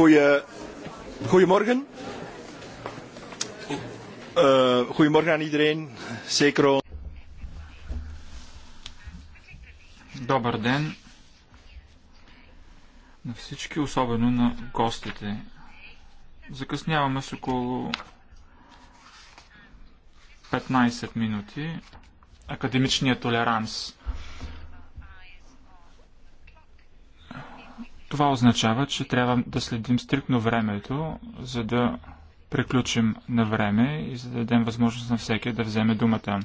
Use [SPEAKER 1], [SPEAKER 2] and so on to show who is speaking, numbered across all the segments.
[SPEAKER 1] Goeie, goedemorgen. Uh, eh, goedemorgen aan iedereen. Zeker ook. Добър ден на всички, особено на гостите. Закъсняваме с около 15 минути. Академичният толеранс. Това означава, че трябва да следим стриктно времето, за да приключим на време и за да дадем възможност на всеки да вземе думата.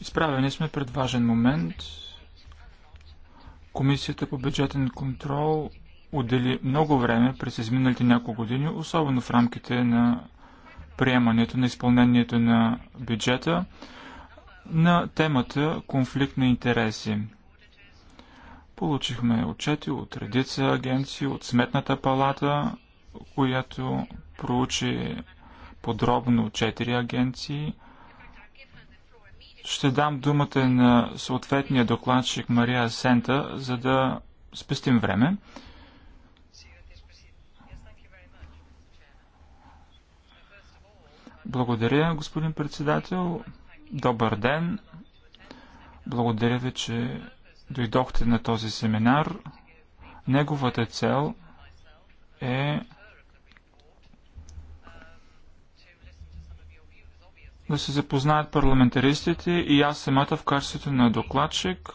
[SPEAKER 1] Изправени сме пред важен момент. Комисията по бюджетен контрол отдели много време през изминалите няколко години, особено в рамките на приемането, на изпълнението на бюджета, на темата конфликт на интереси. Получихме отчети от редица агенции, от Сметната палата, която проучи подробно четири агенции. Ще дам думата на съответния докладчик Мария Сента, за да спестим време. Благодаря, господин председател. Добър ден. Благодаря ви, че дойдохте на този семинар. Неговата цел е да се запознаят парламентаристите и аз самата в качеството на докладчик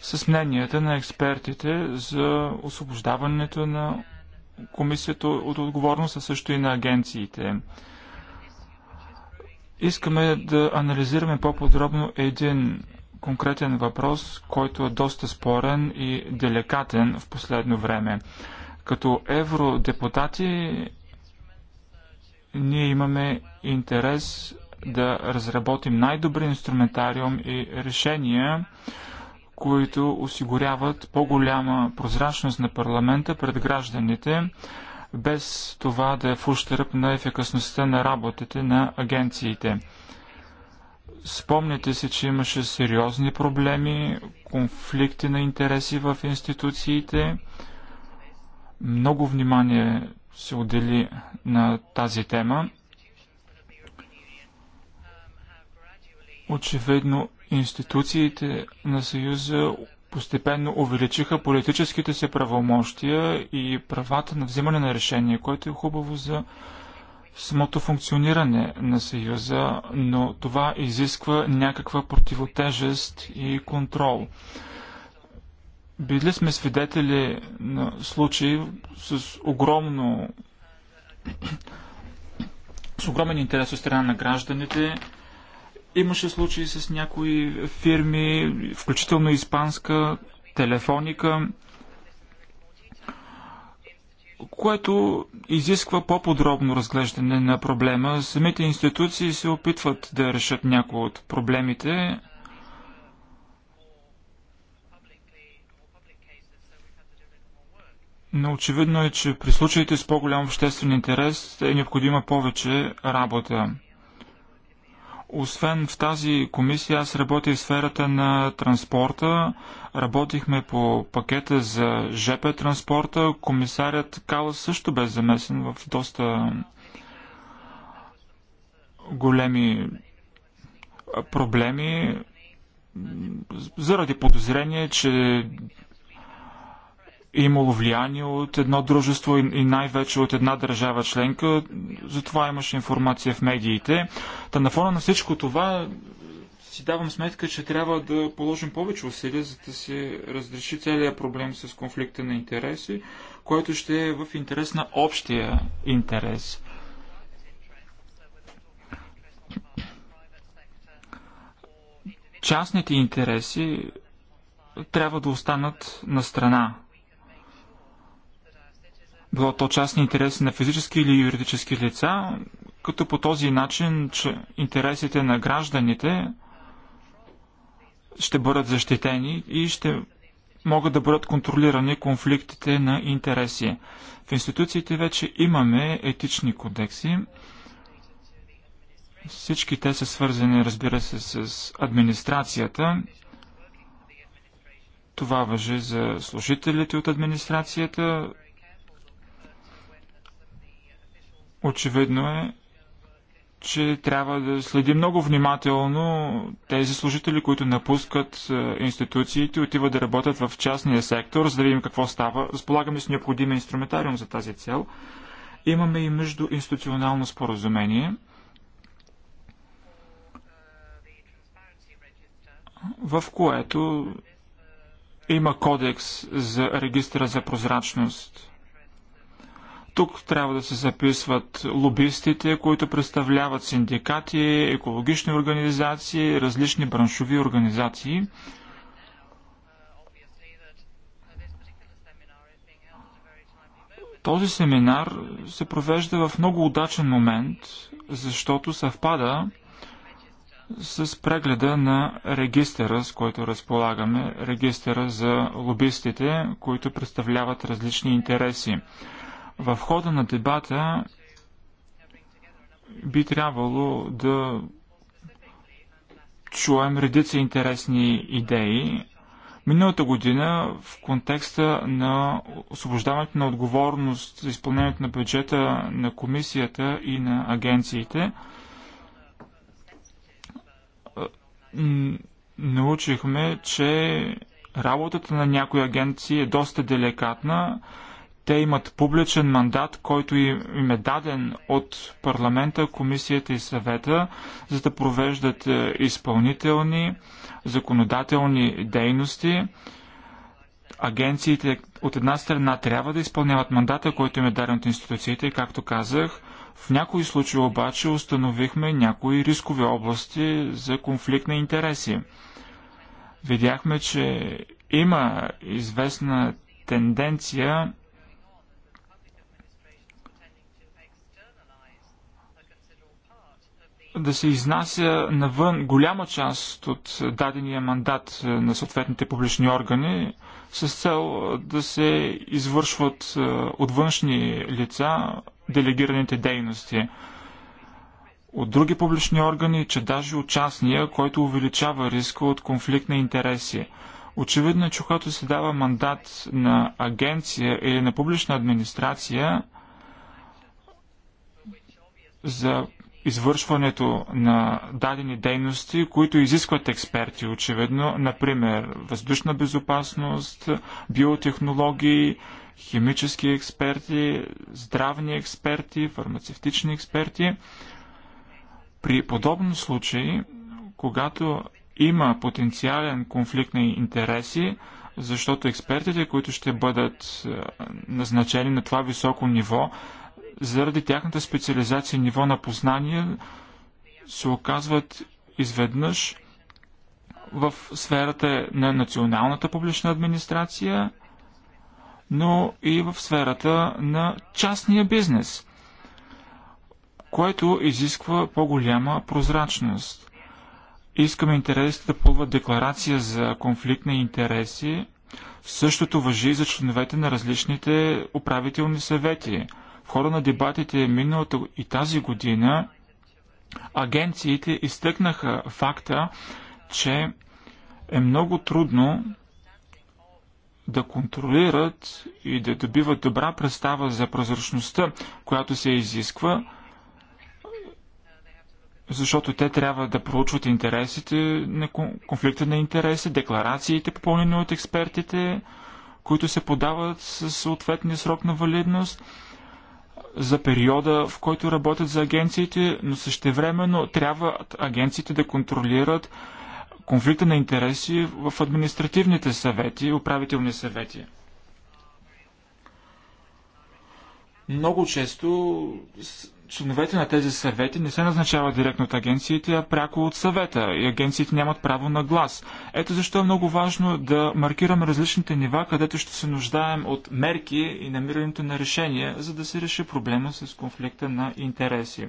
[SPEAKER 1] с мненията на експертите за освобождаването на комисията от отговорност, а също и на агенциите. Искаме да анализираме по-подробно един конкретен въпрос, който е доста спорен и деликатен в последно време. Като евродепутати ние имаме интерес да разработим най-добри инструментариум и решения, които осигуряват по-голяма прозрачност на парламента пред гражданите, без това да е в ущърп на ефикасността на работите на агенциите. Спомняте се, че имаше сериозни проблеми, конфликти на интереси в институциите. Много внимание се отдели на тази тема. Очевидно, институциите на Съюза постепенно увеличиха политическите си правомощия и правата на взимане на решение, което е хубаво за самото функциониране на Съюза, но това изисква някаква противотежест и контрол. Били сме свидетели на случаи с огромно с огромен интерес от страна на гражданите. Имаше случаи с някои фирми, включително испанска, телефоника, което изисква по-подробно разглеждане на проблема. Самите институции се опитват да решат някои от проблемите. Но очевидно е, че при случаите с по-голям обществен интерес е необходима повече работа. Освен в тази комисия, аз работя в сферата на транспорта. Работихме по пакета за ЖП транспорта. Комисарят Кала също бе замесен в доста големи проблеми заради подозрение, че имало влияние от едно дружество и най-вече от една държава членка. За това имаше информация в медиите. Та на фона на всичко това си давам сметка, че трябва да положим повече усилия, за да се разреши целият проблем с конфликта на интереси, което ще е в интерес на общия интерес. Частните интереси трябва да останат на страна било то частни интереси на физически или юридически лица, като по този начин че интересите на гражданите ще бъдат защитени и ще могат да бъдат контролирани конфликтите на интереси. В институциите вече имаме етични кодекси. Всички те са свързани, разбира се, с администрацията. Това въжи за служителите от администрацията, Очевидно е, че трябва да следи много внимателно тези служители, които напускат е, институциите, отиват да работят в частния сектор, за да видим какво става. Разполагаме с необходим инструментариум за тази цел. Имаме и междуинституционално споразумение. в което има кодекс за регистра за прозрачност. Тук трябва да се записват лобистите, които представляват синдикати, екологични организации, различни браншови организации. Този семинар се провежда в много удачен момент, защото съвпада с прегледа на регистъра, с който разполагаме, регистъра за лобистите, които представляват различни интереси. В хода на дебата би трябвало да чуем редица интересни идеи. Миналата година в контекста на освобождаването на отговорност за изпълнението на бюджета на комисията и на агенциите, научихме, че работата на някои агенции е доста деликатна, те имат публичен мандат, който им е даден от парламента, комисията и съвета, за да провеждат е, изпълнителни, законодателни дейности. Агенциите от една страна трябва да изпълняват мандата, който им е даден от институциите, както казах. В някои случаи обаче установихме някои рискови области за конфликт на интереси. Видяхме, че има известна тенденция да се изнася навън голяма част от дадения мандат е, на съответните публични органи с цел е, да се извършват е, от външни лица делегираните дейности от други публични органи, че даже от частния, който увеличава риска от конфликт на интереси. Очевидно е, че когато се дава мандат на агенция или на публична администрация за извършването на дадени дейности, които изискват експерти, очевидно, например въздушна безопасност, биотехнологии, химически експерти, здравни експерти, фармацевтични експерти. При подобни случаи, когато има потенциален конфликт на интереси, защото експертите, които ще бъдат назначени на това високо ниво, заради тяхната специализация и ниво на познание се оказват изведнъж в сферата на националната публична администрация, но и в сферата на частния бизнес, което изисква по-голяма прозрачност. Искаме интересите да плуват декларация за конфликт на интереси. Същото въжи и за членовете на различните управителни съвети – хора на дебатите миналата и тази година агенциите изтъкнаха факта, че е много трудно да контролират и да добиват добра представа за прозрачността, която се изисква, защото те трябва да проучват интересите на конфликта на интереси, декларациите, попълнени от експертите, които се подават със съответния срок на валидност – за периода, в който работят за агенциите, но същевременно трябва агенциите да контролират конфликта на интереси в административните съвети, управителни съвети. Много често членовете на тези съвети не се назначават директно от агенциите, а пряко от съвета и агенциите нямат право на глас. Ето защо е много важно да маркираме различните нива, където ще се нуждаем от мерки и намирането на решения, за да се реши проблема с конфликта на интереси.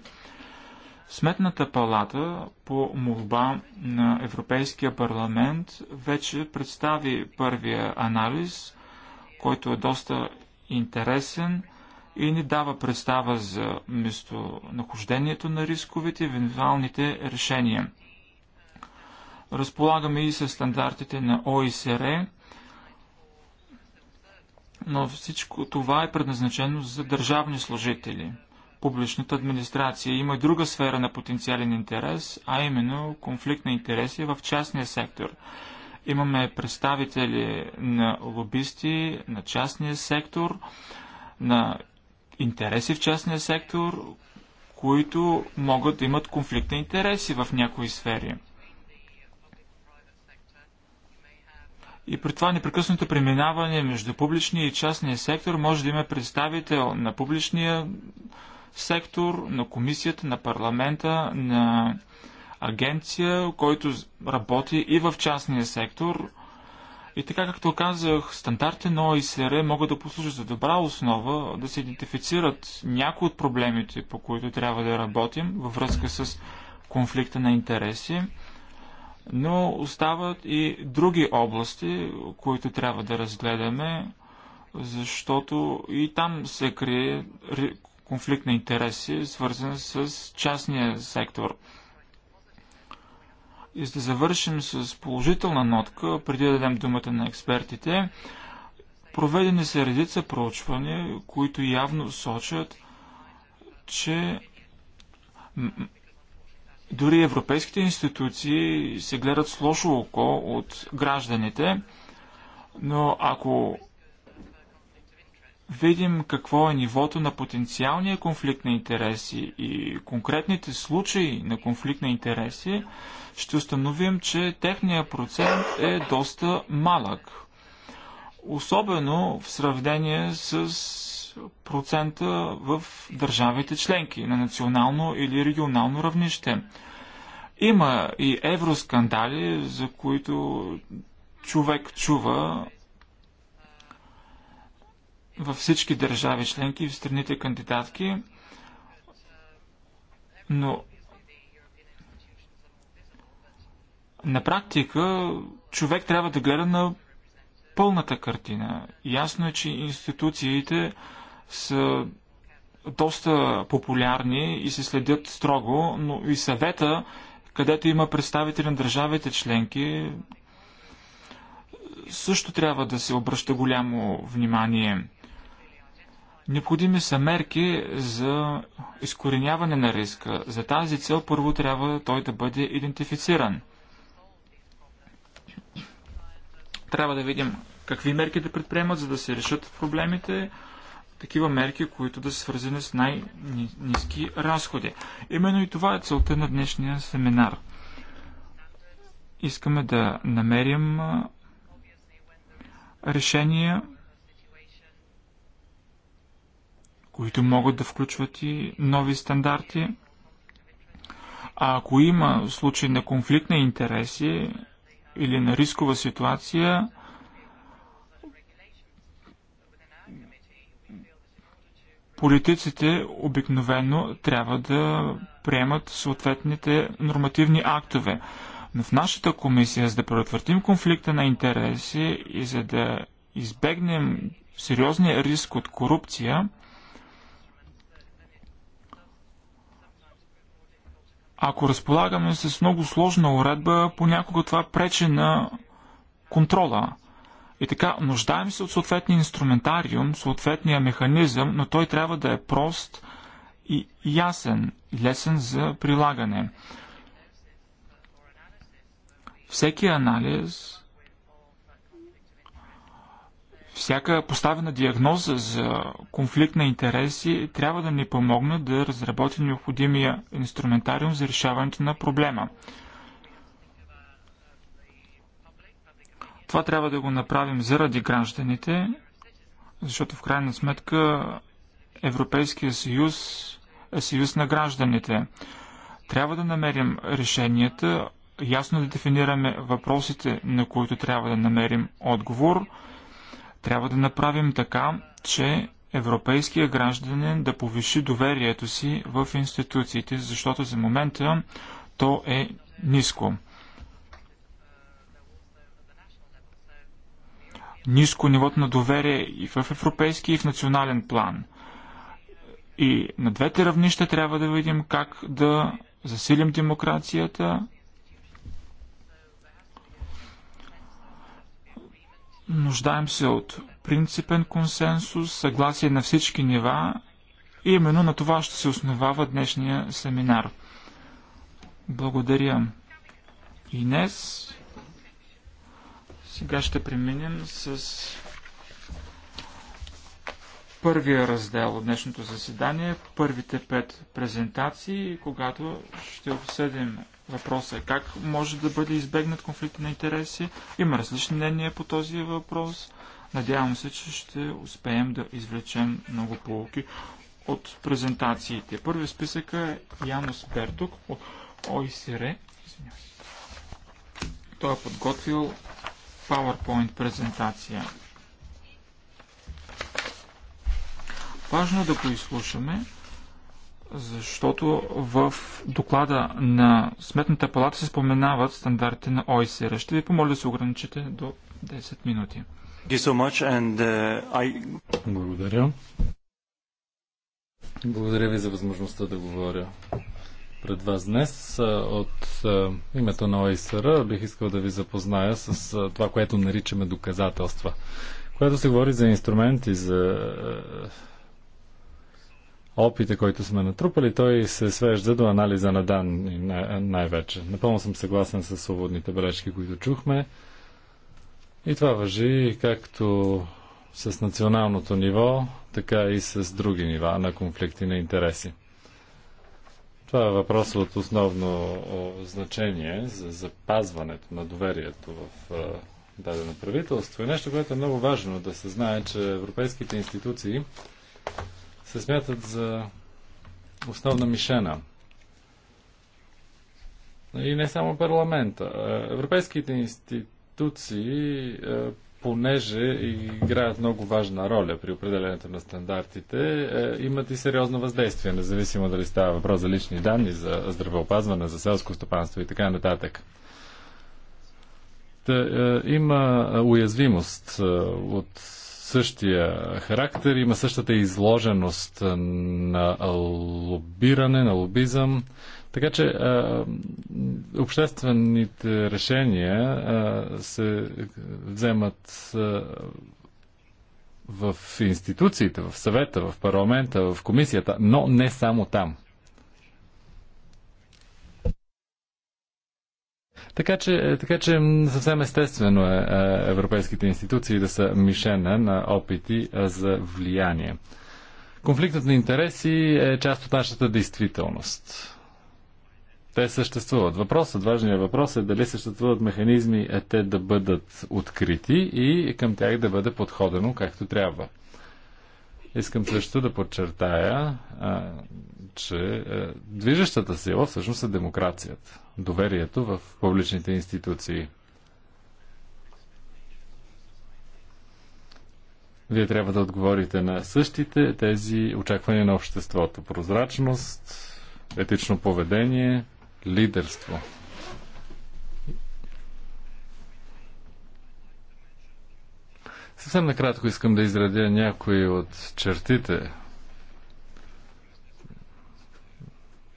[SPEAKER 1] Сметната палата по молба на Европейския парламент вече представи първия анализ, който е доста интересен и ни дава представа за местонахождението на рисковите, и евентуалните решения. Разполагаме и със стандартите на ОИСР, но всичко това е предназначено за държавни служители. Публичната администрация има и друга сфера на потенциален интерес, а именно конфликт на интереси в частния сектор. Имаме представители на лобисти, на частния сектор, на интереси в частния сектор, които могат да имат конфликт на интереси в някои сфери. И при това непрекъснато преминаване между публичния и частния сектор може да има представител на публичния сектор, на комисията, на парламента, на агенция, който работи и в частния сектор. И така, както казах, стандартите на ОИСР могат да послужат за добра основа да се идентифицират някои от проблемите, по които трябва да работим във връзка с конфликта на интереси, но остават и други области, които трябва да разгледаме, защото и там се крие конфликт на интереси, свързан с частния сектор – и за да завършим с положителна нотка, преди да дадем думата на експертите, проведени са редица проучвания, които явно сочат, че дори европейските институции се гледат с лошо око от гражданите, но ако видим какво е нивото на потенциалния конфликт на интереси и конкретните случаи на конфликт на интереси, ще установим, че техният процент е доста малък. Особено в сравнение с процента в държавите членки на национално или регионално равнище. Има и евроскандали, за които човек чува във всички държави членки и в страните кандидатки, но на практика човек трябва да гледа на пълната картина. Ясно е, че институциите са доста популярни и се следят строго, но и съвета, където има представители на държавите членки, също трябва да се обръща голямо внимание. Необходими са мерки за изкореняване на риска. За тази цел първо трябва той да бъде идентифициран. Трябва да видим какви мерки да предприемат, за да се решат проблемите. Такива мерки, които да са свързани с най-низки разходи. Именно и това е целта на днешния семинар. Искаме да намерим решения които могат да включват и нови стандарти. А ако има случай на конфликт на интереси или на рискова ситуация, политиците обикновено трябва да приемат съответните нормативни актове. Но в нашата комисия, за да предотвратим конфликта на интереси и за да избегнем сериозния риск от корупция, Ако разполагаме с много сложна уредба, понякога това пречи на контрола. И така, нуждаем се от съответния инструментариум, съответния механизъм, но той трябва да е прост и ясен, и лесен за прилагане. Всеки анализ всяка поставена диагноза за конфликт на интереси трябва да ни помогне да разработи необходимия инструментариум за решаването на проблема. Това трябва да го направим заради гражданите, защото в крайна сметка Европейския съюз е съюз на гражданите. Трябва да намерим решенията, ясно да дефинираме въпросите, на които трябва да намерим отговор – трябва да направим така, че европейския гражданин да повиши доверието си в институциите, защото за момента то е ниско. Ниско нивото на доверие и в европейски, и в национален план. И на двете равнища трябва да видим как да засилим демокрацията Нуждаем се от принципен консенсус, съгласие на всички нива и именно на това ще се основава днешния семинар. Благодаря. И днес сега ще преминем с първия раздел от днешното заседание, първите пет презентации, когато ще обсъдим Въпросът е как може да бъде избегнат конфликт на интереси. Има различни мнения по този въпрос. Надявам се, че ще успеем да извлечем много полуки от презентациите. Първи списък е Янос Бертук от ОИСР. Той е подготвил PowerPoint презентация. Важно е да го изслушаме защото в доклада на Сметната палата се споменават стандартите на ОИСР. Ще ви помоля да се ограничите до 10 минути.
[SPEAKER 2] Uh, Благодаря. Благодаря ви за възможността да говоря пред вас днес. От името на ОИСР бих искал да ви запозная с това, което наричаме доказателства. Когато се говори за инструменти, за опита, който сме натрупали, той се свежда до анализа на данни най-вече. Напълно съм съгласен с свободните бележки, които чухме. И това въжи както с националното ниво, така и с други нива на конфликти на интереси. Това е въпрос от основно значение за запазването на доверието в дадено правителство. И нещо, което е много важно да се знае, е, че европейските институции се смятат за основна мишена. И не само парламента. Европейските институции, понеже играят много важна роля при определенето на стандартите, имат и сериозно въздействие, независимо дали става въпрос за лични данни, за здравеопазване, за селско стопанство и така нататък. Та, има уязвимост от същия характер, има същата изложеност на лобиране, на лобизъм. Така че обществените решения се вземат в институциите, в съвета, в парламента, в комисията, но не само там. Така че, е, така че съвсем естествено е, е европейските институции да са мишена на опити е, за влияние. Конфликтът на интереси е част от нашата действителност. Те съществуват. Въпросът, важният въпрос е дали съществуват механизми е те да бъдат открити и към тях да бъде подходено както трябва. Искам също да подчертая, а, че а, движещата сила всъщност е демокрацията, доверието в публичните институции. Вие трябва да отговорите на същите тези очаквания на обществото. Прозрачност, етично поведение, лидерство. Съвсем накратко искам да изредя някои от чертите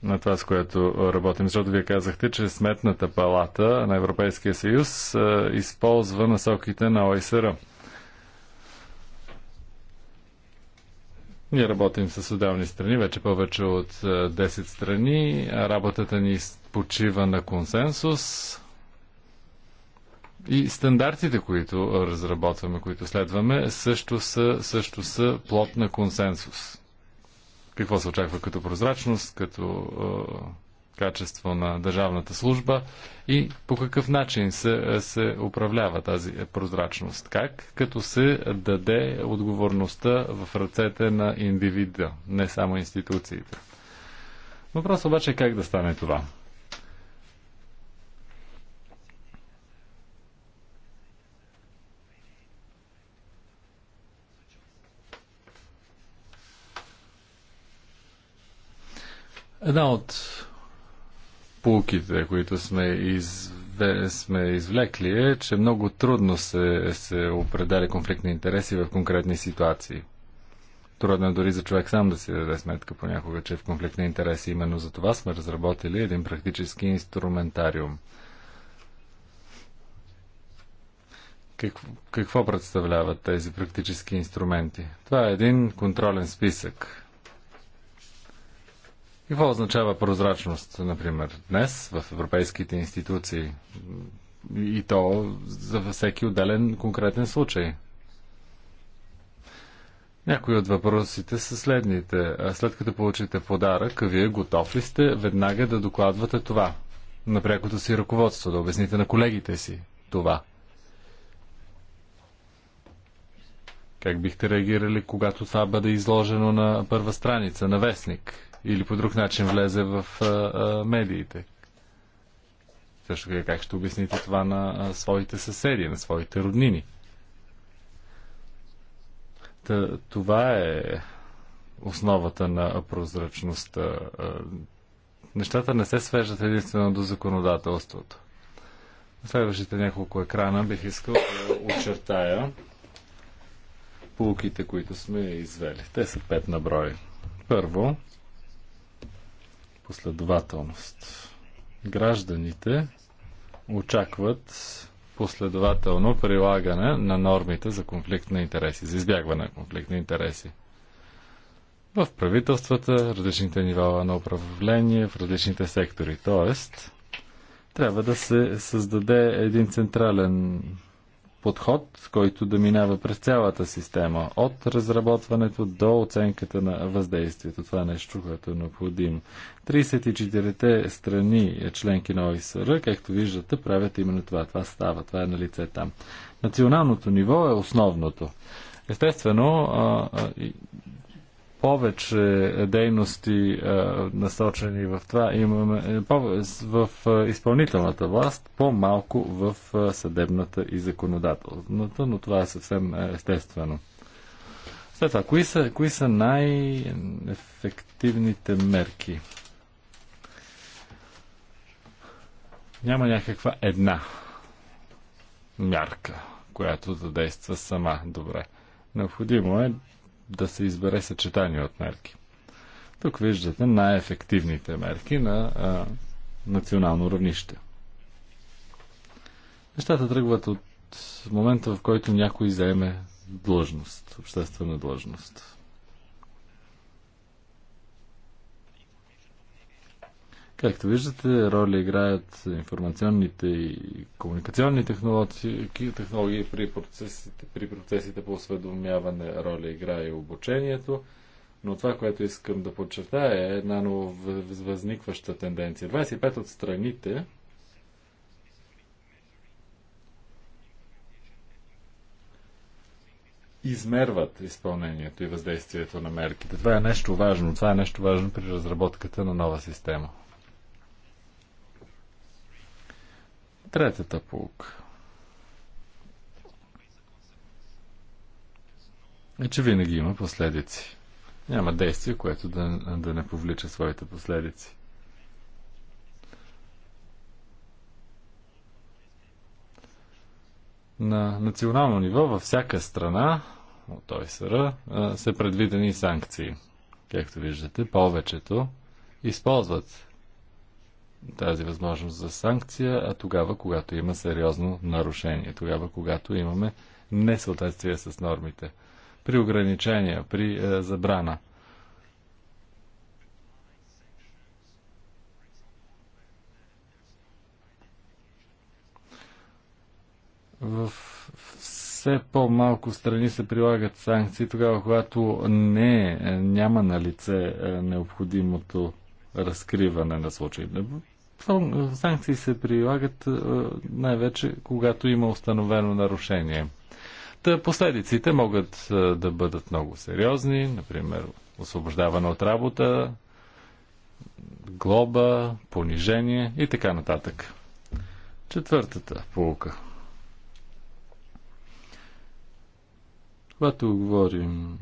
[SPEAKER 2] на това, с което работим, защото вие казахте, че Сметната палата на Европейския съюз използва насоките на ОСР. Ние работим с отделни страни, вече повече от 10 страни. Работата ни почива на консенсус. И стандартите, които разработваме, които следваме, също са, също са плод на консенсус. Какво се очаква като прозрачност, като е, качество на държавната служба и по какъв начин се, се управлява тази прозрачност? Как? Като се даде отговорността в ръцете на индивида, не само институциите. Въпрос обаче е как да стане това? Една от полуките, които сме, из... сме извлекли е, че много трудно се, се определя конфликт на интереси в конкретни ситуации. Трудно е дори за човек сам да си даде сметка понякога, че в конфликт на интереси. Именно за това сме разработили един практически инструментариум. Какво, какво представляват тези практически инструменти? Това е един контролен списък какво означава прозрачност, например, днес в европейските институции? И то за всеки отделен конкретен случай. Някои от въпросите са следните. След като получите подарък, вие готов ли сте веднага да докладвате това? На прякото си ръководство, да обясните на колегите си това. Как бихте реагирали, когато това бъде изложено на първа страница, на вестник? или по друг начин влезе в а, а, медиите. Също така, как ще обясните това на а, своите съседи, на своите роднини? Та, това е основата на прозрачността. Нещата не се свеждат единствено до законодателството. На следващите няколко екрана бих искал да очертая полуките, които сме извели. Те са пет на брой. Първо, последователност. Гражданите очакват последователно прилагане на нормите за конфликт на интереси, за избягване на конфликт на интереси. В правителствата, различните нива на управление, в различните сектори. Тоест, трябва да се създаде един централен подход, който да минава през цялата система, от разработването до оценката на въздействието. Това е нещо, което е необходимо. 34-те страни, членки на ОИСР, както виждате, правят именно това. Това става, това е на лице там. Националното ниво е основното. Естествено, повече дейности е, насочени в това. Имаме е, в е, изпълнителната власт, по-малко в съдебната и законодателната, но това е съвсем естествено. След това, кои са, кои са най-ефективните мерки? Няма някаква една мярка, която да действа сама. Добре. Необходимо е да се избере съчетание от мерки. Тук виждате най-ефективните мерки на а, национално равнище. Нещата тръгват от момента, в който някой заеме длъжност, обществена длъжност. Както виждате, роля играят информационните и комуникационни технологии, технологии при процесите, при процесите по осведомяване роля играе и обучението. Но това, което искам да подчертая е една възникваща тенденция. 25 от страните измерват изпълнението и въздействието на мерките. Това е нещо важно. Това е нещо важно при разработката на нова система. Третата полука е, че винаги има последици. Няма действие, което да, да не повлича своите последици. На национално ниво във всяка страна от ОСР е, са предвидени санкции. Както виждате, повечето използват тази възможност за санкция, а тогава, когато има сериозно нарушение, тогава, когато имаме несъответствие с нормите, при ограничения, при е, забрана. В все по-малко страни се прилагат санкции тогава, когато не, е, няма на лице е, необходимото разкриване на случай. Е, санкции се прилагат е, най-вече, когато има установено нарушение. Та последиците могат е, да бъдат много сериозни, например освобождаване от работа, глоба, понижение и така нататък. Четвъртата полука. Когато говорим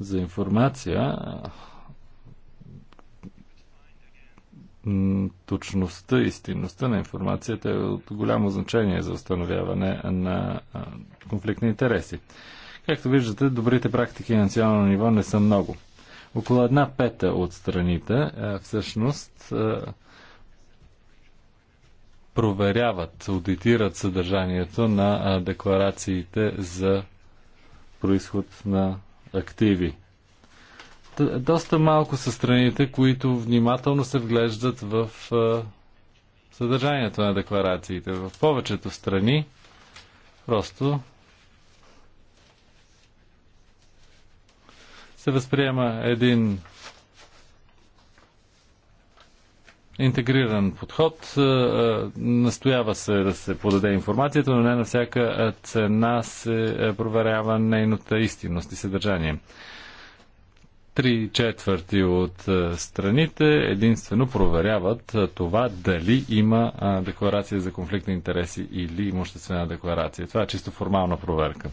[SPEAKER 2] за информация, точността и стинността на информацията е от голямо значение за установяване на конфликтни интереси. Както виждате, добрите практики на национално ниво не са много. Около една пета от страните всъщност проверяват, аудитират съдържанието на декларациите за происход на активи доста малко са страните, които внимателно се вглеждат в съдържанието на декларациите. В повечето страни просто се възприема един интегриран подход. Настоява се да се подаде информацията, но не на всяка цена се проверява нейната истинност и съдържание три четвърти от е, страните единствено проверяват е, това дали има е, декларация за конфликт на интереси или имуществена декларация. Това е чисто формална проверка.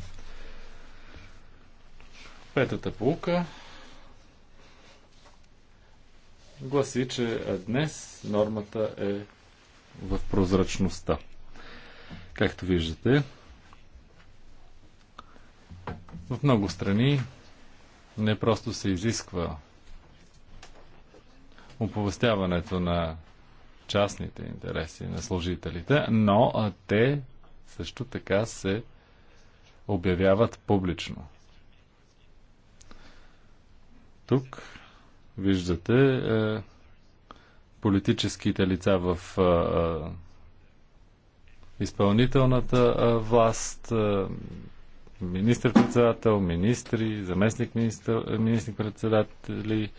[SPEAKER 2] Петата полука гласи, че днес нормата е в прозрачността. Както виждате, в много страни не просто се изисква оповестяването на частните интереси на служителите, но а те също така се обявяват публично. Тук виждате е, политическите лица в е, е изпълнителната е, власт, е, министр-председател, министри, заместник министр-председатели,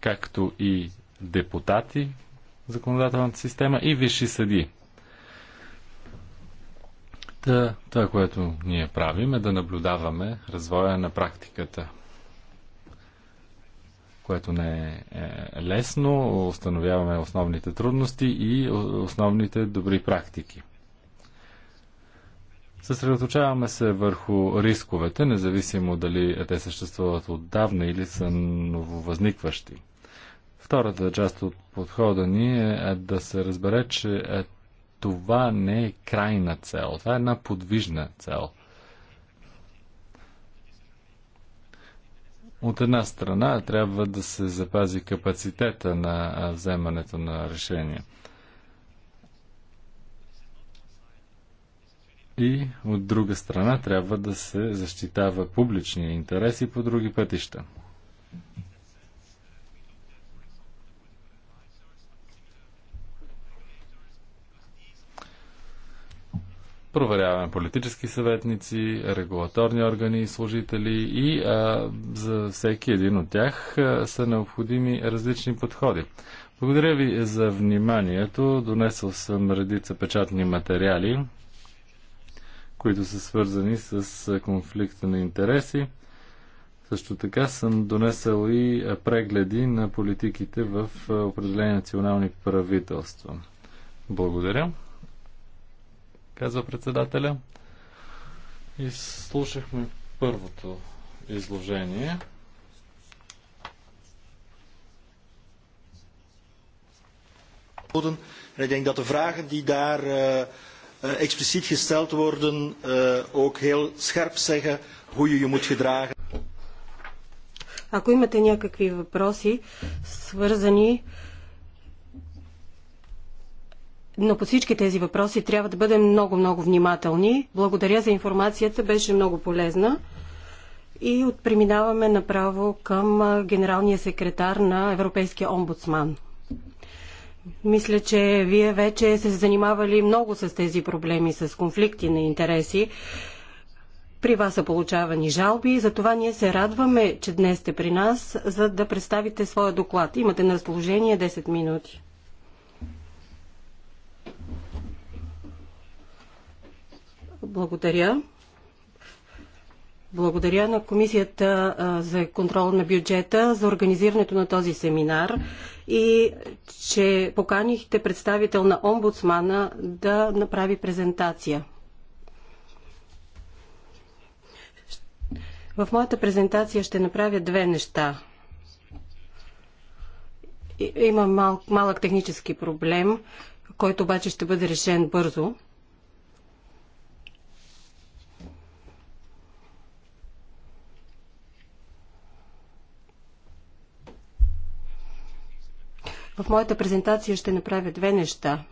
[SPEAKER 2] както и депутати в законодателната система и висши съди. Та, това, което ние правим е да наблюдаваме развоя на практиката, което не е, е лесно. Установяваме основните трудности и основните добри практики. Съсредоточаваме се върху рисковете, независимо дали те съществуват отдавна или са нововъзникващи. Втората част от подхода ни е, е да се разбере, че е, това не е крайна цел. Това е една подвижна цел. От една страна трябва да се запази капацитета на вземането на решения. и от друга страна трябва да се защитава публичния интерес и по други пътища. проверяваме политически съветници, регулаторни органи и служители и а, за всеки един от тях а, са необходими различни подходи. Благодаря ви за вниманието. Донесъл съм редица печатни материали които са свързани с конфликта на интереси. Също така съм донесъл и прегледи на политиките в определени национални правителства. Благодаря, казва председателя. И слушахме първото изложение. Ik denk dat de vragen die daar uh, Eh, expliciet gesteld worden, eh, ook heel scherp zeggen hoe je je moet gedragen.
[SPEAKER 3] Ако имате някакви въпроси, свързани, но по всички тези въпроси трябва да бъдем много-много внимателни. Благодаря за информацията, беше много полезна. И преминаваме направо към генералния секретар на Европейския омбудсман. Мисля, че вие вече се занимавали много с тези проблеми, с конфликти на интереси. При вас са получавани жалби и затова ние се радваме, че днес сте при нас, за да представите своя доклад. Имате на разположение 10 минути. Благодаря. Благодаря на Комисията за контрол на бюджета за организирането на този семинар и че поканихте представител на омбудсмана да направи презентация. В моята презентация ще направя две неща. Има мал, малък технически проблем, който обаче ще бъде решен бързо. В моята презентация ще направя две неща.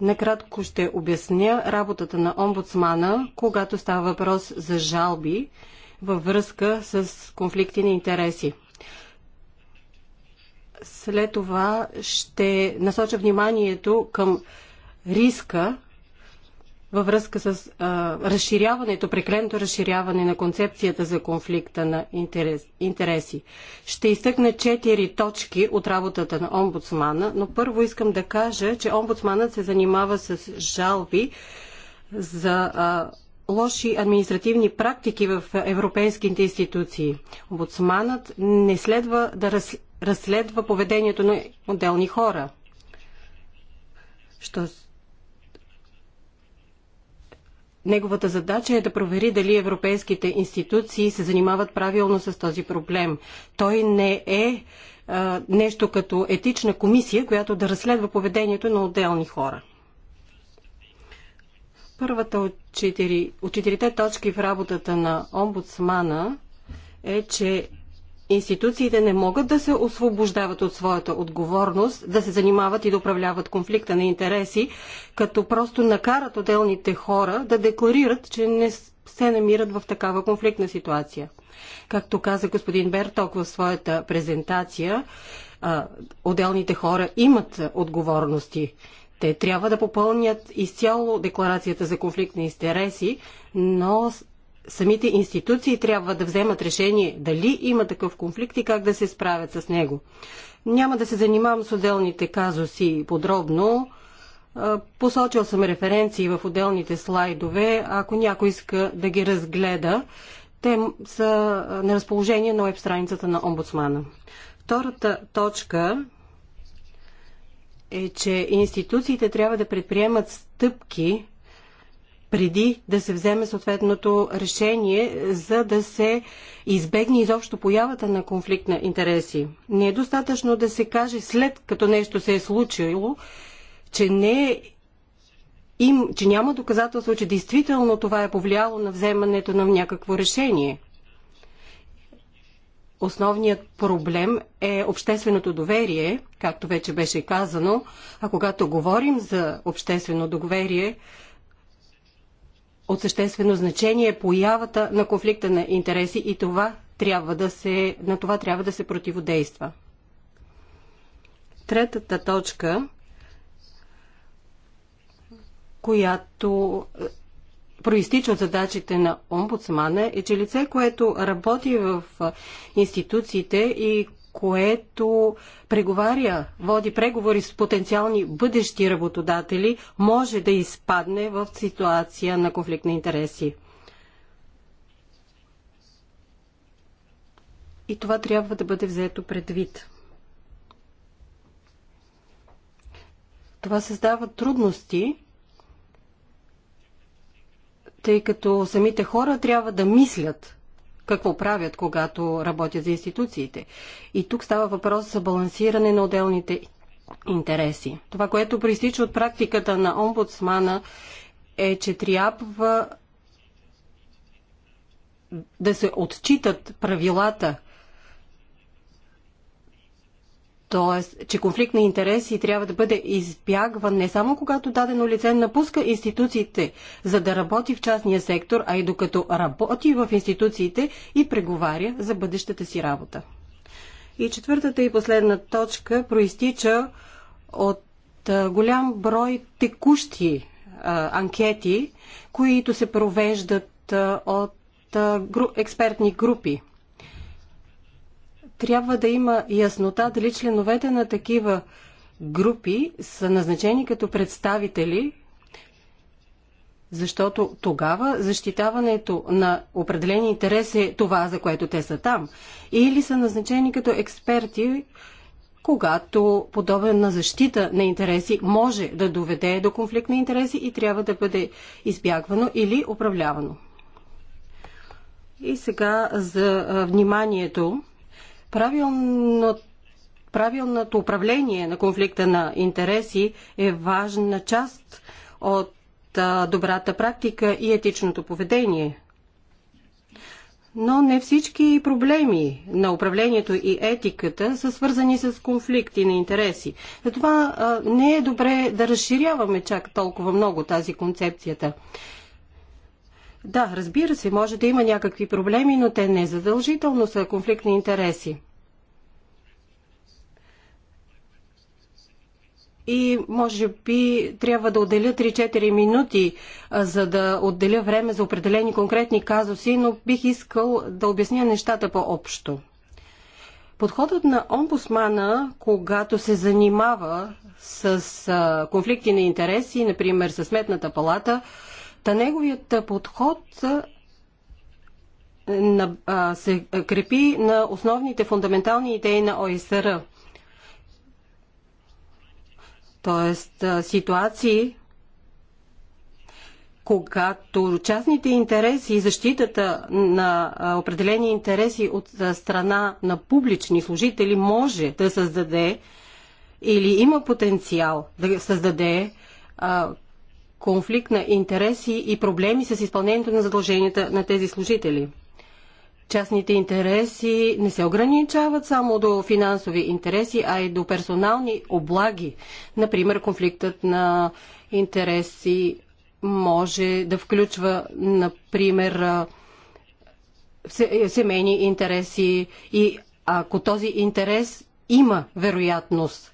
[SPEAKER 3] Накратко ще обясня работата на омбудсмана, когато става въпрос за жалби във връзка с конфликти на интереси. След това ще насоча вниманието към риска във връзка с а, разширяването, прекленото разширяване на концепцията за конфликта на интерес, интереси. Ще изтъкна четири точки от работата на омбудсмана, но първо искам да кажа, че омбудсманът се занимава с жалби за а, лоши административни практики в европейските институции. Омбудсманът не следва да раз, разследва поведението на отделни хора. Що Неговата задача е да провери дали европейските институции се занимават правилно с този проблем. Той не е а, нещо като етична комисия, която да разследва поведението на отделни хора. Първата от, четири, от четирите точки в работата на омбудсмана е, че Институциите не могат да се освобождават от своята отговорност, да се занимават и да управляват конфликта на интереси, като просто накарат отделните хора да декларират, че не се намират в такава конфликтна ситуация. Както каза господин Берток в своята презентация, отделните хора имат отговорности. Те трябва да попълнят изцяло декларацията за конфликт на интереси, но самите институции трябва да вземат решение дали има такъв конфликт и как да се справят с него. Няма да се занимавам с отделните казуси подробно. Посочил съм референции в отделните слайдове, ако някой иска да ги разгледа. Те са на разположение на веб страницата на омбудсмана. Втората точка е, че институциите трябва да предприемат стъпки преди да се вземе съответното решение, за да се избегне изобщо появата на конфликт на интереси. Не е достатъчно да се каже след като нещо се е случило, че не е им, че няма доказателство, че действително това е повлияло на вземането на някакво решение. Основният проблем е общественото доверие, както вече беше казано, а когато говорим за обществено доверие, от съществено значение е появата на конфликта на интереси и това трябва да се, на това трябва да се противодейства. Третата точка, която е, проистича от задачите на омбудсмана е, че лице, което работи в е, институциите и което преговаря, води преговори с потенциални бъдещи работодатели, може да изпадне в ситуация на конфликт на интереси. И това трябва да бъде взето предвид. Това създава трудности, тъй като самите хора трябва да мислят какво правят, когато работят за институциите. И тук става въпрос за балансиране на отделните интереси. Това, което проистича от практиката на омбудсмана е, че трябва да се отчитат правилата, Тоест, че конфликт на интереси трябва да бъде избягван не само когато дадено лице напуска институциите, за да работи в частния сектор, а и докато работи в институциите и преговаря за бъдещата си работа. И четвъртата и последна точка проистича от голям брой текущи а, анкети, които се провеждат а, от а, гру, експертни групи – трябва да има яснота дали членовете на такива групи са назначени като представители, защото тогава защитаването на определени интерес е това, за което те са там. Или са назначени като експерти, когато подобна защита на интереси може да доведе до конфликт на интереси и трябва да бъде избягвано или управлявано. И сега за вниманието Правилното правилното управление на конфликта на интереси е важна част от добрата практика и етичното поведение. Но не всички проблеми на управлението и етиката са свързани с конфликти на интереси. Затова не е добре да разширяваме чак толкова много тази концепцията. Да, разбира се, може да има някакви проблеми, но те не задължително са конфликтни интереси. и може би трябва да отделя 3-4 минути, за да отделя време за определени конкретни казуси, но бих искал да обясня нещата по-общо. Подходът на омбусмана, когато се занимава с конфликти на интереси, например с Сметната палата, Та неговият подход се крепи на основните фундаментални идеи на ОСР. Тоест ситуации, когато частните интереси и защитата на определени интереси от страна на публични служители може да създаде или има потенциал да създаде конфликт на интереси и проблеми с изпълнението на задълженията на тези служители. Частните интереси не се ограничават само до финансови интереси, а и до персонални облаги. Например, конфликтът на интереси може да включва, например, семейни интереси и ако този интерес има вероятност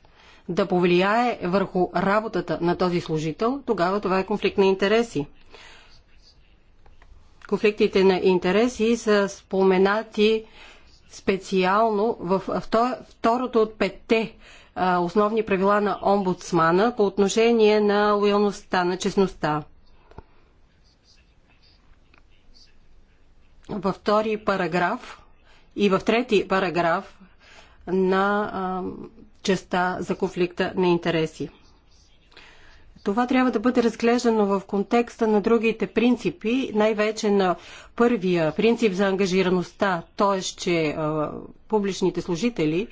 [SPEAKER 3] да повлияе върху работата на този служител, тогава това е конфликт на интереси. Конфликтите на интереси са споменати специално в второто от петте основни правила на омбудсмана по отношение на лоялността, на честността. Във втори параграф и в трети параграф на частта за конфликта на интереси. Това трябва да бъде разглеждано в контекста на другите принципи, най-вече на първия принцип за ангажираността, т.е. че а, публичните служители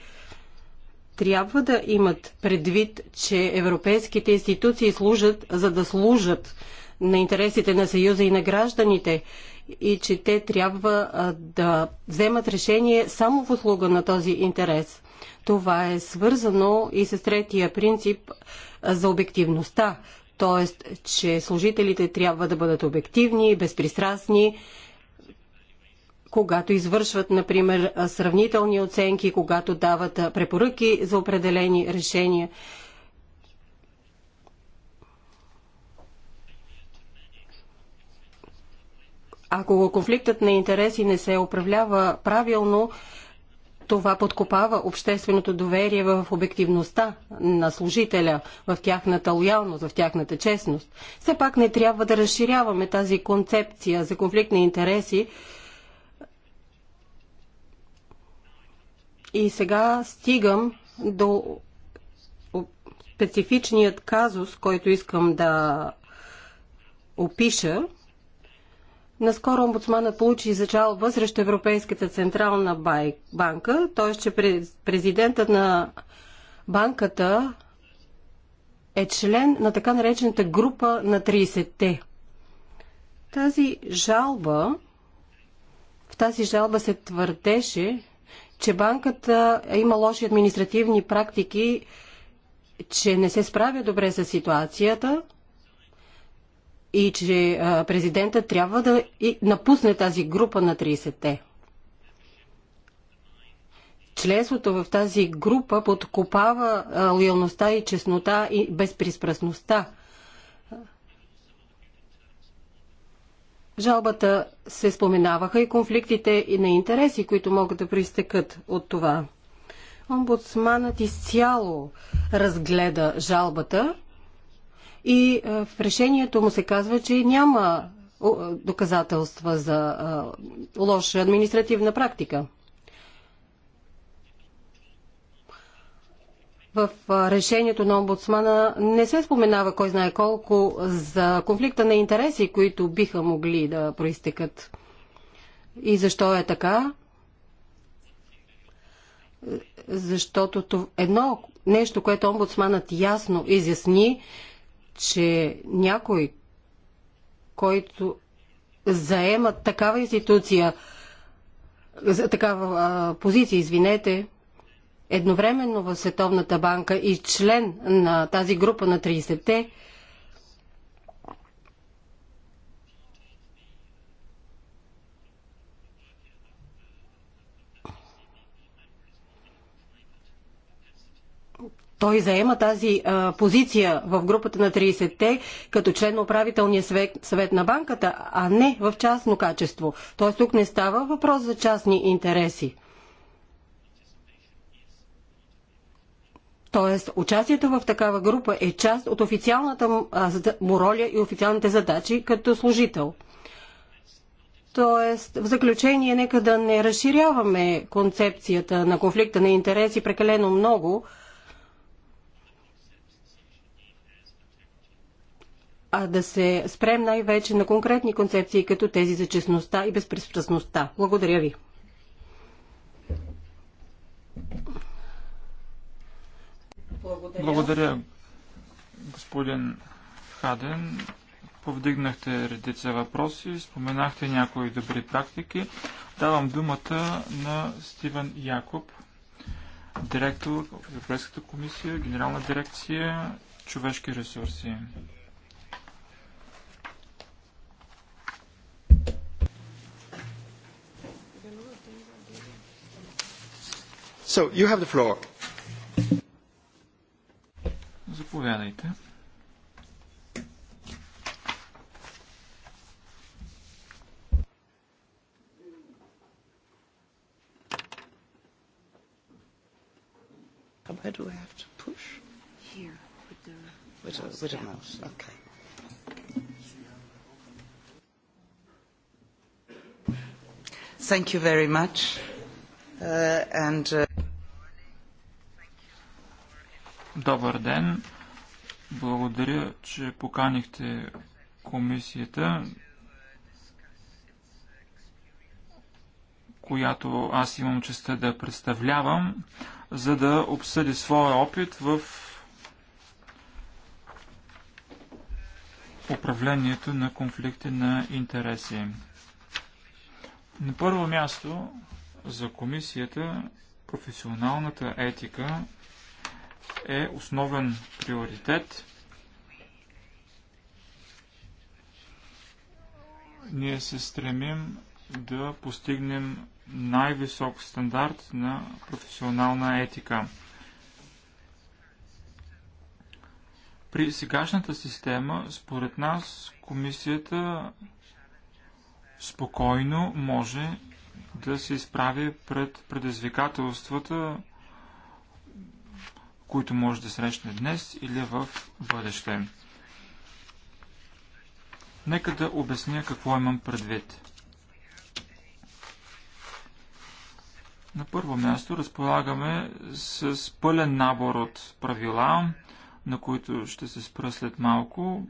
[SPEAKER 3] трябва да имат предвид, че европейските институции служат за да служат на интересите на Съюза и на гражданите и че те трябва а, да вземат решение само в услуга на този интерес. Това е свързано и с третия принцип за обективността, т.е. че служителите трябва да бъдат обективни, безпристрастни, когато извършват, например, сравнителни оценки, когато дават препоръки за определени решения. Ако конфликтът на интереси не се управлява правилно, това подкопава общественото доверие в обективността на служителя, в тяхната лоялност, в тяхната честност. Все пак не трябва да разширяваме тази концепция за конфликт на интереси. И сега стигам до специфичният казус, който искам да опиша – Наскоро омбудсманът получи зачалба срещу Европейската централна банка, т.е. че президентът на банката е член на така наречената група на 30-те. Тази жалба, в тази жалба се твърдеше, че банката е има лоши административни практики, че не се справя добре с ситуацията – и че президента трябва да напусне тази група на 30-те. Членството в тази група подкопава лоялността и честнота и безпристрастността. Жалбата се споменаваха и конфликтите и на интереси, които могат да пристъкат от това. Омбудсманът изцяло разгледа жалбата и в решението му се казва, че няма доказателства за лоша административна практика. В решението на омбудсмана не се споменава кой знае колко за конфликта на интереси, които биха могли да проистекат. И защо е така? Защото едно нещо, което омбудсманът ясно изясни, че някой, който заема такава институция, такава а, позиция, извинете, едновременно в Световната банка и член на тази група на 30-те, той заема тази а, позиция в групата на 30-те като член на управителния съвет, съвет на банката, а не в частно качество. Тоест тук не става въпрос за частни интереси. Тоест, участието в такава група е част от официалната му роля и официалните задачи като служител. Тоест, в заключение, нека да не разширяваме концепцията на конфликта на интереси прекалено много – а да се спрем най-вече на конкретни концепции, като тези за честността и безпристрастността. Благодаря ви. Благодаря. Благодаря,
[SPEAKER 1] господин Хаден. Повдигнахте редица въпроси, споменахте някои добри практики. Давам думата на Стивен Якоб, директор в Европейската комисия, генерална дирекция човешки ресурси. So, you have the floor. Заповядайте.
[SPEAKER 3] Where do I have to push? Here, with the, with a, with a mouse. Okay. Thank you very much. Uh,
[SPEAKER 1] and, uh... Добър ден! Благодаря, че поканихте комисията, която аз имам честа да представлявам, за да обсъди своя опит в управлението на конфликти на интереси. На първо място за комисията професионалната етика е основен приоритет. Ние се стремим да постигнем най-висок стандарт на професионална етика. При сегашната система, според нас, комисията спокойно може да се изправи пред предизвикателствата, които може да срещне днес или в бъдеще. Нека да обясня какво имам предвид. На първо място разполагаме с пълен набор от правила, на които ще се спра след малко.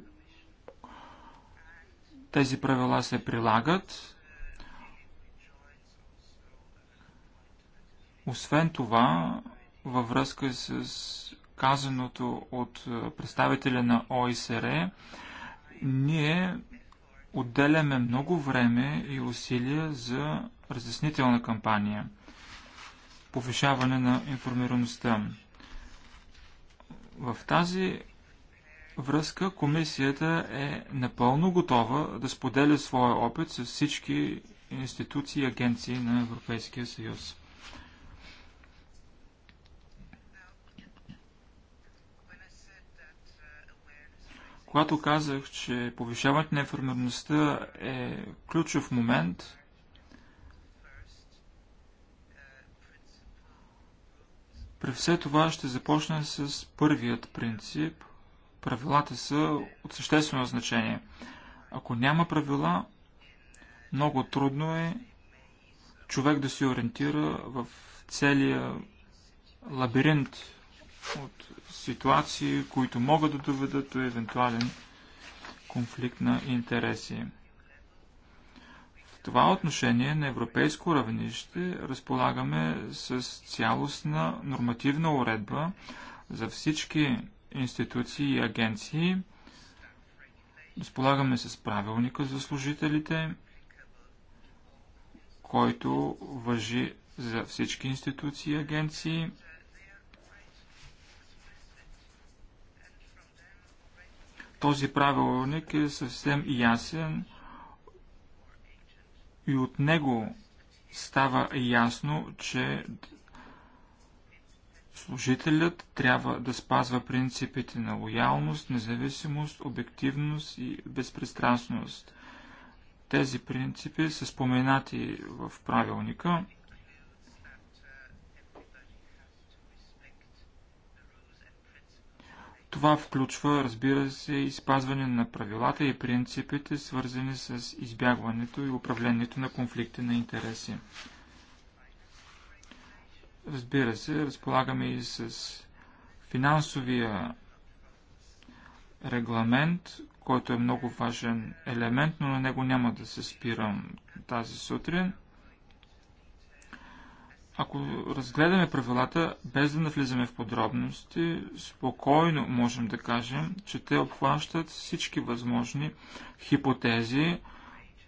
[SPEAKER 1] Тези правила се прилагат. Освен това, във връзка с казаното от е, представителя на ОИСР, ние отделяме много време и усилия за разяснителна кампания, повишаване на информираността. В тази връзка комисията е напълно готова да споделя своя опит с всички институции и агенции на Европейския съюз. Когато казах, че повишаването на информираността е ключов момент, при все това ще започна с първият принцип. Правилата са от съществено значение. Ако няма правила, много трудно е човек да се ориентира в целия лабиринт от ситуации, които могат да доведат до евентуален конфликт на интереси. В това отношение на европейско равнище разполагаме с цялостна нормативна уредба за всички институции и агенции. Разполагаме с правилника за служителите, който въжи за всички институции и агенции. Този правилник е съвсем ясен и от него става ясно, че служителят трябва да спазва принципите на лоялност, независимост, обективност и безпристрастност. Тези принципи са споменати в правилника. Това включва, разбира се, и спазване на правилата и принципите, свързани с избягването и управлението на конфликти на интереси. Разбира се, разполагаме и с финансовия регламент, който е много важен елемент, но на него няма да се спирам тази сутрин – ако разгледаме правилата, без да навлизаме в подробности, спокойно можем да кажем, че те обхващат всички възможни хипотези,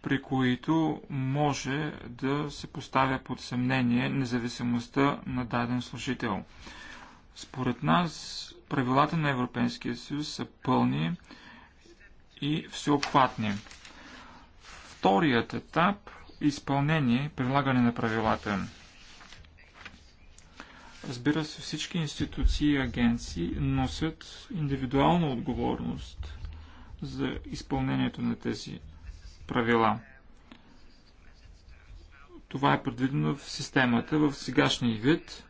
[SPEAKER 1] при които може да се поставя под съмнение независимостта на даден служител. Според нас, правилата на Европейския съюз са пълни и всеобхватни. Вторият етап – изпълнение, прилагане на правилата – Разбира се, всички институции и агенции носят индивидуална отговорност за изпълнението на тези правила. Това е предвидено в системата в сегашния вид.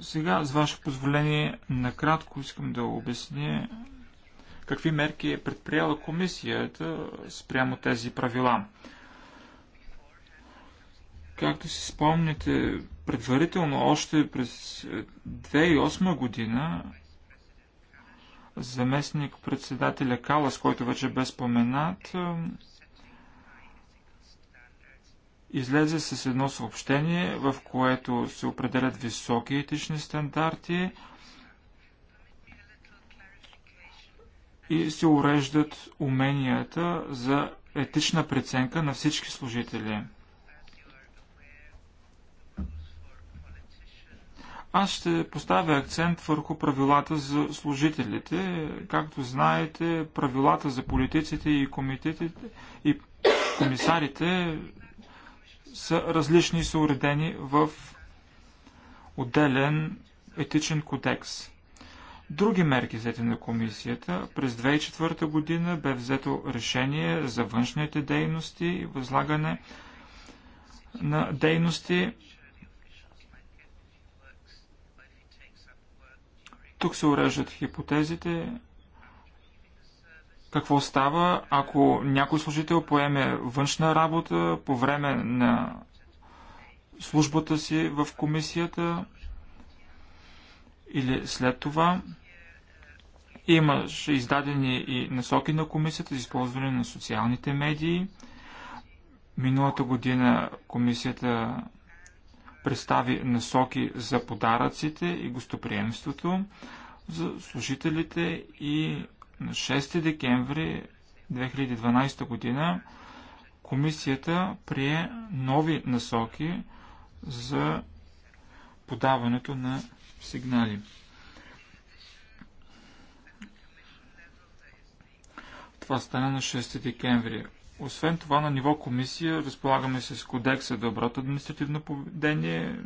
[SPEAKER 1] Сега, с ваше позволение, накратко искам да обясня какви мерки е предприяла комисията спрямо тези правила. Както си спомняте, предварително още през 2008 е, година заместник председателя Калас, който вече е бе споменат, е, излезе с едно съобщение, в което се определят високи етични стандарти и се уреждат уменията за етична преценка на всички служители. Аз ще поставя акцент върху правилата за служителите. Както знаете, правилата за политиците и комитетите и комисарите са различни и са уредени в отделен етичен кодекс. Други мерки взети на комисията. През 2004 година бе взето решение за външните дейности и възлагане на дейности Тук се уреждат хипотезите. Какво става, ако някой служител поеме външна работа по време на службата си в комисията или след това? имаш издадени и насоки на комисията за използване на социалните медии. Миналата година комисията представи насоки за подаръците и гостоприемството за служителите и на 6 декември 2012 година комисията прие нови насоки за подаването на сигнали. Това стана на 6 декември. Освен това, на ниво комисия разполагаме с Кодекса за доброто административно поведение,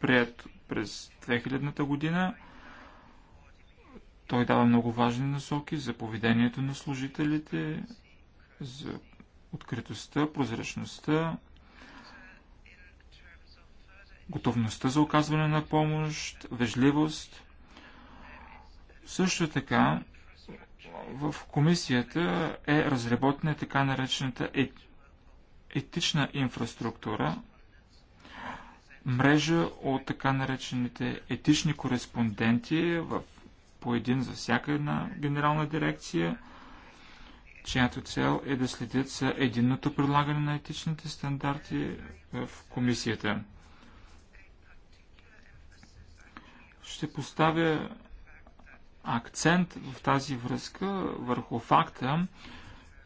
[SPEAKER 1] прият през 2000-та година. Той дава много важни насоки за поведението на служителите, за откритостта, прозрачността, готовността за оказване на помощ, вежливост. Също така в комисията е разработена така наречената етична инфраструктура, мрежа от така наречените етични кореспонденти в по един за всяка една генерална дирекция, чиято цел е да следят за единното прилагане на етичните стандарти в комисията. Ще поставя акцент в тази връзка върху факта,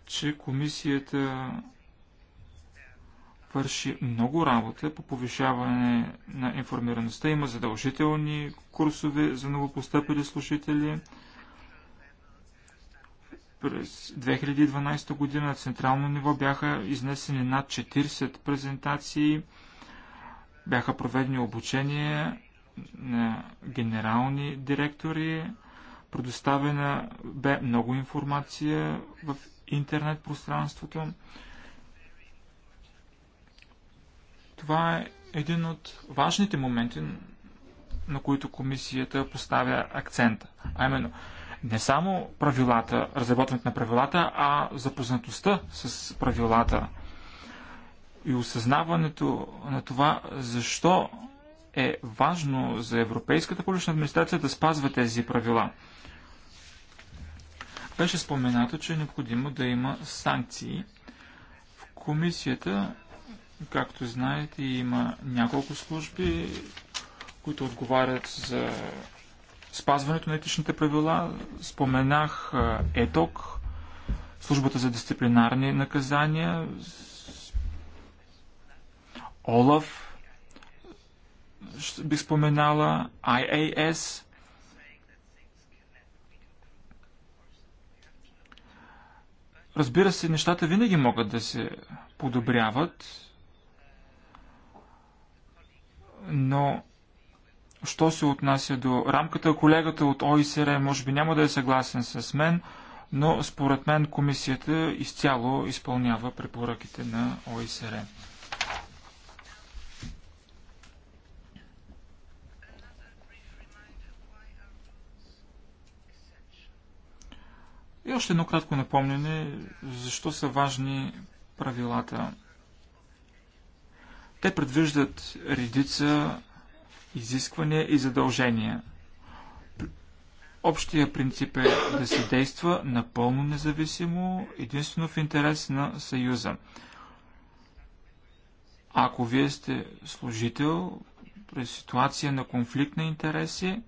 [SPEAKER 1] че комисията върши много работа по повишаване на информираността. Има задължителни курсове за новопостъпили слушатели. През 2012 година на централно ниво бяха изнесени над 40 презентации, бяха проведени обучения на генерални директори, Предоставена бе много информация в интернет пространството. Това е един от важните моменти, на които комисията поставя акцента. А именно, не само правилата, разработването на правилата, а запознатостта с правилата и осъзнаването на това, защо е важно за Европейската публична администрация да спазва тези правила – беше споменато, че е необходимо да има санкции. В комисията, както знаете, има няколко служби, които отговарят за спазването на етичните правила. Споменах ЕТОК, службата за дисциплинарни наказания, ОЛАВ бих споменала, IAS, Разбира се, нещата винаги могат да се подобряват, но що се отнася до рамката, колегата от ОИСР може би няма да е съгласен с мен, но според мен комисията изцяло изпълнява препоръките на ОИСР. И още едно кратко напомняне, защо са важни правилата. Те предвиждат редица изисквания и задължения. Общия принцип е да се действа напълно независимо, единствено в интерес на Съюза. Ако вие сте служител при ситуация на конфликт на интереси,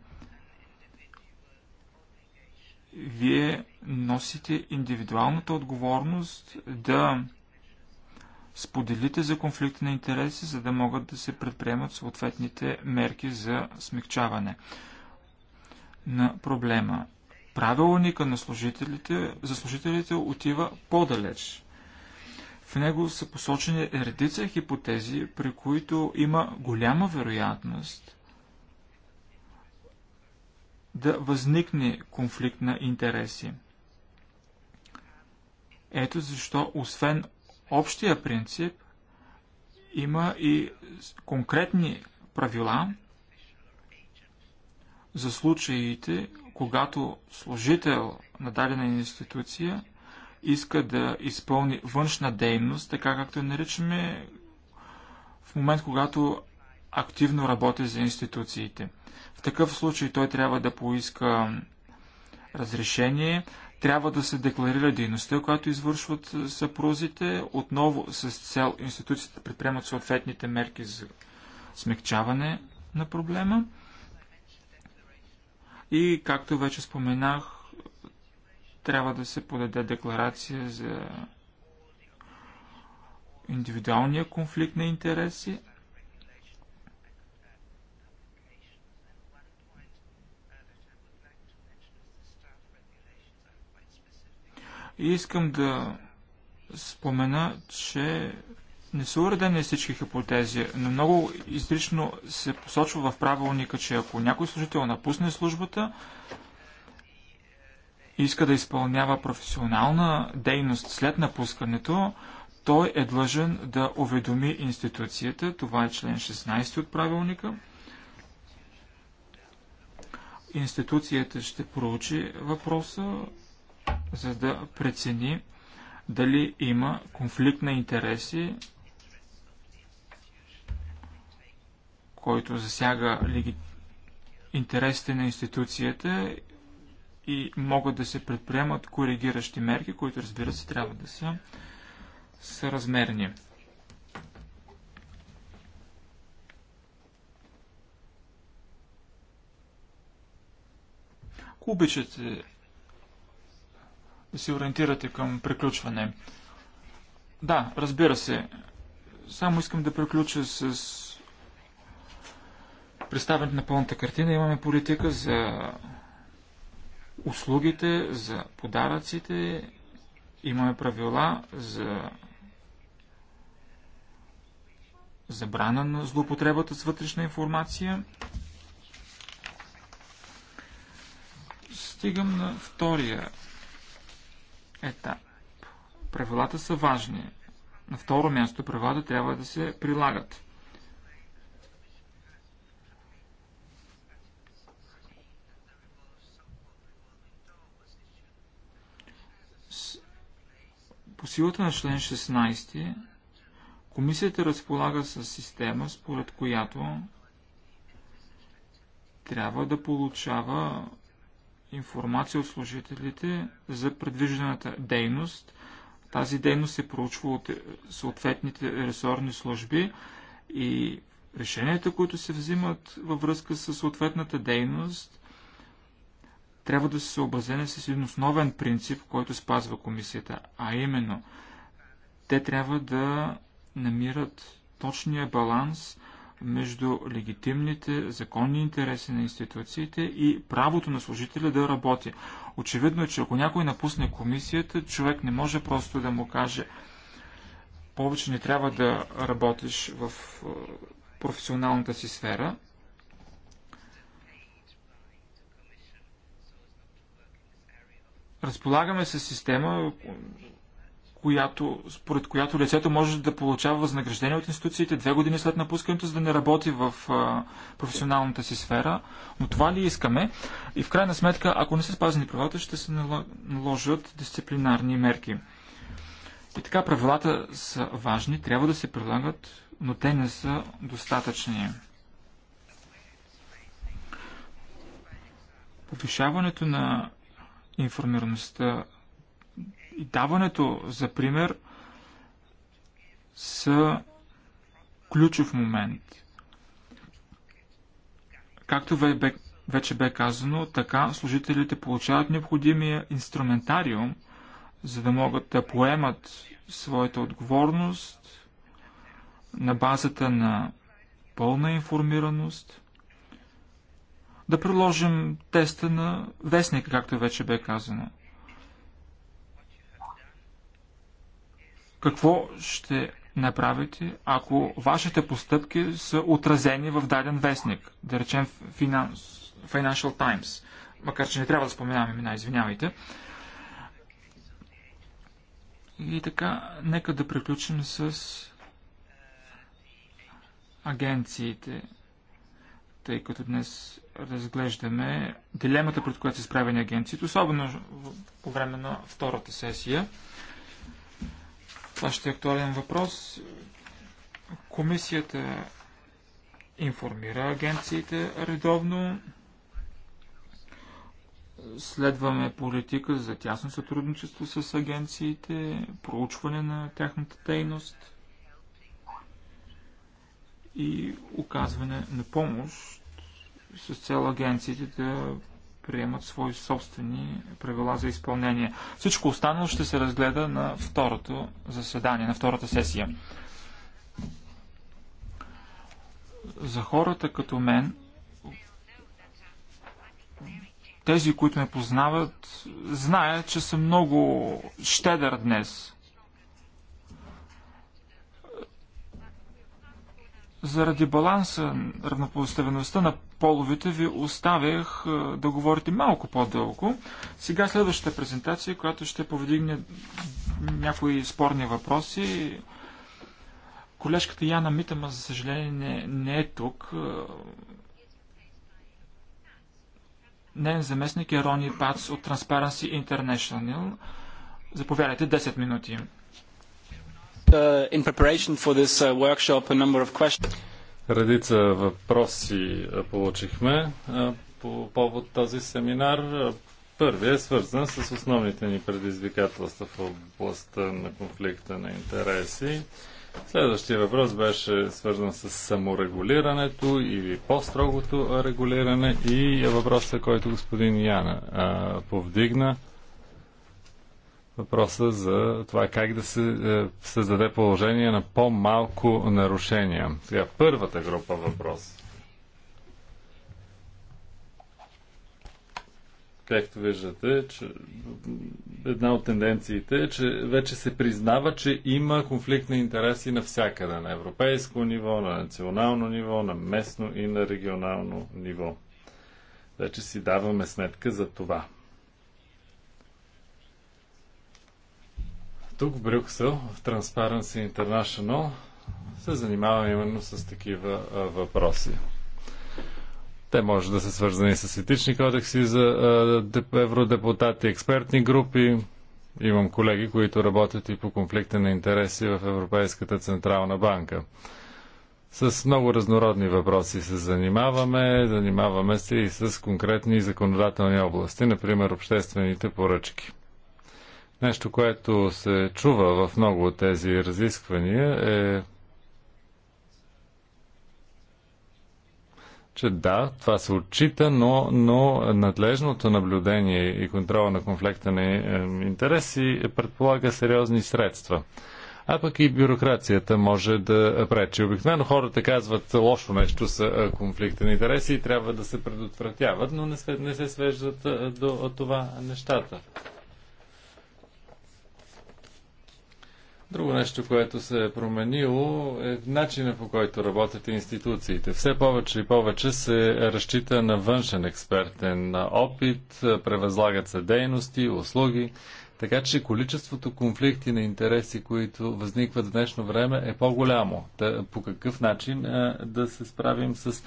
[SPEAKER 1] вие носите индивидуалната отговорност да споделите за конфликт на интереси, за да могат да се предприемат съответните мерки за смягчаване на проблема. Правилника на служителите, за служителите отива по-далеч. В него са посочени редица хипотези, при които има голяма вероятност да възникне конфликт на интереси. Ето защо, освен общия принцип, има и конкретни правила за случаите, когато служител на дадена институция иска да изпълни външна дейност, така както я наричаме в момент, когато активно работи за институциите – в такъв случай той трябва да поиска разрешение, трябва да се декларира дейността, която извършват съпрузите, отново с цел институциите предприемат съответните мерки за смягчаване на проблема. И, както вече споменах, трябва да се подаде декларация за индивидуалния конфликт на интереси, И искам да спомена, че не са уредени всички хипотези, но много изрично се посочва в правилника, че ако някой служител напусне службата, иска да изпълнява професионална дейност след напускането, той е длъжен да уведоми институцията, това е член 16 от правилника. Институцията ще проучи въпроса за да прецени дали има конфликт на интереси, който засяга интересите на институцията и могат да се предприемат коригиращи мерки, които разбира се трябва да са съразмерни. Ако обичате да се ориентирате към приключване. Да, разбира се. Само искам да приключа с представянето на пълната картина. Имаме политика за услугите, за подаръците, имаме правила за забрана на злоупотребата с вътрешна информация. Стигам на втория етап. Правилата са важни. На второ място правилата трябва да се прилагат. По силата на член 16, комисията разполага с система, според която трябва да получава информация от служителите за предвижданата дейност. Тази дейност се проучва от е, съответните ресорни служби и решенията, които се взимат във връзка с съответната дейност, трябва да са съобразени с един основен принцип, който спазва комисията, а именно те трябва да намират точния баланс – между легитимните законни интереси на институциите и правото на служителя да работи. Очевидно е, че ако някой напусне комисията, човек не може просто да му каже повече не трябва да работиш в професионалната си сфера. Разполагаме с система, която, според която лицето може да получава възнаграждение от институциите две години след напускането, за да не работи в а, професионалната си сфера. Но това ли искаме? И в крайна сметка, ако не са спазени правилата, ще се наложат дисциплинарни мерки. И така, правилата са важни, трябва да се прилагат, но те не са достатъчни. Повишаването на информираността и даването за пример са ключов момент. Както вече бе казано, така служителите получават необходимия инструментариум, за да могат да поемат своята отговорност на базата на пълна информираност. Да приложим теста на вестника, както вече бе казано – Какво ще направите, ако вашите постъпки са отразени в даден вестник, да речем Financial Times, макар че не трябва да споменаваме имена, извинявайте. И така, нека да приключим с агенциите, тъй като днес разглеждаме дилемата, пред която са справени агенциите, особено по време на втората сесия. Това ще е актуален въпрос. Комисията информира агенциите редовно. Следваме политика за тясно сътрудничество с агенциите, проучване на тяхната дейност и оказване на помощ с цел агенциите да приемат свои собствени правила за изпълнение. Всичко останало ще се разгледа на второто заседание, на втората сесия. За хората като мен, тези, които ме познават, знаят, че съм много щедър днес. Заради баланса, равнопоставеността на половите ви оставях е, да говорите малко по-дълго. Сега следващата презентация, която ще повдигне някои спорни въпроси. Колежката Яна Митама, за съжаление, не, не е тук. Е, Нен заместник е Рони Пац от Transparency International. Заповядайте 10 минути. Uh, in preparation for this uh, workshop a number of questions.
[SPEAKER 2] Редица въпроси получихме
[SPEAKER 1] по повод този
[SPEAKER 2] семинар. Първият е свързан с основните ни предизвикателства в областта на конфликта на интереси. Следващия въпрос беше свързан с саморегулирането или по-строгото регулиране и е въпросът, който господин Яна повдигна – въпроса за това как да се е, създаде положение на по-малко нарушения. Сега първата група въпрос. Както виждате, че една от тенденциите е, че вече се признава, че има конфликт на интереси навсякъде. На европейско ниво, на национално ниво, на местно и на регионално ниво. Вече си даваме сметка за това. Тук в Брюксел, в Transparency International, се занимаваме именно с такива а, въпроси. Те може да са свързани с етични кодекси за а, евродепутати, експертни групи. Имам колеги, които работят и по конфликта на интереси в Европейската Централна банка. С много разнородни въпроси се занимаваме. Занимаваме се и с конкретни законодателни области, например обществените поръчки. Нещо, което се чува в много от тези разисквания е, че да, това се отчита, но, но надлежното наблюдение и контрола на конфликта на е, интереси предполага сериозни средства. А пък и бюрокрацията може да пречи. Обикновено хората казват лошо нещо с е, конфликта на интереси и трябва да се предотвратяват, но не се, не се свеждат е, до това нещата. Друго нещо, което се е променило е начина по който работят институциите. Все повече и повече се разчита на външен експертен опит, превъзлагат се дейности, услуги, така че количеството конфликти на интереси, които възникват в днешно време, е по-голямо. по какъв начин да се справим с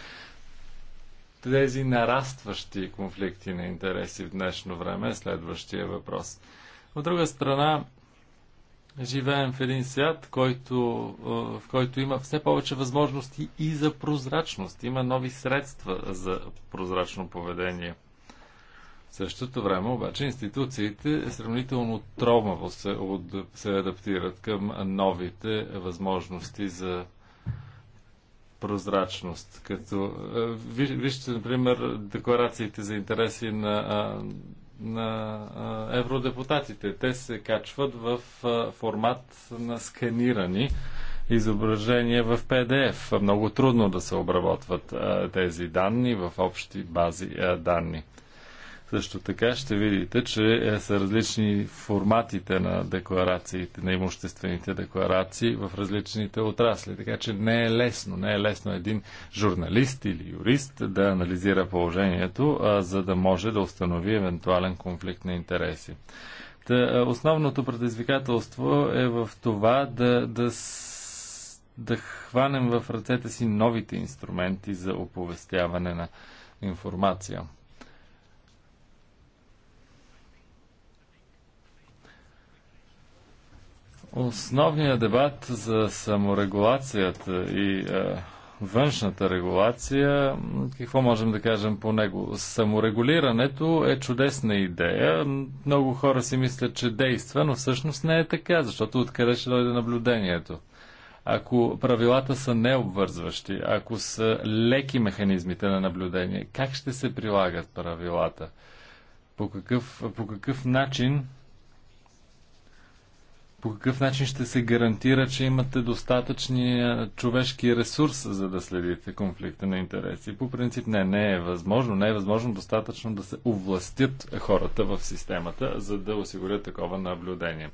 [SPEAKER 2] тези нарастващи конфликти на интереси в днешно време е следващия въпрос. От друга страна, Живеем в един свят, който, в който има все повече възможности и за прозрачност. Има нови средства за прозрачно поведение. В същото време обаче институциите сравнително тромаво се, от, се адаптират към новите възможности за прозрачност. Като, вижте, например, декларациите за интереси на на евродепутатите. Те се качват в формат на сканирани изображения в PDF. Много трудно да се обработват тези данни в общи бази данни. Също така ще видите, че е, са различни форматите на декларациите, на имуществените декларации в различните отрасли. Така че не е лесно, не е лесно един журналист или юрист да анализира положението, а, за да може да установи евентуален конфликт на интереси. Та, е, основното предизвикателство е в това да, да, да хванем в ръцете си новите инструменти за оповестяване на информация. Основният дебат за саморегулацията и е, външната регулация, какво можем да кажем по него? Саморегулирането е чудесна идея. Много хора си мислят, че действа, но всъщност не е така, защото откъде ще дойде наблюдението? Ако правилата са необвързващи, ако са леки механизмите на наблюдение, как ще се прилагат правилата? По какъв, по какъв начин по какъв начин ще се гарантира, че имате достатъчния е, човешки ресурс, за да следите конфликта на интереси? По принцип не, не е възможно. Не е възможно достатъчно да се овластят хората в системата, за да осигурят такова наблюдение.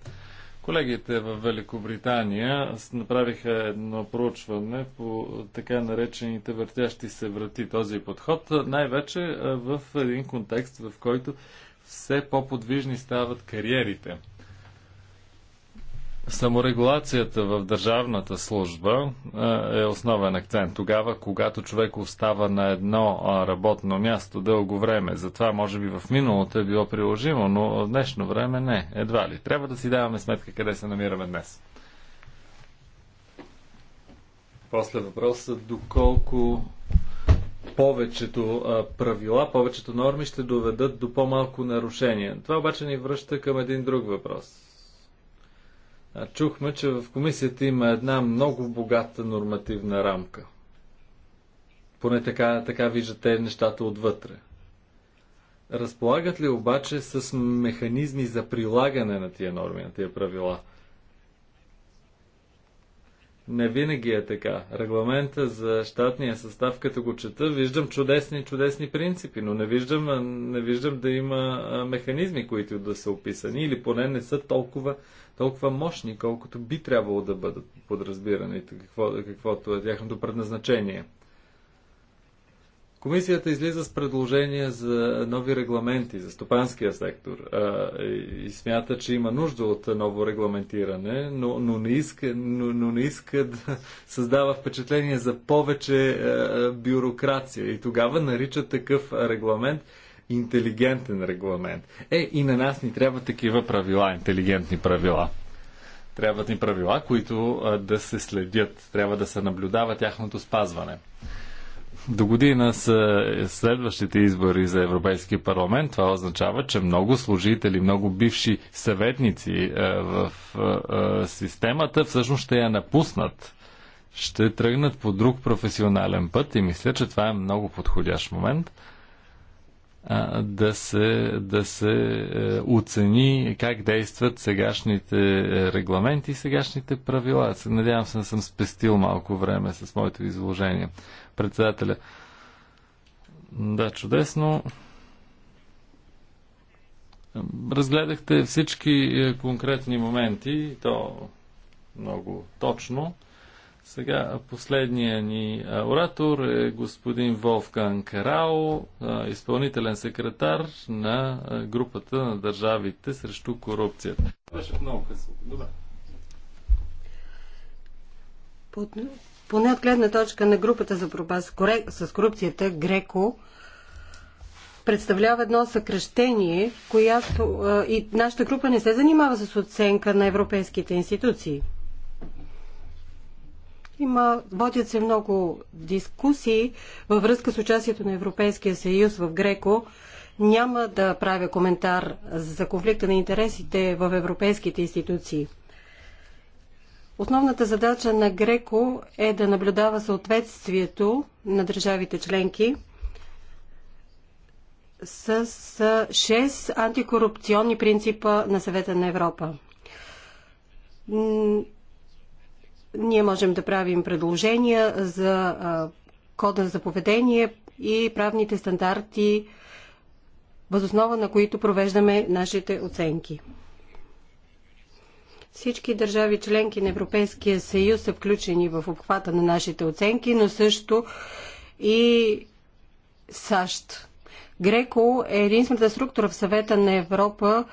[SPEAKER 2] Колегите в Великобритания направиха едно проучване по така наречените въртящи се врати. Този подход е, най-вече е, в един контекст, в който все по-подвижни стават кариерите Саморегулацията в държавната служба е основен акцент. Тогава, когато човек остава на едно работно място дълго време, затова може би в миналото е било приложимо, но в днешно време не, едва ли. Трябва да си даваме сметка къде се намираме днес. После въпроса доколко повечето правила, повечето норми ще доведат до по-малко нарушения. Това обаче ни връща към един друг въпрос – чухме, че в комисията има една много богата нормативна рамка. Поне така, така виждате нещата отвътре. Разполагат ли обаче с механизми за прилагане на тия норми, на тия правила – не винаги е така. Регламента за щатния състав, като го чета, виждам чудесни, чудесни принципи, но не виждам, не виждам да има механизми, които да са описани или поне не са толкова, толкова мощни, колкото би трябвало да бъдат подразбираните, какво, каквото е тяхното предназначение. Комисията излиза с предложения за нови регламенти за стопанския сектор а, и смята, че има нужда от ново регламентиране, но, но, не, иска, но, но не иска да създава впечатление за повече а, бюрокрация. И тогава нарича такъв регламент интелигентен регламент. Е, и на нас ни трябва такива правила, интелигентни правила. Трябват ни правила, които а, да се следят, трябва да се наблюдава тяхното спазване. До година са следващите избори за Европейския парламент. Това означава, че много служители, много бивши съветници е, в е, е, системата всъщност ще я напуснат. Ще тръгнат по друг професионален път и мисля, че това е много подходящ момент – да се, да се е, оцени как действат сегашните е, регламенти и сегашните правила. Надявам се, не съм спестил малко време с моето изложение. Председателя. Да, чудесно. Разгледахте всички е, конкретни моменти, то много точно. Сега последния ни оратор е господин Волфган Карао, изпълнителен секретар на групата на държавите срещу корупцията.
[SPEAKER 3] Беше много късно. Добре. Поне от гледна точка на групата за борба с корупцията, Греко, представлява едно съкръщение, която и нашата група не се занимава с оценка на европейските институции. Има, водят се много дискусии във връзка с участието на Европейския съюз в Греко. Няма да правя коментар за конфликта на интересите в европейските институции. Основната задача на Греко е да наблюдава съответствието на държавите членки с 6 антикорупционни принципа на съвета на Европа. Ние можем да правим предложения за кода за поведение и правните стандарти, възоснова на които провеждаме нашите оценки. Всички държави членки на Европейския съюз са включени в обхвата на нашите оценки, но също и САЩ. Греко е единствената структура в съвета на Европа,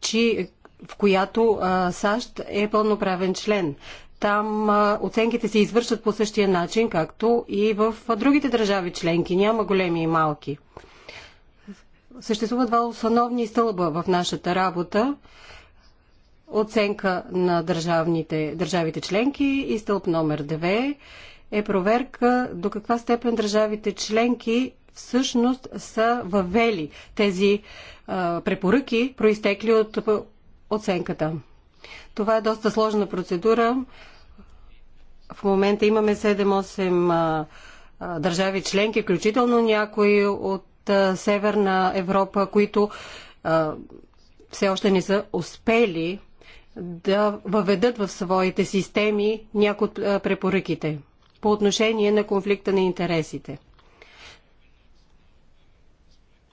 [SPEAKER 3] чи, в която а, САЩ е пълноправен член. Там оценките се извършват по същия начин, както и в другите държави членки. Няма големи и малки. Съществуват два основни стълба в нашата работа. Оценка на държавните, държавите членки и стълб номер 2 е проверка до каква степен държавите членки всъщност са въвели тези а, препоръки, проистекли от оценката. Това е доста сложна процедура. В момента имаме 7-8 държави членки, включително някои от Северна Европа, които все още не са успели да въведат в своите системи някои от препоръките по отношение на конфликта на интересите.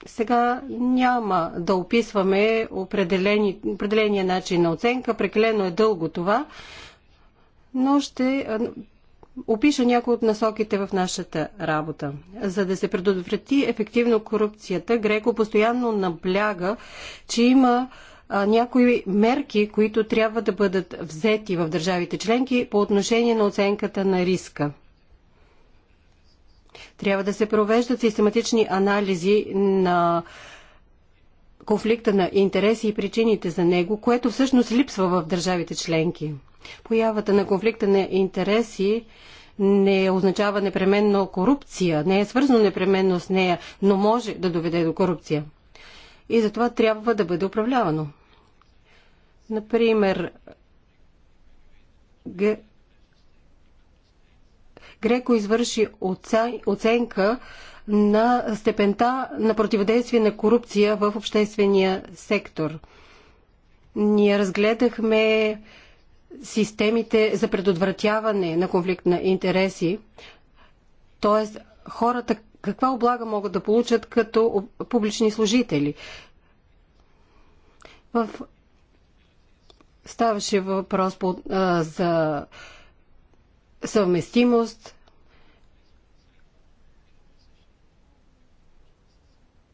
[SPEAKER 3] Сега няма да описваме определени, определения начин на оценка, прекалено е дълго това, но ще опиша някои от насоките в нашата работа. За да се предотврати ефективно корупцията, Греко постоянно набляга, че има някои мерки, които трябва да бъдат взети в държавите членки по отношение на оценката на риска. Трябва да се провеждат систематични анализи на конфликта на интереси и причините за него, което всъщност липсва в държавите членки. Появата на конфликта на интереси не означава непременно корупция, не е свързано непременно с нея, но може да доведе до корупция. И затова трябва да бъде управлявано. Например, Греко извърши оценка на степента на противодействие на корупция в обществения сектор. Ние разгледахме системите за предотвратяване на конфликт на интереси, т.е. хората каква облага могат да получат като публични служители. В... Ставаше въпрос по, а, за съвместимост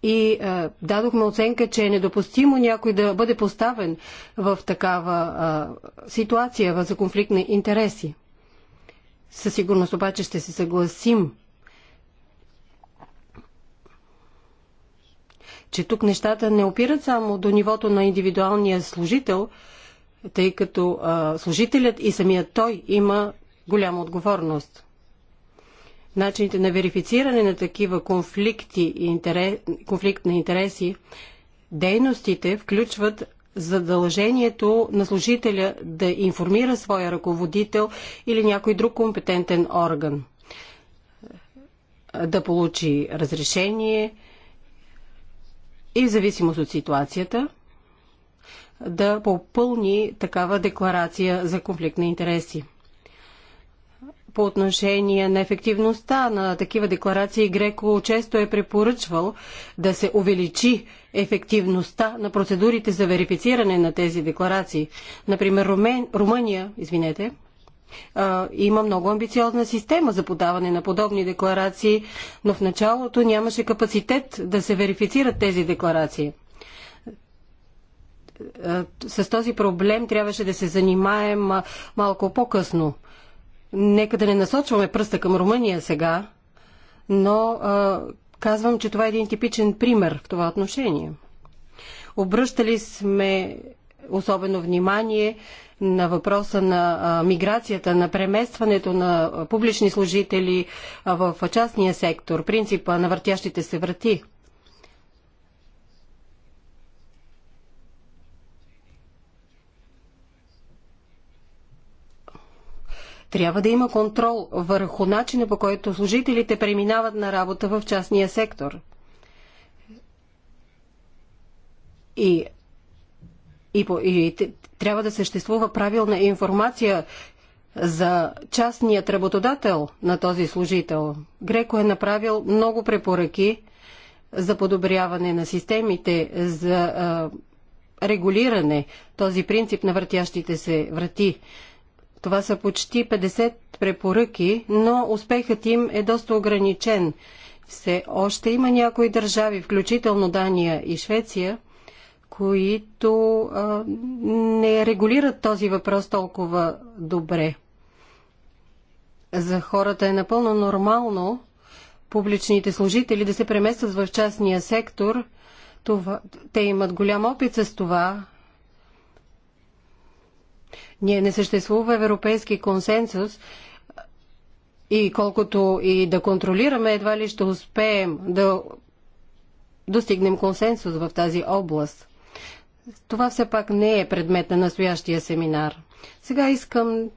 [SPEAKER 3] и а, дадохме оценка, че е недопустимо някой да бъде поставен в такава а, ситуация за конфликт на интереси. Със сигурност обаче ще се съгласим, че тук нещата не опират само до нивото на индивидуалния служител, тъй като а, служителят и самият той има голяма отговорност. Начините на верифициране на такива конфликти и интерес, конфликт на интереси, дейностите включват задължението на служителя да информира своя ръководител или някой друг компетентен орган, да получи разрешение и в зависимост от ситуацията да попълни такава декларация за конфликт на интереси по отношение на ефективността на такива декларации. Греко често е препоръчвал да се увеличи ефективността на процедурите за верифициране на тези декларации. Например, Румен, Румъния, извинете, има много амбициозна система за подаване на подобни декларации, но в началото нямаше капацитет да се верифицират тези декларации с този проблем трябваше да се занимаем малко по-късно. Нека да не насочваме пръста към Румъния сега, но а, казвам, че това е един типичен пример в това отношение. Обръщали сме особено внимание на въпроса на миграцията, на преместването на публични служители в частния сектор, принципа на въртящите се врати – Трябва да има контрол върху начина по който служителите преминават на работа в частния сектор. И, и, и трябва да съществува правилна информация за частният работодател на този служител. Греко е направил много препоръки за подобряване на системите, за а, регулиране, този принцип на въртящите се врати. Това са почти 50 препоръки, но успехът им е доста ограничен. Все още има някои държави, включително Дания и Швеция, които а, не регулират този въпрос толкова добре. За хората е напълно нормално публичните служители да се преместват в частния сектор. Това, те имат голям опит с това ние не съществува европейски консенсус и колкото и да контролираме, едва ли ще успеем да достигнем консенсус в тази област. Това все пак не е предмет на настоящия семинар. Сега искам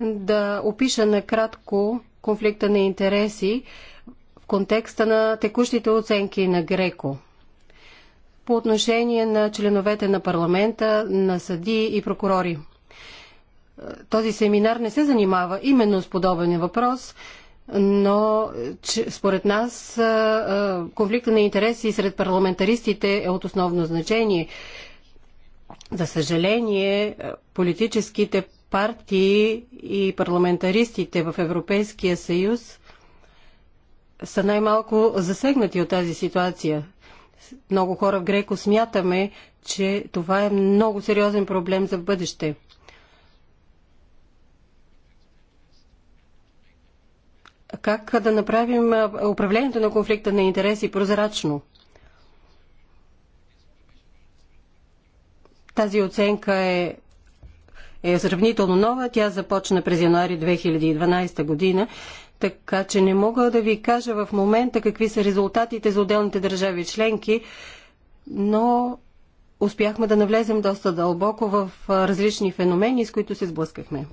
[SPEAKER 3] да опиша накратко конфликта на интереси в контекста на текущите оценки на Греко. По отношение на членовете на парламента, на съди и прокурори този семинар не се занимава именно с подобен въпрос, но че, според нас конфликта на интереси сред парламентаристите е от основно значение. За съжаление, политическите партии и парламентаристите в Европейския съюз са най-малко засегнати от тази ситуация. Много хора в Греко смятаме, че това е много сериозен проблем за бъдеще. как да направим управлението на конфликта на интереси прозрачно. Тази оценка е, е сравнително нова. Тя започна през януари 2012 година, така че не мога да ви кажа в момента какви са резултатите за отделните държави членки, но успяхме да навлезем доста дълбоко в различни феномени, с които се сблъскахме.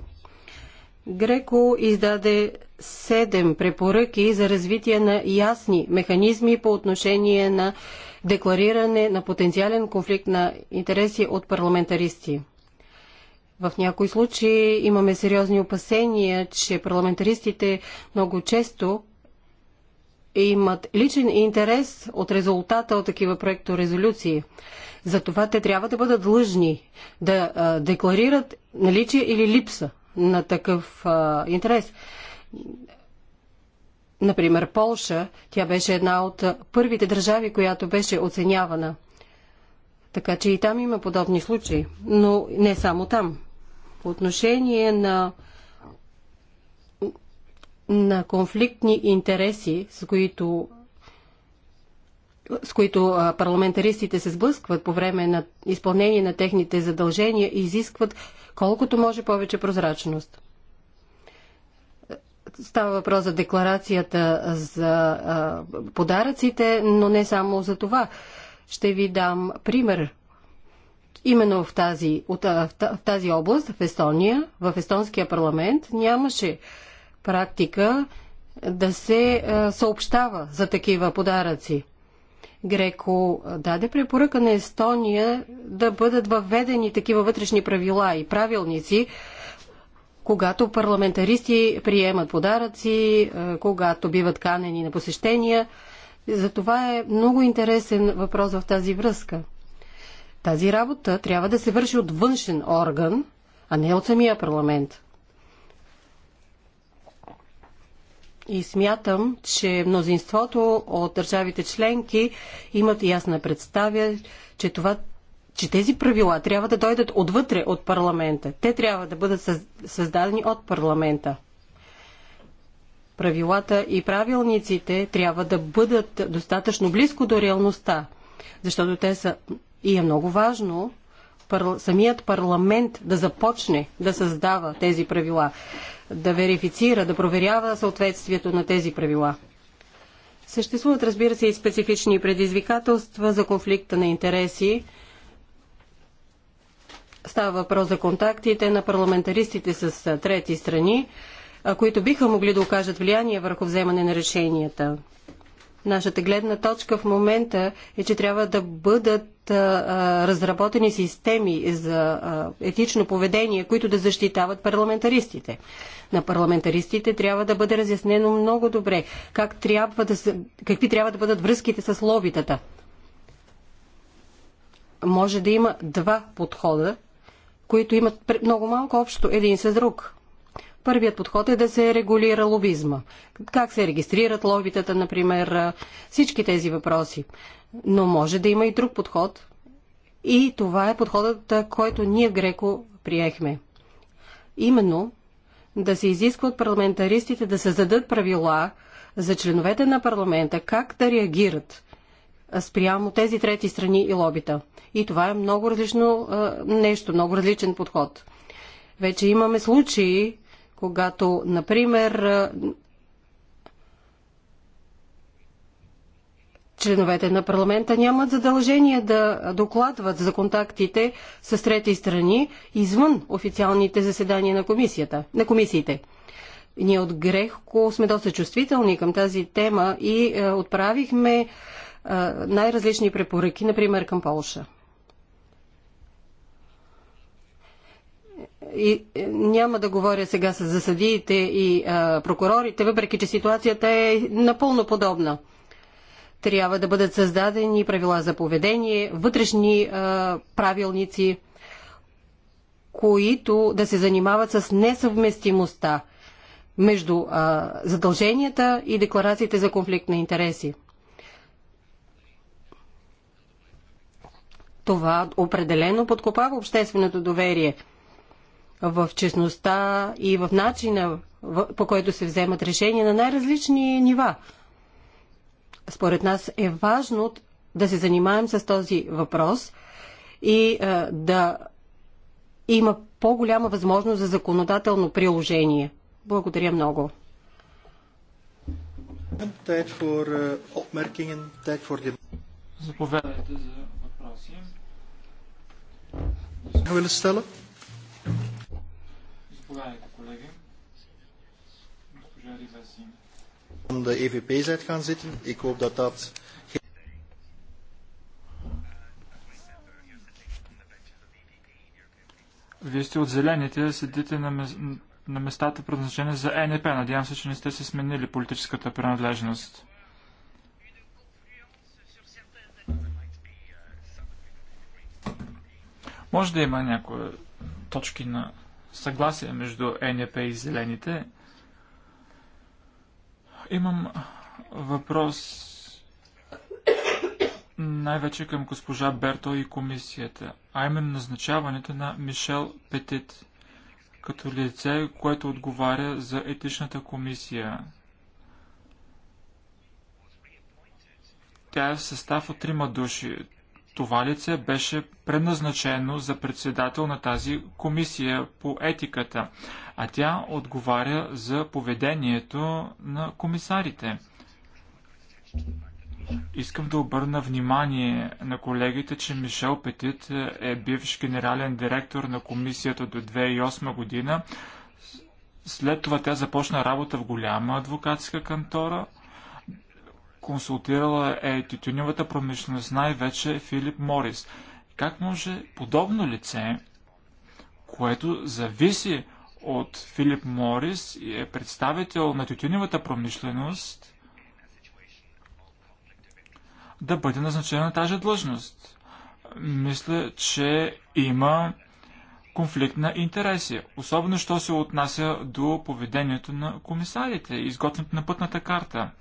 [SPEAKER 3] Греко издаде седем препоръки за развитие на ясни механизми по отношение на деклариране на потенциален конфликт на интереси от парламентаристи. В някои случаи имаме сериозни опасения, че парламентаристите много често имат личен интерес от резултата от такива проекторезолюции. Затова те трябва да бъдат длъжни да декларират наличие или липса на такъв а, интерес. Например, Полша, тя беше една от първите държави, която беше оценявана. Така че и там има подобни случаи, но не само там. По отношение на, на конфликтни интереси, с които с които парламентаристите се сблъскват по време на изпълнение на техните задължения изискват колкото може повече прозрачност. Става въпрос за декларацията за подаръците, но не само за това. Ще ви дам пример. Именно в тази, в тази област, в Естония, в естонския парламент, нямаше практика да се съобщава за такива подаръци. Греко даде препоръка на Естония да бъдат въведени такива вътрешни правила и правилници, когато парламентаристи приемат подаръци, когато биват канени на посещения. Затова е много интересен въпрос в тази връзка. Тази работа трябва да се върши от външен орган, а не от самия парламент. И смятам, че мнозинството от държавите членки имат ясна представя, че това че тези правила трябва да дойдат отвътре от парламента. Те трябва да бъдат създадени от парламента. Правилата и правилниците трябва да бъдат достатъчно близко до реалността, защото те са и е много важно самият парламент да започне да създава тези правила да верифицира, да проверява съответствието на тези правила. Съществуват, разбира се, и специфични предизвикателства за конфликта на интереси. Става въпрос за контактите на парламентаристите с трети страни, които биха могли да окажат влияние върху вземане на решенията. Нашата гледна точка в момента е, че трябва да бъдат а, разработени системи за а, етично поведение, които да защитават парламентаристите. На парламентаристите трябва да бъде разяснено много добре как трябва да се, какви трябва да бъдат връзките с лобитата. Може да има два подхода, които имат много малко общо един с друг Първият подход е да се регулира лобизма. Как се регистрират лобитата, например, всички тези въпроси. Но може да има и друг подход. И това е подходът, който ние Греко приехме. Именно да се изисква от парламентаристите да създадат правила за членовете на парламента как да реагират спрямо тези трети страни и лобита. И това е много различно нещо, много различен подход. Вече имаме случаи, когато, например, членовете на парламента нямат задължение да докладват за контактите с трети страни извън официалните заседания на, комисията, на комисиите. Ние от Грехко сме доста чувствителни към тази тема и е, отправихме е, най-различни препоръки, например към Полша. и, е, няма да говоря сега за съдиите и а, прокурорите, въпреки че ситуацията е напълно подобна. Трябва да бъдат създадени правила за поведение, вътрешни а, правилници, които да се занимават с несъвместимостта между а, задълженията и декларациите за конфликт на интереси. Това определено подкопава общественото доверие – в честността и в начина по който се вземат решения на най-различни нива. Според нас е важно да се занимаем с този въпрос и да има по-голяма възможност за законодателно приложение. Благодаря много.
[SPEAKER 2] Eh,
[SPEAKER 3] Заповядайте
[SPEAKER 1] за въпроси. Заповядайте, колеги. Госпожа
[SPEAKER 3] Om
[SPEAKER 2] de EVP zijt gaan zitten. Ik hoop dat dat.
[SPEAKER 1] Вие сте от зелените, седите на, мес... на местата предназначени за е НП. Надявам се, че не сте се сменили политическата принадлежност. Може да има някои точки на съгласие между НЕП и Зелените. Имам въпрос най-вече към госпожа Берто и комисията, а именно назначаването на Мишел Петит като лице, което отговаря за етичната комисия. Тя е в състав от трима души това лице беше предназначено за председател на тази комисия по етиката, а тя отговаря за поведението на комисарите. Искам да обърна внимание на колегите, че Мишел Петит е бивш генерален директор на комисията до 2008 година. След това тя започна работа в голяма адвокатска кантора – консултирала е тютюневата промишленост, най-вече Филип Морис. Как може подобно лице, което зависи от Филип Морис и е представител на тютюневата промишленост, да бъде назначена на тази длъжност? Мисля, че има конфликт на интереси, особено що се отнася до поведението на комисарите и изготвянето на пътната карта –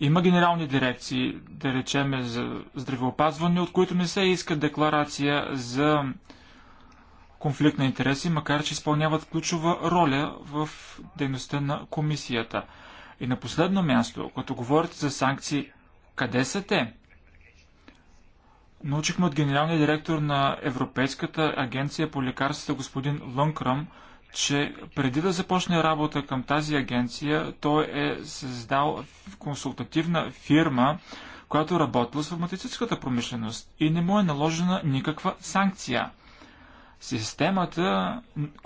[SPEAKER 1] има генерални дирекции, да речем за здравеопазване, от които не се иска декларация за конфликт на интереси, макар че изпълняват ключова роля в дейността на комисията. И на последно място, като говорите за санкции, къде са те? Научихме от генералния директор на Европейската агенция по лекарствата господин Лънкръм, че преди да започне работа към тази агенция, той е създал консултативна фирма, която работила с фармацевтическата промишленост и не му е наложена никаква санкция. Системата,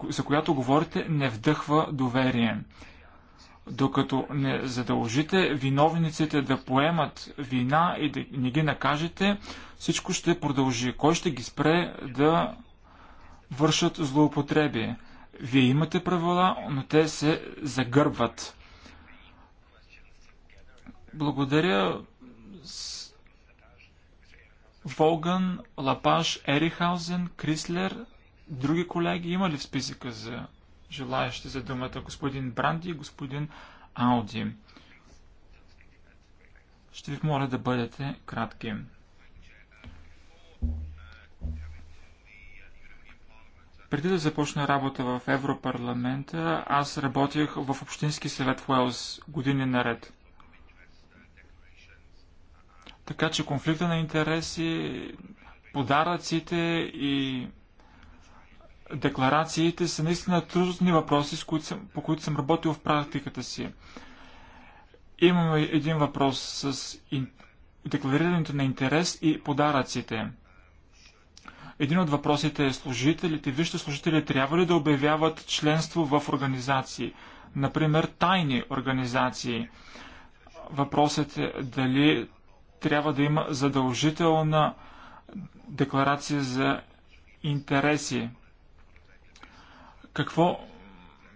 [SPEAKER 1] за която говорите, не вдъхва доверие. Докато не задължите виновниците да поемат вина и да не ги накажете, всичко ще продължи. Кой ще ги спре да вършат злоупотреби? Вие имате правила, но те се загърбват. Благодаря с Волган, Лапаш, Ерихаузен, Крислер, други колеги. Има ли в списъка за желаящи за думата господин Бранди и господин Ауди? Ще ви моля да бъдете кратки. Преди да започна работа в Европарламента, аз работих в Общински съвет в Уелс години наред. Така че конфликта на интереси, подаръците и декларациите са наистина трудни въпроси, по които съм работил в практиката си. Имаме един въпрос с декларирането на интерес и подаръците – един от въпросите е служителите, вижте служители трябва ли да обявяват членство в организации, например тайни организации. Въпросът е дали трябва да има задължителна декларация за интереси. Какво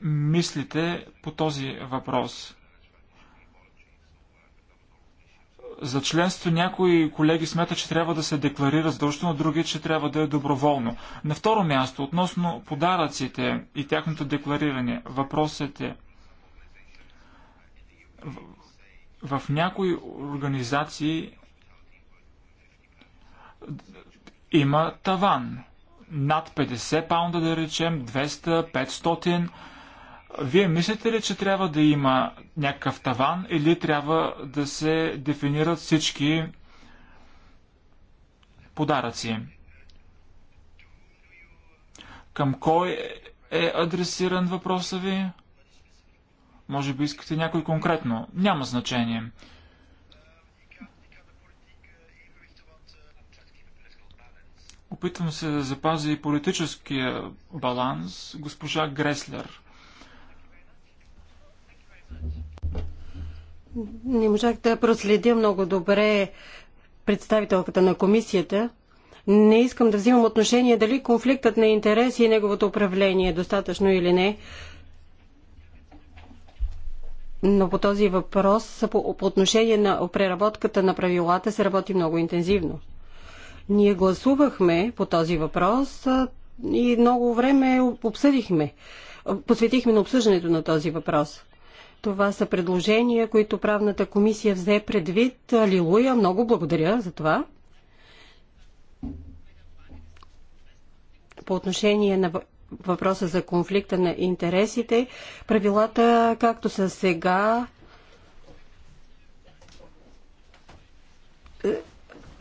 [SPEAKER 1] мислите по този въпрос? за членство някои колеги смятат, че трябва да се декларира задължително, други, че трябва да е доброволно. На второ място, относно подаръците и тяхното деклариране, въпросът е в, в някои организации има таван. Над 50 паунда, да речем, 200, 500 вие мислите ли, че трябва да има някакъв таван или трябва да се дефинират всички подаръци? Към кой е адресиран въпроса ви? Може би искате някой конкретно. Няма значение. Опитвам се да запазя и политическия баланс. Госпожа Греслер –
[SPEAKER 3] не можах да проследя много добре представителката на комисията. Не искам да взимам отношение дали конфликтът на интереси и неговото управление е достатъчно или не. Но по този въпрос, по, по отношение на преработката на правилата, се работи много интензивно. Ние гласувахме по този въпрос и много време обсъдихме, посветихме на обсъждането на този въпрос. Това са предложения, които правната комисия взе предвид. Алилуя! много благодаря за това. По отношение на въпроса за конфликта на интересите, правилата, както са сега,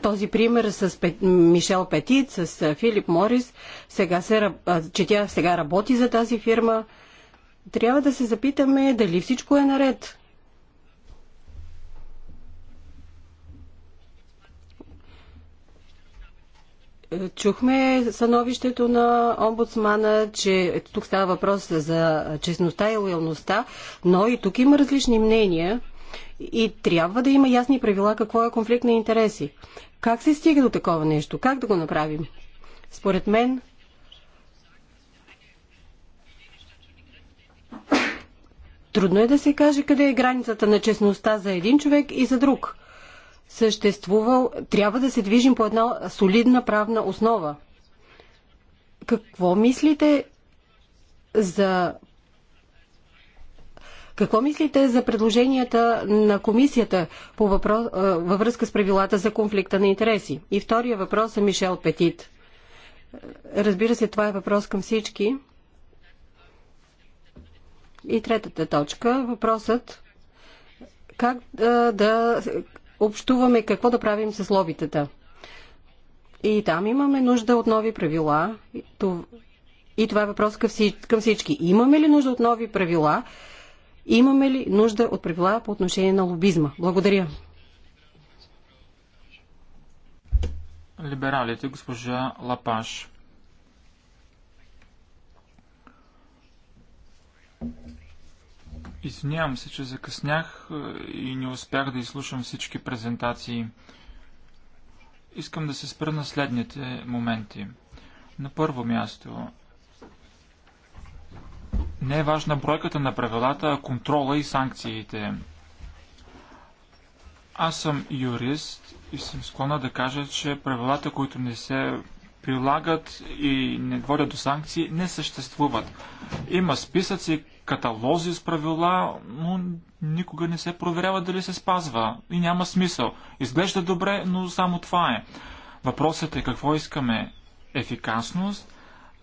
[SPEAKER 3] този пример с Мишел Петит, с Филип Морис, сега се, че тя сега работи за тази фирма – трябва да се запитаме дали всичко е наред. Чухме становището на омбудсмана, че тук става въпрос за честността и лоялността, но и тук има различни мнения и трябва да има ясни правила какво е конфликт на интереси. Как се стига до такова нещо? Как да го направим? Според мен Трудно е да се каже къде е границата на честността за един човек и за друг. Съществувал, трябва да се движим по една солидна правна основа. Какво мислите за какво мислите за предложенията на комисията по въпрос, във връзка с правилата за конфликта на интереси? И втория въпрос е Мишел Петит. Разбира се, това е въпрос към всички. И третата точка, въпросът как да, да общуваме, какво да правим с лобитата. И там имаме нужда от нови правила. И това е въпрос към всички. Имаме ли нужда от нови правила? Имаме ли нужда от правила по отношение на лобизма? Благодаря.
[SPEAKER 1] Либералите, госпожа Лапаш. Извинявам се, че закъснях е, и не успях да изслушам всички презентации. Искам да се спра на следните моменти. На първо място, не е важна бройката на правилата, а контрола и санкциите. Аз съм юрист и съм склонна да кажа, че правилата, които не се прилагат и не водят до санкции, не съществуват. Има списъци, каталози с правила, но никога не се проверява дали се спазва и няма смисъл. Изглежда добре, но само това е. Въпросът е какво искаме ефикасност,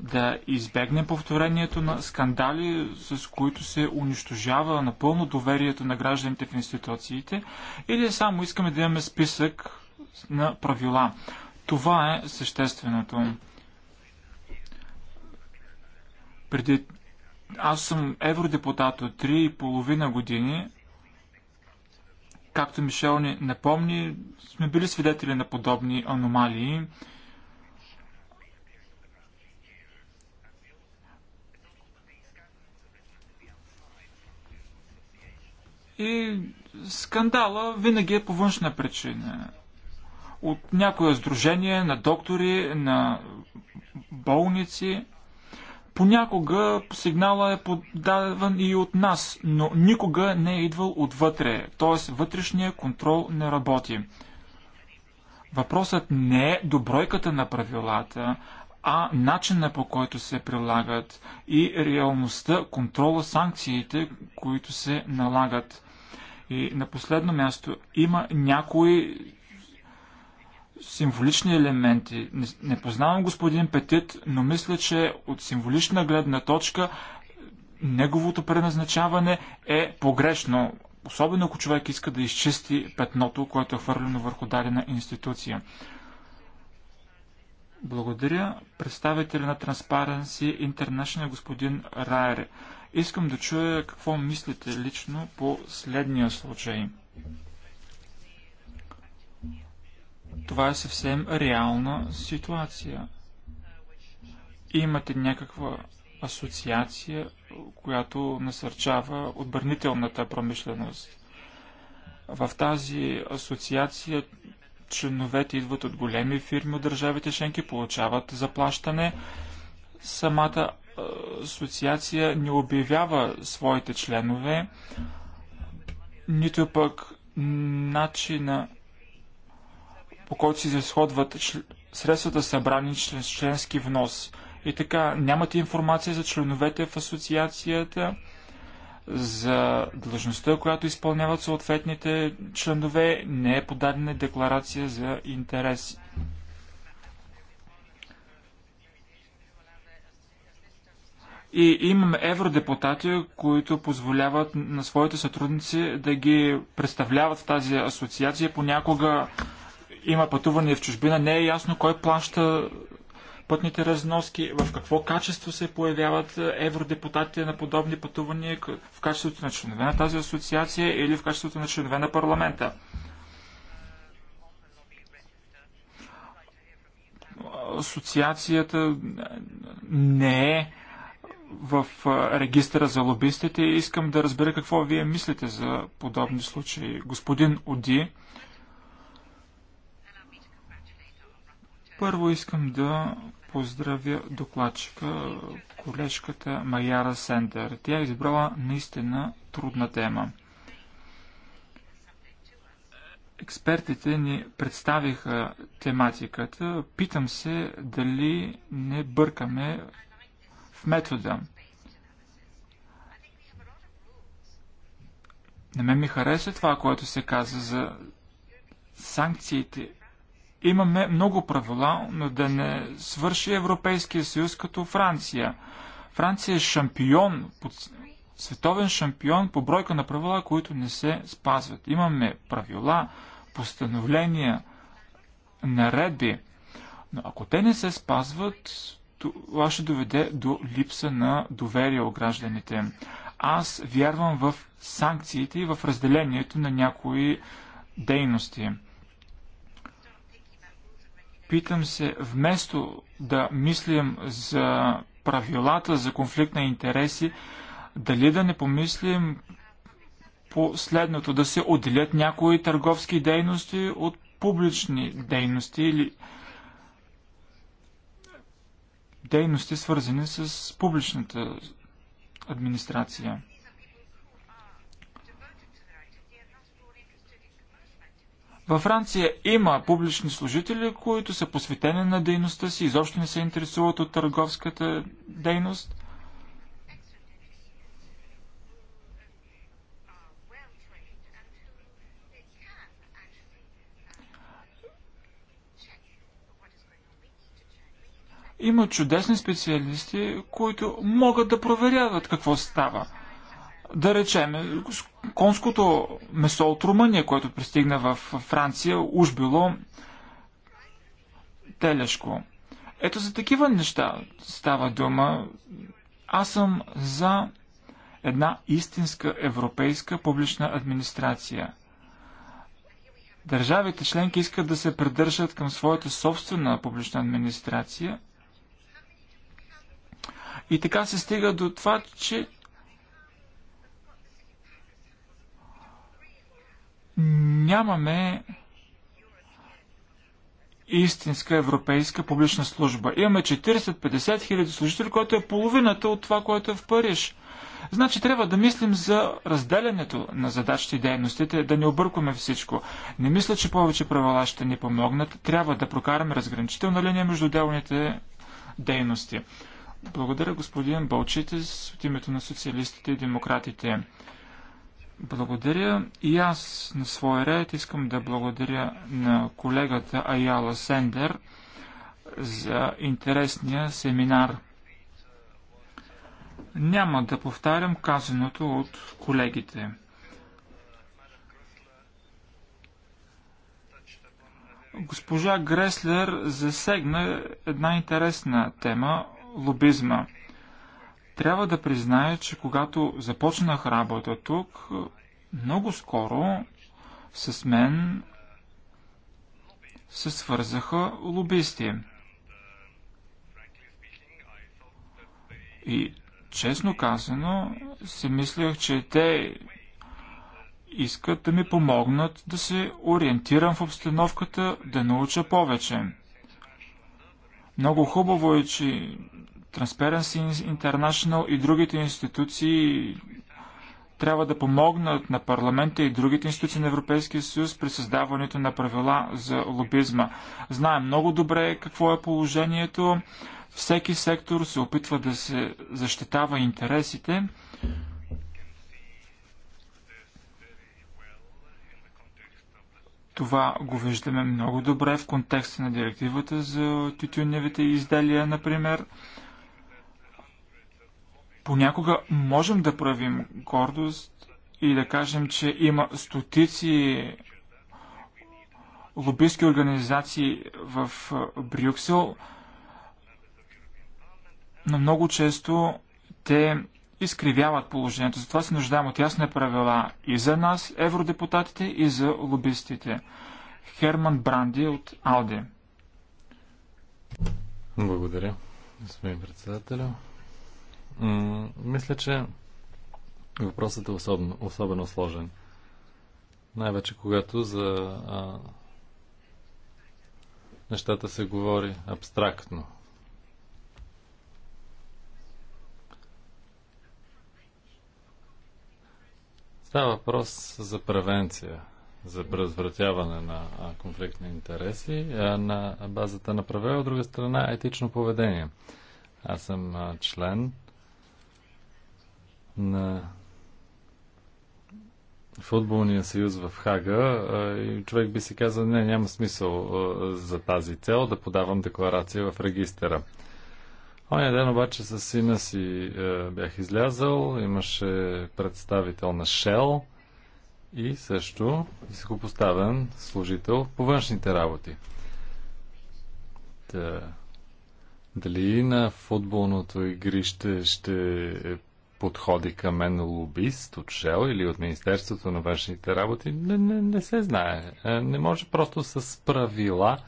[SPEAKER 1] да избегнем повторението на скандали, с които се унищожава напълно доверието на гражданите в институциите, или само искаме да имаме списък на правила. Това е същественото. Преди... Аз съм евродепутат от 3,5 години. Както Мишел ни напомни, сме били свидетели на подобни аномалии. И скандала винаги е по външна причина от някое сдружение на доктори, на болници. Понякога сигнала е подаван и от нас, но никога не е идвал отвътре, т.е. вътрешния контрол не работи. Въпросът не е до бройката на правилата, а начина по който се прилагат и реалността, контрола, санкциите, които се налагат. И на последно място има някои символични елементи. Не, не познавам господин Петит, но мисля, че от символична гледна точка неговото предназначаване е погрешно. Особено ако човек иска да изчисти петното, което е хвърлено върху дадена институция. Благодаря представителя на Transparency International господин Райер. Искам да чуя какво мислите лично по следния случай. Това е съвсем реална ситуация. Имате някаква асоциация, която насърчава отбранителната промишленост. В тази асоциация членовете идват от големи фирми от държавите членки, получават заплащане. Самата асоциация не обявява своите членове, нито пък начина по който се изразходват средствата събрани чрез членски внос. И така, нямате информация за членовете в асоциацията, за длъжността, която изпълняват съответните членове, не е подадена декларация за интереси. И имаме евродепутати, които позволяват на своите сътрудници да ги представляват в тази асоциация. Понякога има пътувания в чужбина, не е ясно кой плаща пътните разноски, в какво качество се появяват евродепутатите на подобни пътувания, в качеството на членове на тази асоциация или в качеството на членове на парламента. Асоциацията не е в регистъра за лобистите и искам да разбера какво вие мислите за подобни случаи. Господин Оди Първо искам да поздравя докладчика, колежката Майяра Сендер. Тя е избрала наистина трудна тема. Експертите ни представиха тематиката. Питам се дали не бъркаме в метода. Не ме ми хареса това, което се каза за санкциите имаме много правила, но да не свърши Европейския съюз като Франция. Франция е шампион, световен шампион по бройка на правила, които не се спазват. Имаме правила, постановления, наредби, но ако те не се спазват, това ще доведе до липса на доверие у гражданите. Аз вярвам в санкциите и в разделението на някои дейности. Питам се, вместо да мислим за правилата за конфликт на интереси, дали да не помислим по следното, да се отделят някои търговски дейности от публични дейности или дейности свързани с публичната администрация. Във Франция има публични служители, които са посветени на дейността си, изобщо не се интересуват от търговската дейност. Има чудесни специалисти, които могат да проверяват какво става. Да речем, конското месо от Румъния, което пристигна в Франция, уж било телешко. Ето за такива неща става дума. Аз съм за една истинска европейска публична администрация. Държавите членки искат да се придържат към своята собствена публична администрация. И така се стига до това, че нямаме истинска европейска публична служба. Имаме 40-50 хиляди служители, което е половината от това, което е в Париж. Значи трябва да мислим за разделянето на задачите и дейностите, да не объркваме всичко. Не мисля, че повече правила ще ни помогнат. Трябва да прокараме разграничителна линия между отделните дейности. Благодаря господин Болчите от името на социалистите и демократите. Благодаря. И аз на своя ред искам да благодаря на колегата Аяла Сендер за интересния семинар. Няма да повтарям казаното от колегите. Госпожа Греслер засегна една интересна тема – лобизма – трябва да призная, че когато започнах работа тук, много скоро с мен се свързаха лобисти. И честно казано, си мислях, че те искат да ми помогнат да се ориентирам в обстановката, да науча повече. Много хубаво е, че Transparency International и другите институции трябва да помогнат на парламента и другите институции на Европейския съюз при създаването на правила за лобизма. Знаем много добре какво е положението. Всеки сектор се опитва да се защитава интересите. Това го виждаме много добре в контекста на директивата за тютюневите изделия, например. Понякога можем да правим гордост и да кажем, че има стотици лобистки организации в Брюксел, но много често те изкривяват положението. Затова се нуждаем от ясни правила и за нас, евродепутатите, и за лобистите. Херман Бранди от Ауди.
[SPEAKER 2] Благодаря, господин
[SPEAKER 1] председателя
[SPEAKER 2] мисля, че въпросът е особено, особено сложен. Най-вече когато за а, нещата се говори абстрактно. Става въпрос за превенция, за предотвратяване на конфликтни на интереси на базата на правила, от друга страна етично поведение. Аз съм член на футболния съюз в Хага и човек би си казал, не, няма смисъл за тази цел да подавам декларация в регистъра. Оня ден обаче с сина си бях излязал. имаше представител на Shell и също високопоставен служител по външните работи. Та, дали на футболното игрище ще подходи към мен лобист от Шел или от Министерството на външните работи, не, не, не се знае. Е, не може просто с правила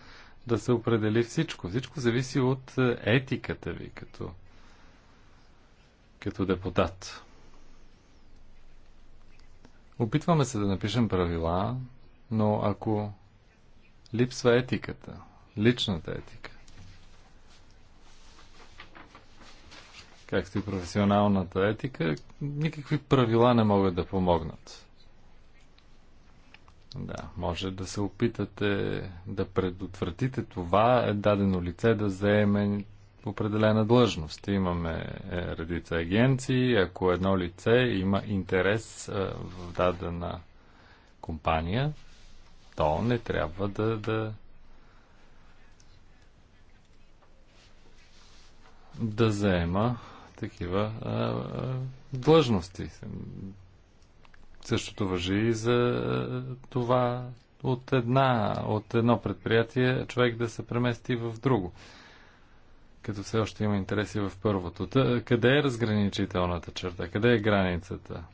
[SPEAKER 2] да се определи всичко. Всичко зависи от е, етиката ви като, като депутат. Опитваме се да напишем правила, но ако липсва етиката, личната етика, както и професионалната етика, никакви правила не могат да помогнат. Да, може да се опитате да предотвратите това е дадено лице да заеме определена длъжност. Имаме е, редица агенции. Ако едно лице има интерес е, в дадена компания, то не трябва да, да, да заема такива а, а, длъжности. Същото въжи и за това от, една, от едно предприятие човек да се премести в друго, като все още има интереси в първото. Та, къде е разграничителната черта? Къде е границата?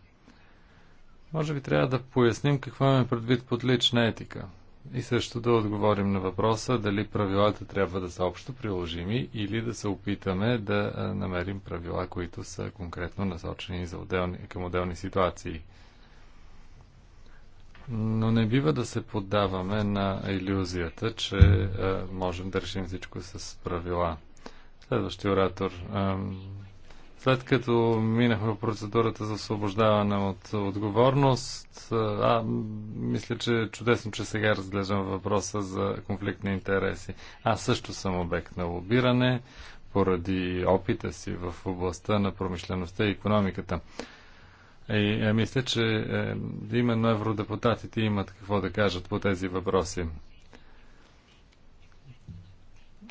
[SPEAKER 2] Може би трябва да поясним какво имаме предвид под лична етика – и също да отговорим на въпроса дали правилата трябва да са общо приложими или да се опитаме да намерим правила, които са конкретно насочени за отделни, към отделни ситуации. Но не бива да се поддаваме на иллюзията, че можем да решим всичко с правила. Следващия оратор. След като минахме процедурата за освобождаване от отговорност, а, мисля, че е чудесно, че сега разглеждам въпроса за конфликт на интереси. Аз също съм обект на лобиране поради опита си в областта на промишлеността и економиката. И а е, мисля, че е, именно евродепутатите имат какво да кажат по тези въпроси.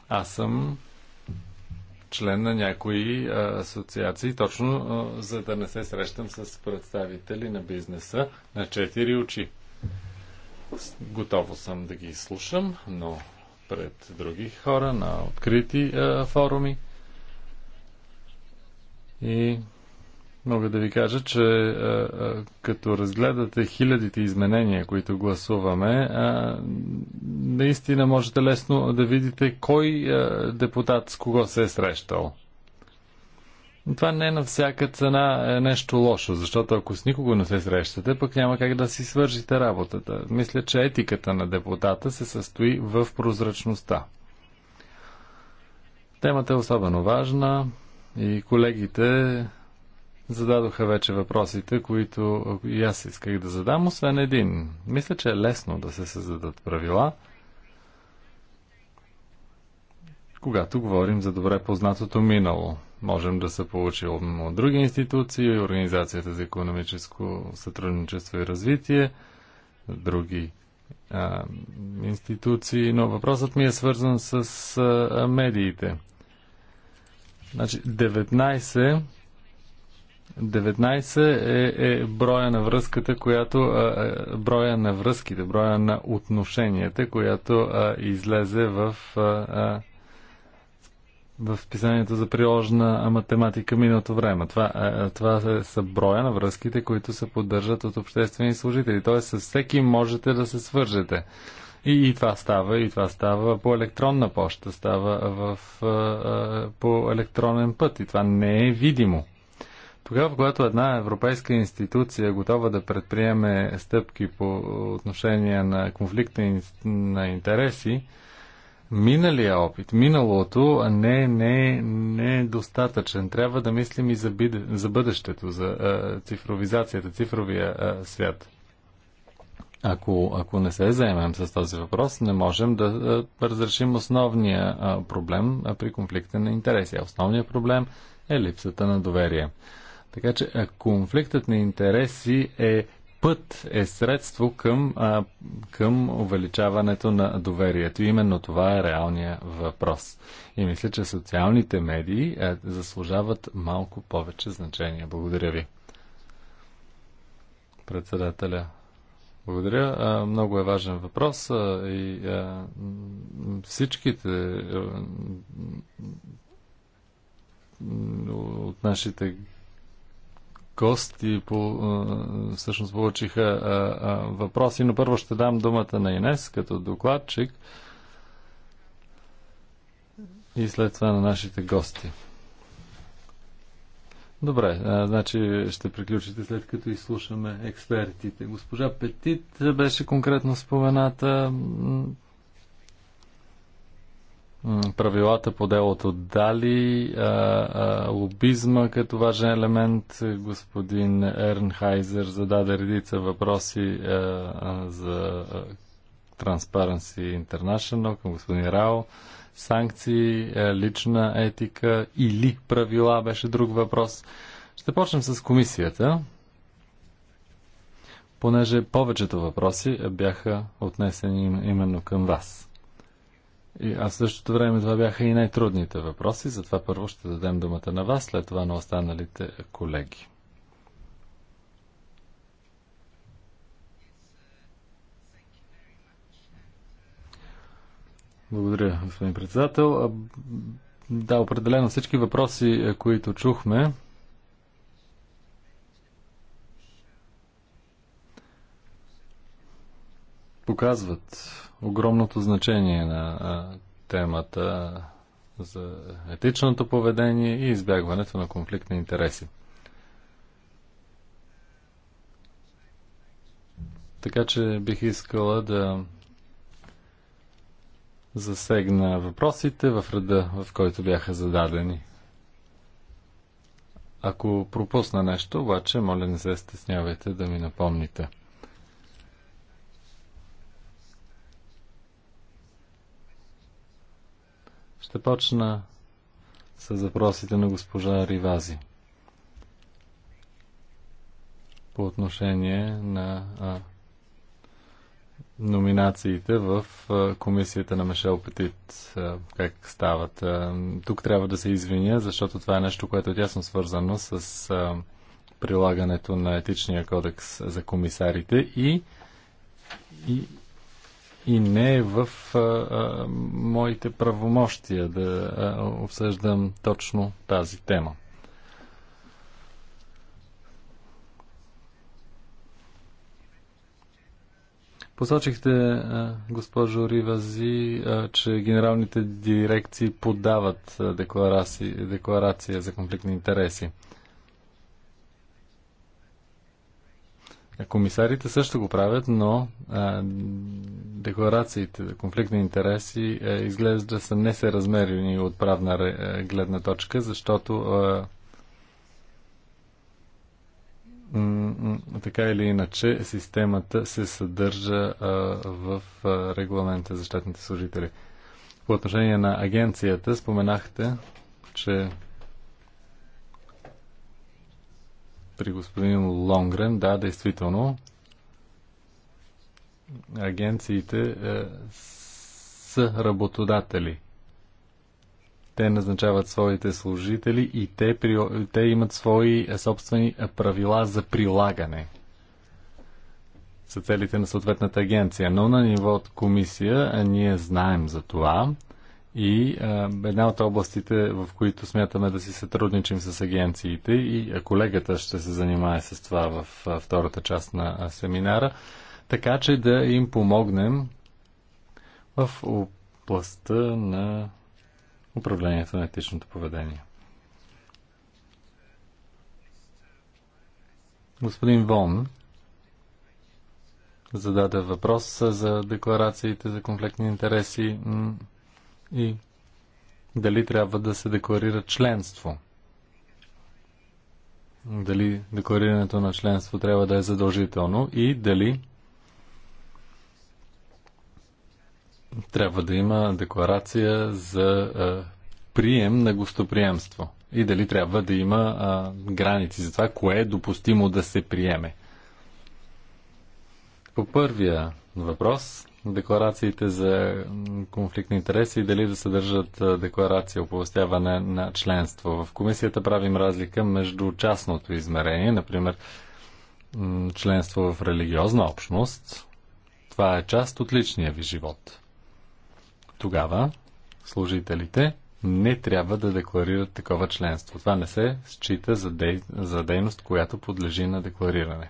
[SPEAKER 2] Аз съм член на някои асоциации, точно за да не се срещам с представители на бизнеса на четири очи. Готово съм да ги слушам, но пред други хора на открити а, форуми. И Мога да ви кажа, че а, а, като разгледате хилядите изменения, които гласуваме, а, наистина можете лесно да видите кой а, депутат с кого се е срещал. Това не на всяка цена е нещо лошо, защото ако с никого не се срещате, пък няма как да си свържите работата. Мисля, че етиката на депутата се състои в прозрачността. Темата е особено важна и колегите зададоха вече въпросите, които и аз исках да задам, освен един. Мисля, че е лесно да се създадат правила, когато говорим за добре познатото минало. Можем да се получим от други институции, Организацията за економическо сътрудничество и развитие, други а, институции, но въпросът ми е свързан с а, медиите. Значи, 19 19 е, е броя на връзката, която е, броя на връзките, броя на отношенията, която е, излезе в е, в писанието за приложна математика миналото време. Това, е, това са броя на връзките, които се поддържат от обществени служители. Тоест, с всеки можете да се свържете. И, и това става, и това става по електронна почта, става в, е, по електронен път. И това не е видимо тогава, когато една европейска институция е готова да предприеме стъпки по отношение на конфликта на интереси, миналия опит, миналото не, не, не е достатъчен. Трябва да мислим и за, биде, за бъдещето, за а, цифровизацията, цифровия а, свят. Ако, ако не се заемем с този въпрос, не можем да а, разрешим основния а, проблем а, при конфликта на интереси. А основният проблем е липсата на доверие. Така че конфликтът на интереси е път, е средство към, а, към увеличаването на доверието. Именно това е реалния въпрос. И мисля, че социалните медии а, заслужават малко повече значение. Благодаря ви. Председателя. Благодаря. много е важен въпрос и всичките. от нашите гости по, всъщност получиха въпроси, но първо ще дам думата на Инес като докладчик и след това на нашите гости. Добре, а, значи ще приключите след като изслушаме експертите. Госпожа Петит беше конкретно спомената правилата по делото Дали, а, а, лобизма като важен елемент. Господин Ернхайзер зададе редица въпроси а, а, за Transparency International към господин Рао. Санкции, а, лична етика или правила беше друг въпрос. Ще почнем с комисията, понеже повечето въпроси бяха отнесени именно към вас. И, а в същото време това бяха и най-трудните въпроси, затова първо ще дадем думата на вас, след това на останалите колеги. Благодаря, господин председател. Да, определено всички въпроси, е, които чухме, показват огромното значение на темата за етичното поведение и избягването на конфликт на интереси. Така че бих искала да засегна въпросите в реда, в който бяха зададени. Ако пропусна нещо, обаче, моля не се стеснявайте да ми напомните. Ще почна с въпросите на госпожа Ривази по отношение на а, номинациите в а, комисията на Мишел Петит. А, как стават? А, тук трябва да се извиня, защото това е нещо, което е тясно свързано с а, прилагането на етичния кодекс за комисарите и, и и не е в а, а, моите правомощия да а, обсъждам точно тази тема. Посочихте, госпожо Ривази, че генералните дирекции подават декларация, декларация за конфликтни интереси. Комисарите също го правят, но а, декларациите за конфликт на интереси а, е, изглежда са несъразмерени от правна а, е, гледна точка, защото а, така или иначе системата се съдържа а, в а, регламента за щатните служители. По отношение на агенцията споменахте, че при господин Лонгрен, да, действително, агенциите е, са работодатели. Те назначават своите служители и те, при, те имат свои е, собствени е, правила за прилагане за целите на съответната агенция. Но на ниво от комисия ние знаем за това и а, една от областите, в които смятаме да си сътрудничим с агенциите, и колегата ще се занимае с това в а, втората част на а, семинара, така че да им помогнем в областта на управлението на етичното поведение. Господин Вон зададе въпрос за декларациите за конфликтни интереси и дали трябва да се декларира членство. Дали декларирането на членство трябва да е задължително и дали трябва да има декларация за а, прием на гостоприемство и дали трябва да има а, граници за това, кое е допустимо да се приеме. По първия въпрос декларациите за конфликт на интереси и дали да съдържат декларация оповестяване на членство. В комисията правим разлика между частното измерение, например членство в религиозна общност. Това е част от личния ви живот. Тогава служителите не трябва да декларират такова членство. Това не се счита за, дей... за дейност, която подлежи на деклариране.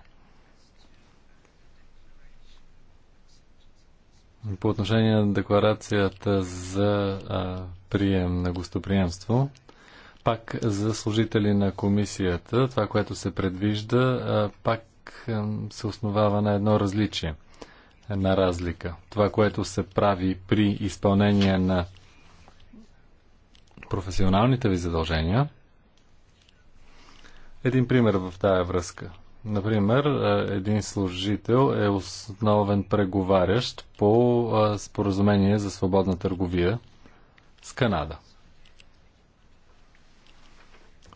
[SPEAKER 2] По отношение на декларацията за а, прием на гостоприемство, пак за служители на комисията, това, което се предвижда, а, пак а, се основава на едно различие, на разлика. Това, което се прави при изпълнение на професионалните ви задължения. Един пример в тая връзка – Например, е, един служител е основен преговарящ по е, споразумение за свободна търговия с Канада.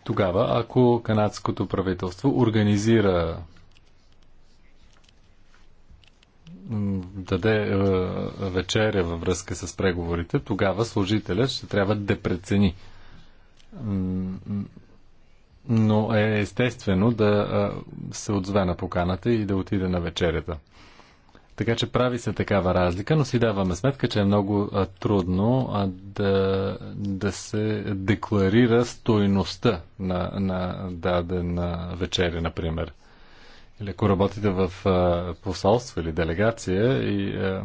[SPEAKER 2] Тогава, ако канадското правителство организира даде е, вечеря във връзка с преговорите, тогава служителят ще трябва да прецени но е естествено да се отзве на поканата и да отиде на вечерята. Така че прави се такава разлика, но си даваме сметка, че е много а, трудно а, да, да се декларира стойността на, на дадена вечеря, например. Или ако работите в а, посолство или делегация и а,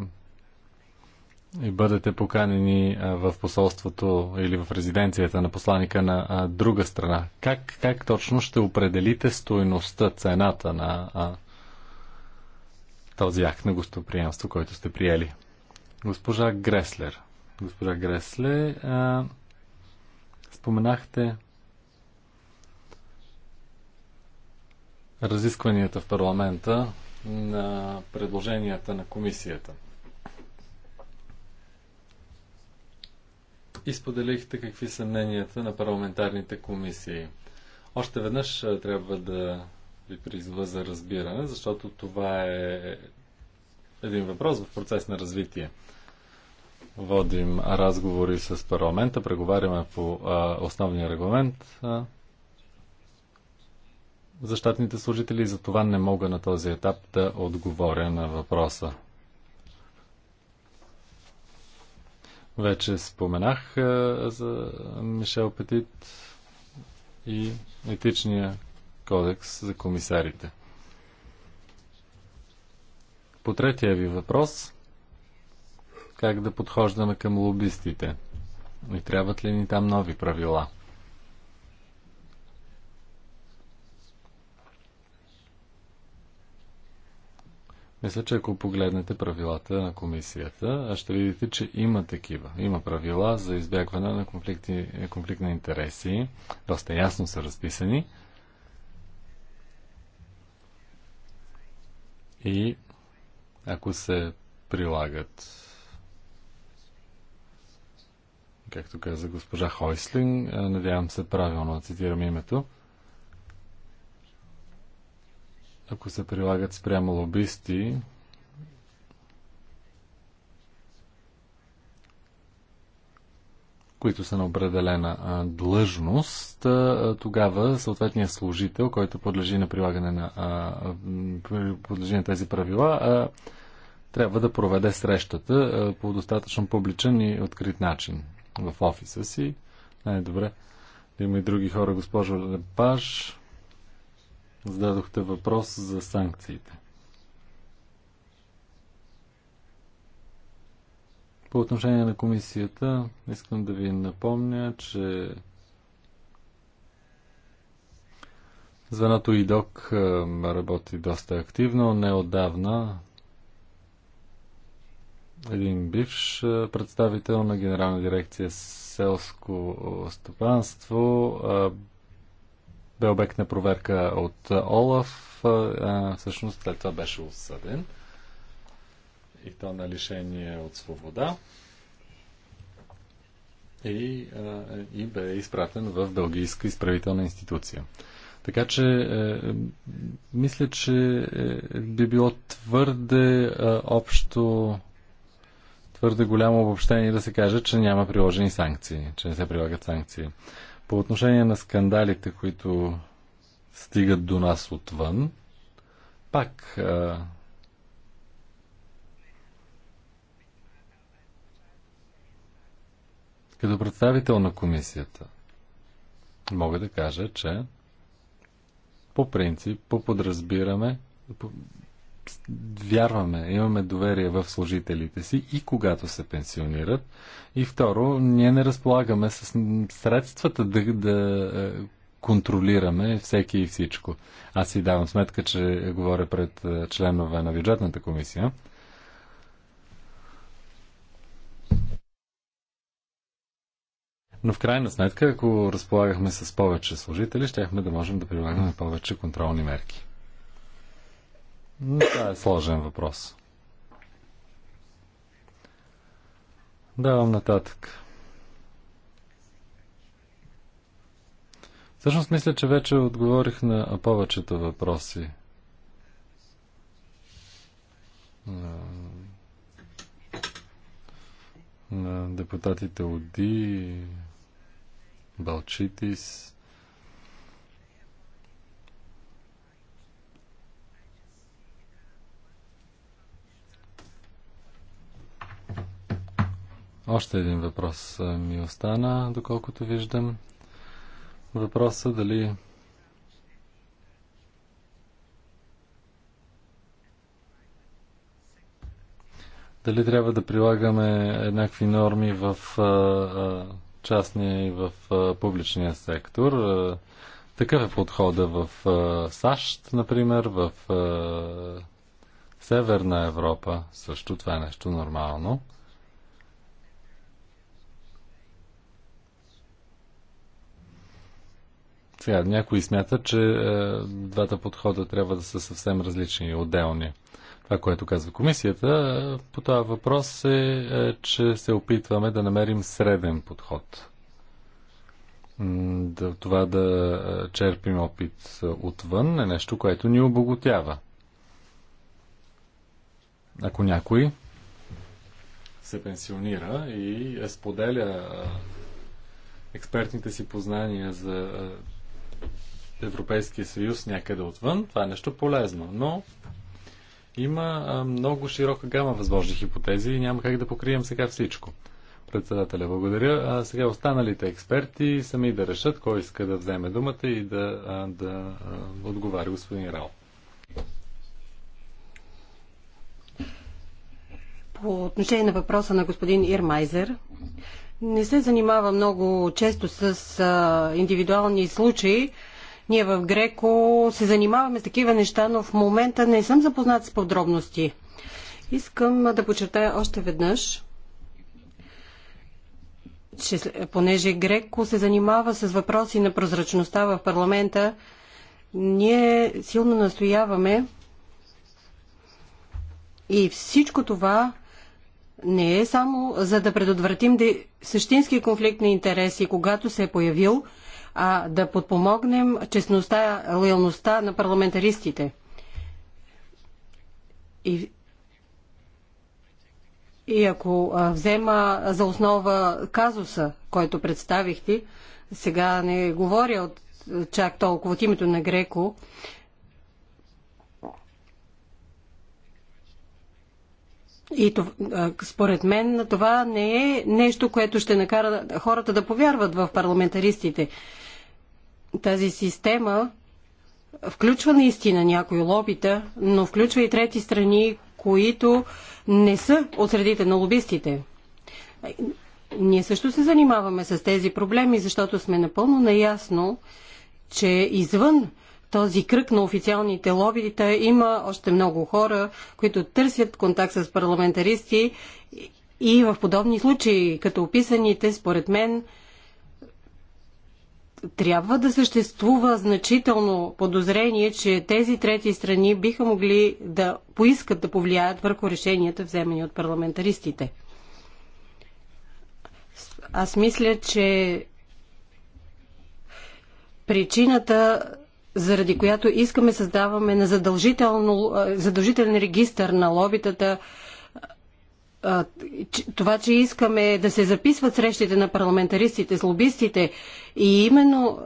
[SPEAKER 2] и бъдете поканени в посолството или в резиденцията на посланика на друга страна, как, как точно ще определите стоеността, цената на а, този акт на гостоприемство, който сте приели? Госпожа Греслер. Госпожа Гресле, а, споменахте разискванията в парламента на предложенията на комисията – и споделихте какви са мненията на парламентарните комисии. Още веднъж трябва да ви призва за разбиране, защото това е един въпрос в процес на развитие. Водим разговори с парламента, преговаряме по а, основния регламент а, за щатните служители и за това не мога на този етап да отговоря на въпроса. Вече споменах е, за Мишел Петит и етичния кодекс за комисарите. По третия ви въпрос, как да подхождаме към лобистите? И трябват ли ни там нови правила? Мисля, че ако погледнете правилата на комисията, ще видите, че има такива. Има правила за избягване на конфликти, конфликт на интереси. Доста ясно са разписани. И ако се прилагат както каза госпожа Хойслин, надявам се правилно да цитирам името, ако се прилагат спрямо лобисти, които са на определена длъжност, тогава съответният служител, който подлежи на прилагане на, подлежи на тези правила, трябва да проведе срещата по достатъчно публичен и открит начин в офиса си. Най-добре. Има и други хора, госпожо Лепаш зададохте въпрос за санкциите. По отношение на комисията, искам да ви напомня, че звеното ИДОК работи доста активно. отдавна. един бивш представител на Генерална дирекция селско стопанство бе обект на проверка от Олаф. Всъщност след това беше осъден. И то на лишение от свобода. И, и бе изпратен в Белгийска изправителна институция. Така че е, мисля, че е, би било твърде е, общо, твърде голямо обобщение да се каже, че няма приложени санкции, че не се прилагат санкции. По отношение на скандалите, които стигат до нас отвън, пак а, като представител на комисията мога да кажа, че по принцип, по подразбираме, вярваме, имаме доверие в служителите си и когато се пенсионират. И второ, ние не разполагаме с средствата да, да е, контролираме всеки и всичко. Аз си давам сметка, че говоря пред е, членове на бюджетната комисия. Но в крайна сметка, ако разполагахме с повече служители, щяхме да можем да прилагаме повече контролни мерки. Това е сложен въпрос. Давам нататък. Всъщност мисля, че вече отговорих на повечето въпроси. На, на депутатите Оди, Балчитис. Още един въпрос ми остана, доколкото виждам. Въпросът дали дали трябва да прилагаме еднакви норми в частния и в публичния сектор. Такъв е подхода в САЩ, например, в Северна Европа. Също това е нещо нормално. Сега, някои смятат, че е, двата подхода трябва да са съвсем различни и отделни. Това, което казва комисията е, по този въпрос е, е, че се опитваме да намерим среден подход. Да, това да е, черпим опит е, отвън е нещо, което ни обогатява. Ако някой се пенсионира и е споделя експертните си познания за Европейския съюз някъде отвън, това е нещо полезно, но има много широка гама възможни хипотези и няма как да покрием сега всичко. Председателя, благодаря. А сега останалите експерти сами да решат кой иска да вземе думата и да, да, да отговаря господин Рао.
[SPEAKER 3] По отношение на въпроса на господин Ирмайзер, не се занимава много често с а, индивидуални случаи. Ние в Греко се занимаваме с такива неща, но в момента не съм запознат с подробности. Искам да подчертая още веднъж, че понеже Греко се занимава с въпроси на прозрачността в парламента, ние силно настояваме и всичко това не е само за да предотвратим де... същински конфликт на интереси, когато се е появил, а да подпомогнем честността, лоялността на парламентаристите. И, и ако взема за основа казуса, който представихте, сега не говоря от чак толкова от името на Греко, И според мен това не е нещо, което ще накара хората да повярват в парламентаристите. Тази система включва наистина някои лобита, но включва и трети страни, които не са от средите на лобистите. Ние също се занимаваме с тези проблеми, защото сме напълно наясно, че извън този кръг на официалните лобита има още много хора, които търсят контакт с парламентаристи и в подобни случаи, като описаните, според мен, трябва да съществува значително подозрение, че тези трети страни биха могли да поискат да повлияят върху решенията, вземани от парламентаристите. Аз мисля, че причината заради която искаме създаваме на задължителен регистр на лобитата, това, че искаме да се записват срещите на парламентаристите с лобистите и именно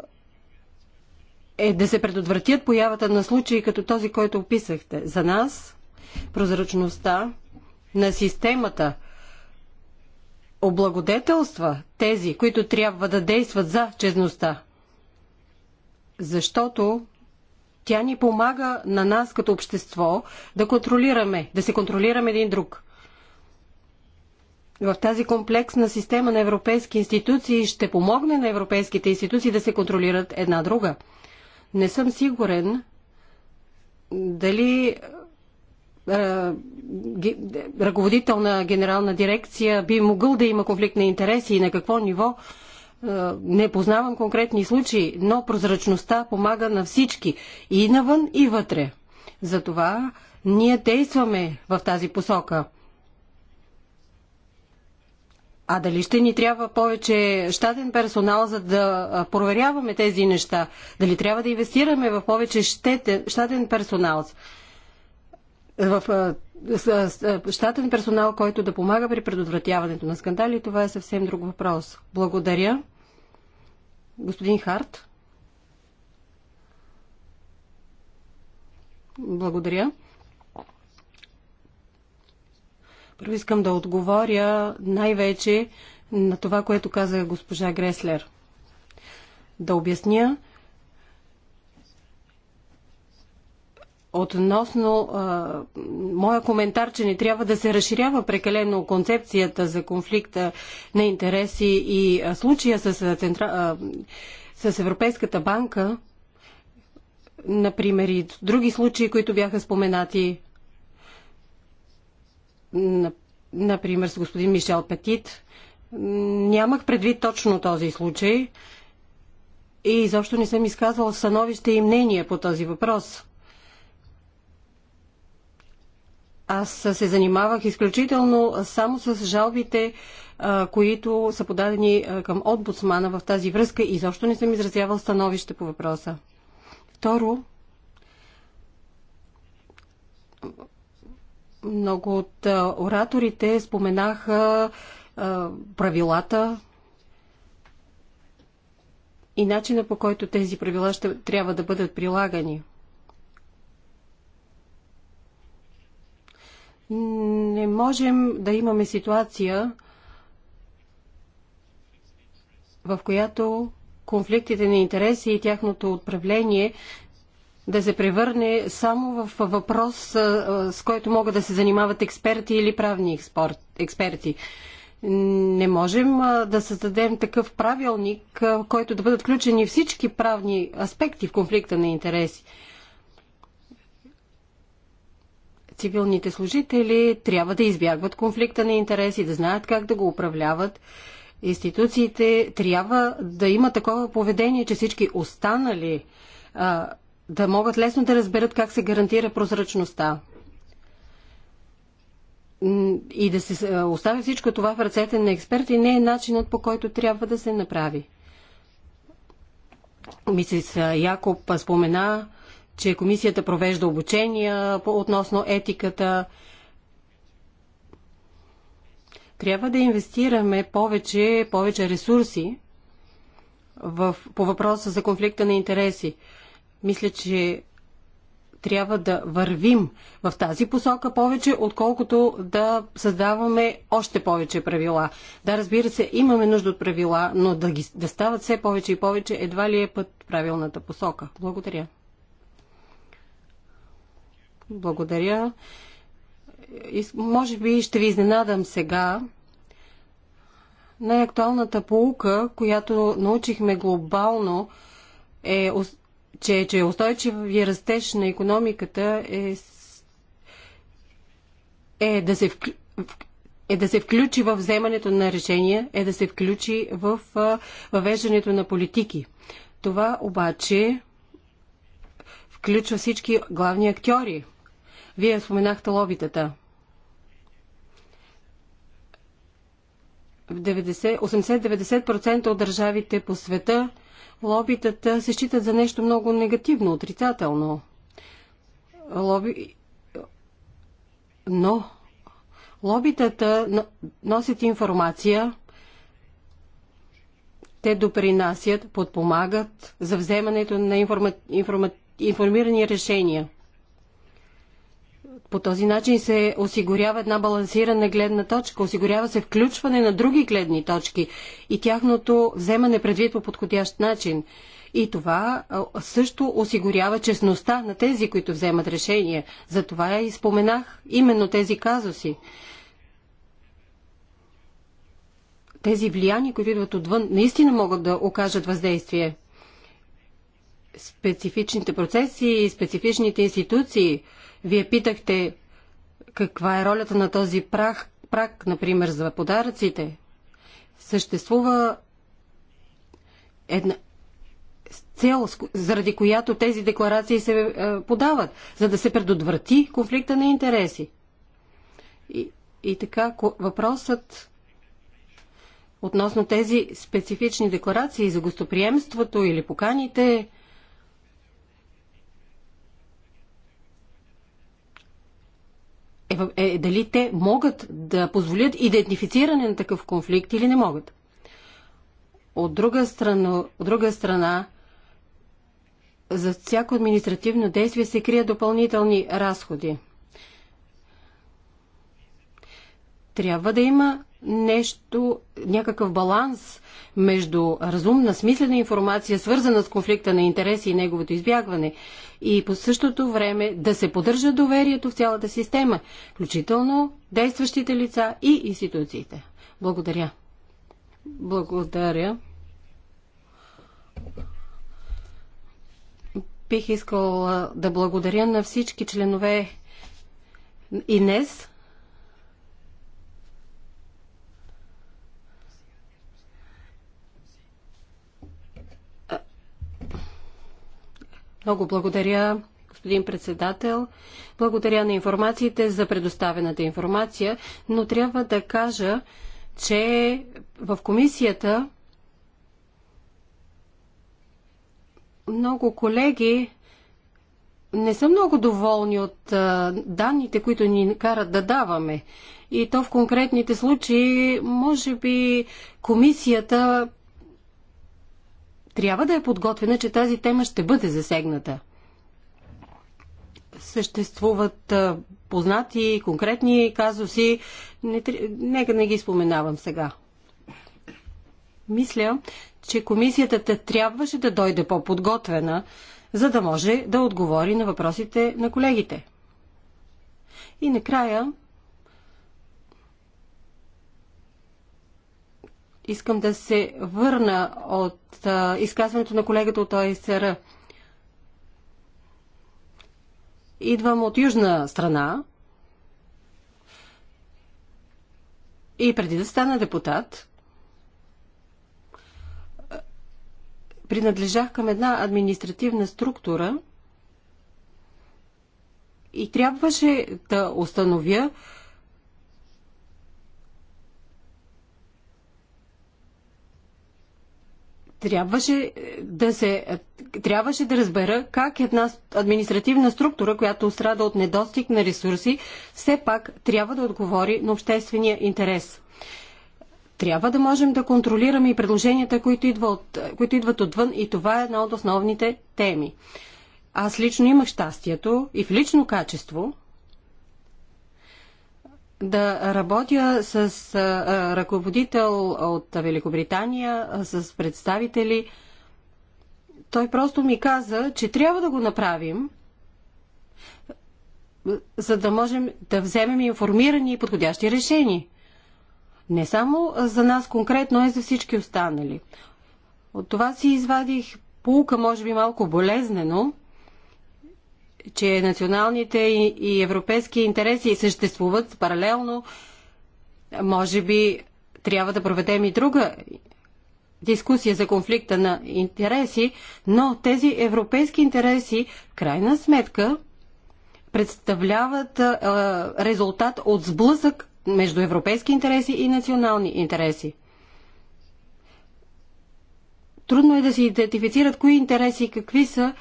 [SPEAKER 3] е да се предотвратят появата на случаи като този, който описахте. За нас прозрачността на системата облагодетелства тези, които трябва да действат за честността защото тя ни помага на нас като общество да контролираме, да се контролираме един друг. В тази комплексна система на европейски институции ще помогне на европейските институции да се контролират една друга. Не съм сигурен дали ръководител на генерална дирекция би могъл да има конфликт на интереси и на какво ниво, е, не познавам конкретни случаи, но прозрачността помага на всички и навън, и вътре. Затова ние действаме в тази посока. А дали ще ни трябва повече щатен персонал, за да проверяваме тези неща? Дали трябва да инвестираме в повече щатен персонал? В щатен персонал, който да помага при предотвратяването на скандали, това е съвсем друг въпрос. Благодаря. Господин Харт. Благодаря. Първо искам да отговоря най-вече на това, което каза госпожа Греслер. Да обясня, Относно а, моя коментар, че не трябва да се разширява прекалено концепцията за конфликта на интереси и а, случая с, центра, а, с Европейската банка, например, и други случаи, които бяха споменати, например, с господин Мишел Петит, нямах предвид точно този случай и изобщо не съм изказвал становище и мнение по този въпрос. Аз се занимавах изключително само с жалбите, които са подадени към отбудсмана в тази връзка и защо не съм изразявал становище по въпроса. Второ, много от ораторите споменаха правилата и начина по който тези правила ще трябва да бъдат прилагани. Не можем да имаме ситуация, в която конфликтите на интереси и тяхното управление да се превърне само в въпрос, с който могат да се занимават експерти или правни експерти. Не можем да създадем такъв правилник, в който да бъдат включени всички правни аспекти в конфликта на интереси. цивилните служители трябва да избягват конфликта на интереси, да знаят как да го управляват. Институциите трябва да има такова поведение, че всички останали а, да могат лесно да разберат как се гарантира прозрачността. И да се остави всичко това в ръцете на експерти не е начинът по който трябва да се направи. Мисис Якоб спомена че комисията провежда обучения относно етиката. Трябва да инвестираме повече, повече ресурси в, по въпроса за конфликта на интереси. Мисля, че трябва да вървим в тази посока повече, отколкото да създаваме още повече правила. Да, разбира се, имаме нужда от правила, но да, ги, да стават все повече и повече едва ли е път правилната посока. Благодаря. Благодаря. И, може би ще ви изненадам сега. Най-актуалната полука, която научихме глобално, е, че, че устойчивия растеж на економиката е, е, да се вклю, е да се включи в вземането на решения, е да се включи в въвеждането на политики. Това обаче включва всички главни актьори вие споменахте лобитата. В 80-90% от държавите по света лобитата се считат за нещо много негативно, отрицателно. Лоби... Но лобитата носят информация, те допринасят, подпомагат за вземането на информа... Информа... информирани решения – по този начин се осигурява една балансирана гледна точка, осигурява се включване на други гледни точки и тяхното вземане предвид по подходящ начин. И това също осигурява честността на тези, които вземат решение. Затова я и споменах именно тези казуси. Тези влияния, които идват отвън, наистина могат да окажат въздействие. Специфичните процеси, специфичните институции – вие питахте каква е ролята на този прах, прак, например, за подаръците. Съществува една цел, заради която тези декларации се е, подават, за да се предотврати конфликта на интереси. И, и така, въпросът относно тези специфични декларации за гостоприемството или поканите е, е дали те могат да позволят идентифициране на такъв конфликт или не могат. От друга страна, от друга страна за всяко административно действие се крият допълнителни разходи. Трябва да има нещо, някакъв баланс между разумна, смислена информация, свързана с конфликта на интереси и неговото избягване, и по същото време да се поддържа доверието в цялата система, включително действащите лица и институциите. Благодаря. Благодаря. Бих искала да благодаря на всички членове и днес Много благодаря, господин председател. Благодаря на информациите за предоставената информация, но трябва да кажа, че в комисията много колеги не са много доволни от данните, които ни карат да даваме. И то в конкретните случаи, може би комисията трябва да е подготвена, че тази тема ще бъде засегната. Съществуват а, познати конкретни казуси. Не, нека не ги споменавам сега. Мисля, че комисията трябваше да дойде по-подготвена, за да може да отговори на въпросите на колегите. И накрая Искам да се върна от а, изказването на колегата от ОСР. Идвам от южна страна и преди да стана депутат, принадлежах към една административна структура и трябваше да установя, трябваше е, да се е, трябваше да разбера как една административна структура, която страда от недостиг на ресурси, все пак трябва да отговори на обществения интерес. Трябва да можем да контролираме и предложенията, които, идва от, е, които идват отвън и това е една от основните теми. Аз лично имах щастието и в лично качество да работя с ръководител от Великобритания, с представители. Той просто ми каза, че трябва да го направим, за да можем да вземем информирани и подходящи решения. Не само за нас конкретно, а и за всички останали. От това си извадих полука, може би малко болезнено, че националните и европейски интереси съществуват паралелно. Може би трябва да проведем и друга дискусия за конфликта на интереси, но тези европейски интереси в крайна сметка представляват резултат от сблъсък между европейски интереси и национални интереси. Трудно е да се идентифицират кои интереси и какви са,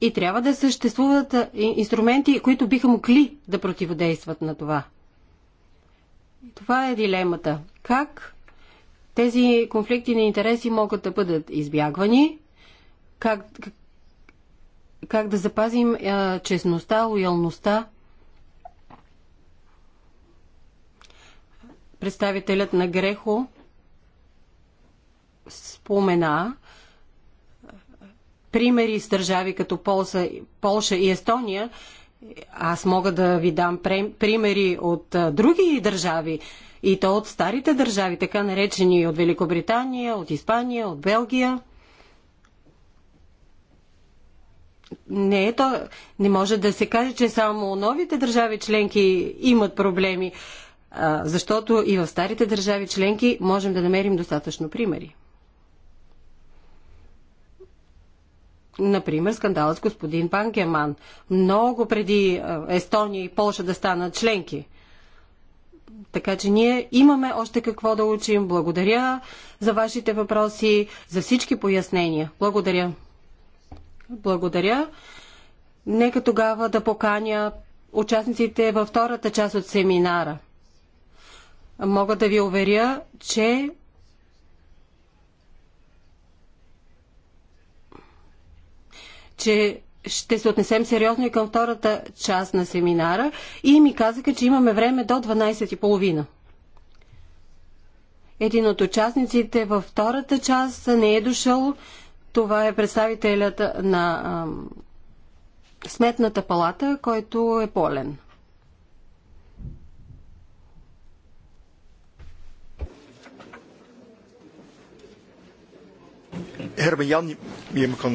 [SPEAKER 3] и трябва да съществуват инструменти, които биха могли да противодействат на това. Това е дилемата. Как тези конфликти на интереси могат да бъдат избягвани? Как, как, да запазим а, честността, лоялността? Представителят на Грехо спомена, примери с държави като Полса, Полша и Естония. Аз мога да ви дам примери от други държави и то от старите държави, така наречени от Великобритания, от Испания, от Белгия. Не, е то, не може да се каже, че само новите държави членки имат проблеми, защото и в старите държави членки можем да намерим достатъчно примери. Например, скандалът с господин Пангеман. Много преди Естония и Полша да станат членки. Така че ние имаме още какво да учим. Благодаря за вашите въпроси, за всички пояснения. Благодаря. Благодаря. Нека тогава да поканя участниците във втората част от семинара. Мога да ви уверя, че че ще се отнесем сериозно и към втората част на семинара и ми казаха, че имаме време до 12.30. Един от участниците във втората част не е дошъл. Това е представителят на ам, Сметната палата, който е полен.
[SPEAKER 1] Herman Jan, je kan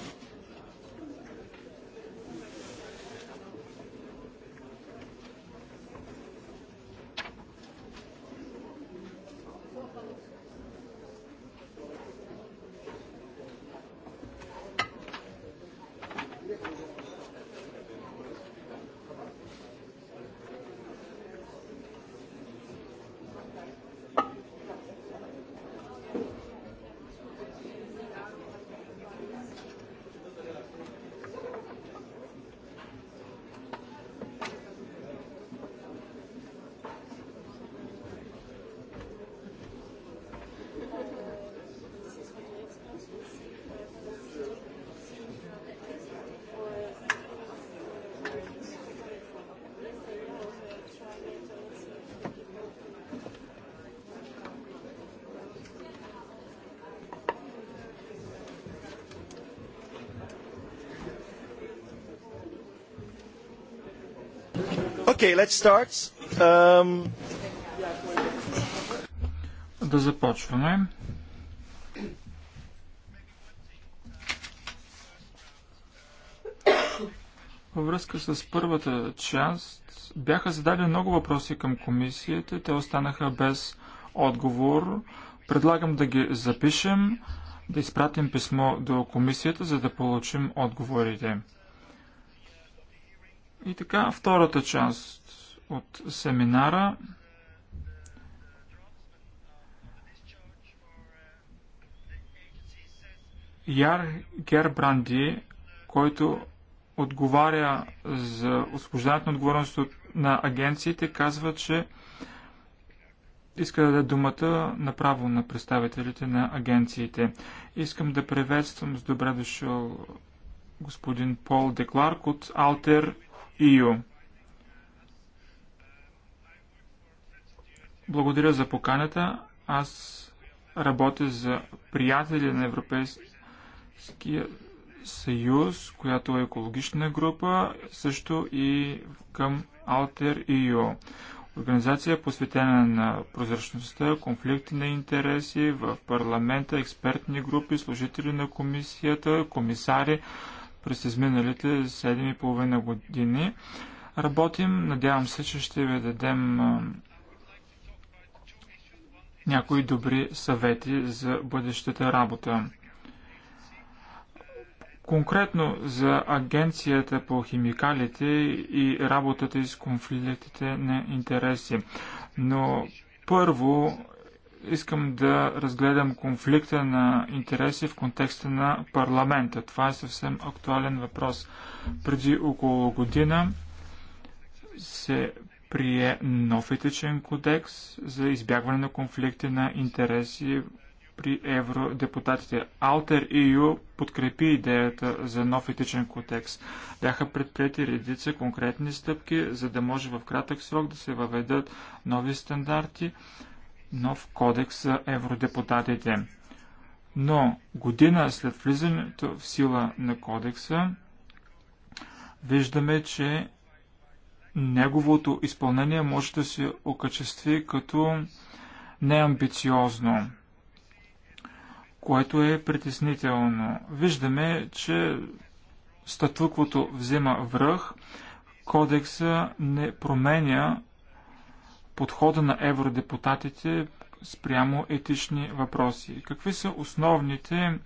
[SPEAKER 1] Okay, let's start. Um... Да започваме. Във връзка с първата част бяха зададени много въпроси към комисията. Те останаха без отговор. Предлагам да ги запишем, да изпратим писмо до комисията, за да получим отговорите. И така, втората част от семинара. Яр Гербранди, който отговаря за освобождането на отговорност на агенциите, казва, че иска да даде думата направо на представителите на агенциите. Искам да приветствам с добре дошъл господин Пол Декларк от Алтер EU. Благодаря за поканата. Аз работя за приятели на Европейския съюз, която е екологична група, също и към Alter EU. Организация посветена на прозрачността, конфликти на интереси в парламента, експертни групи, служители на комисията, комисари, през изминалите 7,5 години. Работим, надявам се, че ще ви дадем някои добри съвети за бъдещата работа. Конкретно за агенцията по химикалите и работата с конфликтите на интереси. Но първо искам да разгледам конфликта на интереси в контекста на парламента. Това е съвсем актуален въпрос. Преди около година се прие нов етичен кодекс за избягване на конфликти на интереси при евродепутатите. Алтер Ю подкрепи идеята за нов етичен кодекс. Бяха предприяти редица конкретни стъпки, за да може в кратък срок да се въведат нови стандарти нов кодекс за евродепутатите. Но година след влизането в сила на кодекса, виждаме, че неговото изпълнение може да се окачестви като неамбициозно, което е притеснително. Виждаме, че статуквото взема връх, кодекса не променя подхода на евродепутатите спрямо етични въпроси. Какви са основните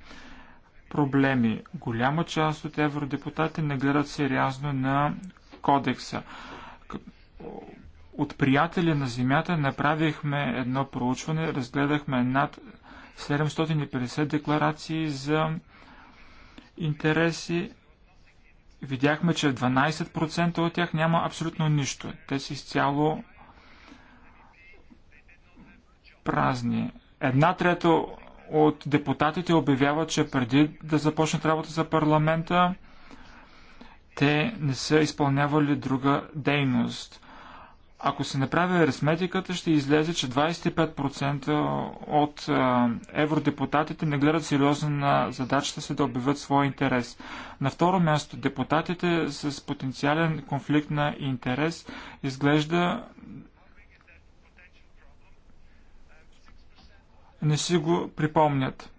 [SPEAKER 1] проблеми? Голяма част от евродепутатите не гледат сериозно на кодекса. От приятели на земята направихме едно проучване, разгледахме над 750 декларации за интереси. Видяхме, че 12% от тях няма абсолютно нищо. Те са изцяло празни. Една трета от депутатите обявяват, че преди да започнат работа за парламента, те не са изпълнявали друга дейност. Ако се направи аритметиката, ще излезе, че 25% от евродепутатите не гледат сериозно на задачата си да обявят своя интерес. На второ място, депутатите с потенциален конфликт на интерес изглежда не си го припомнят.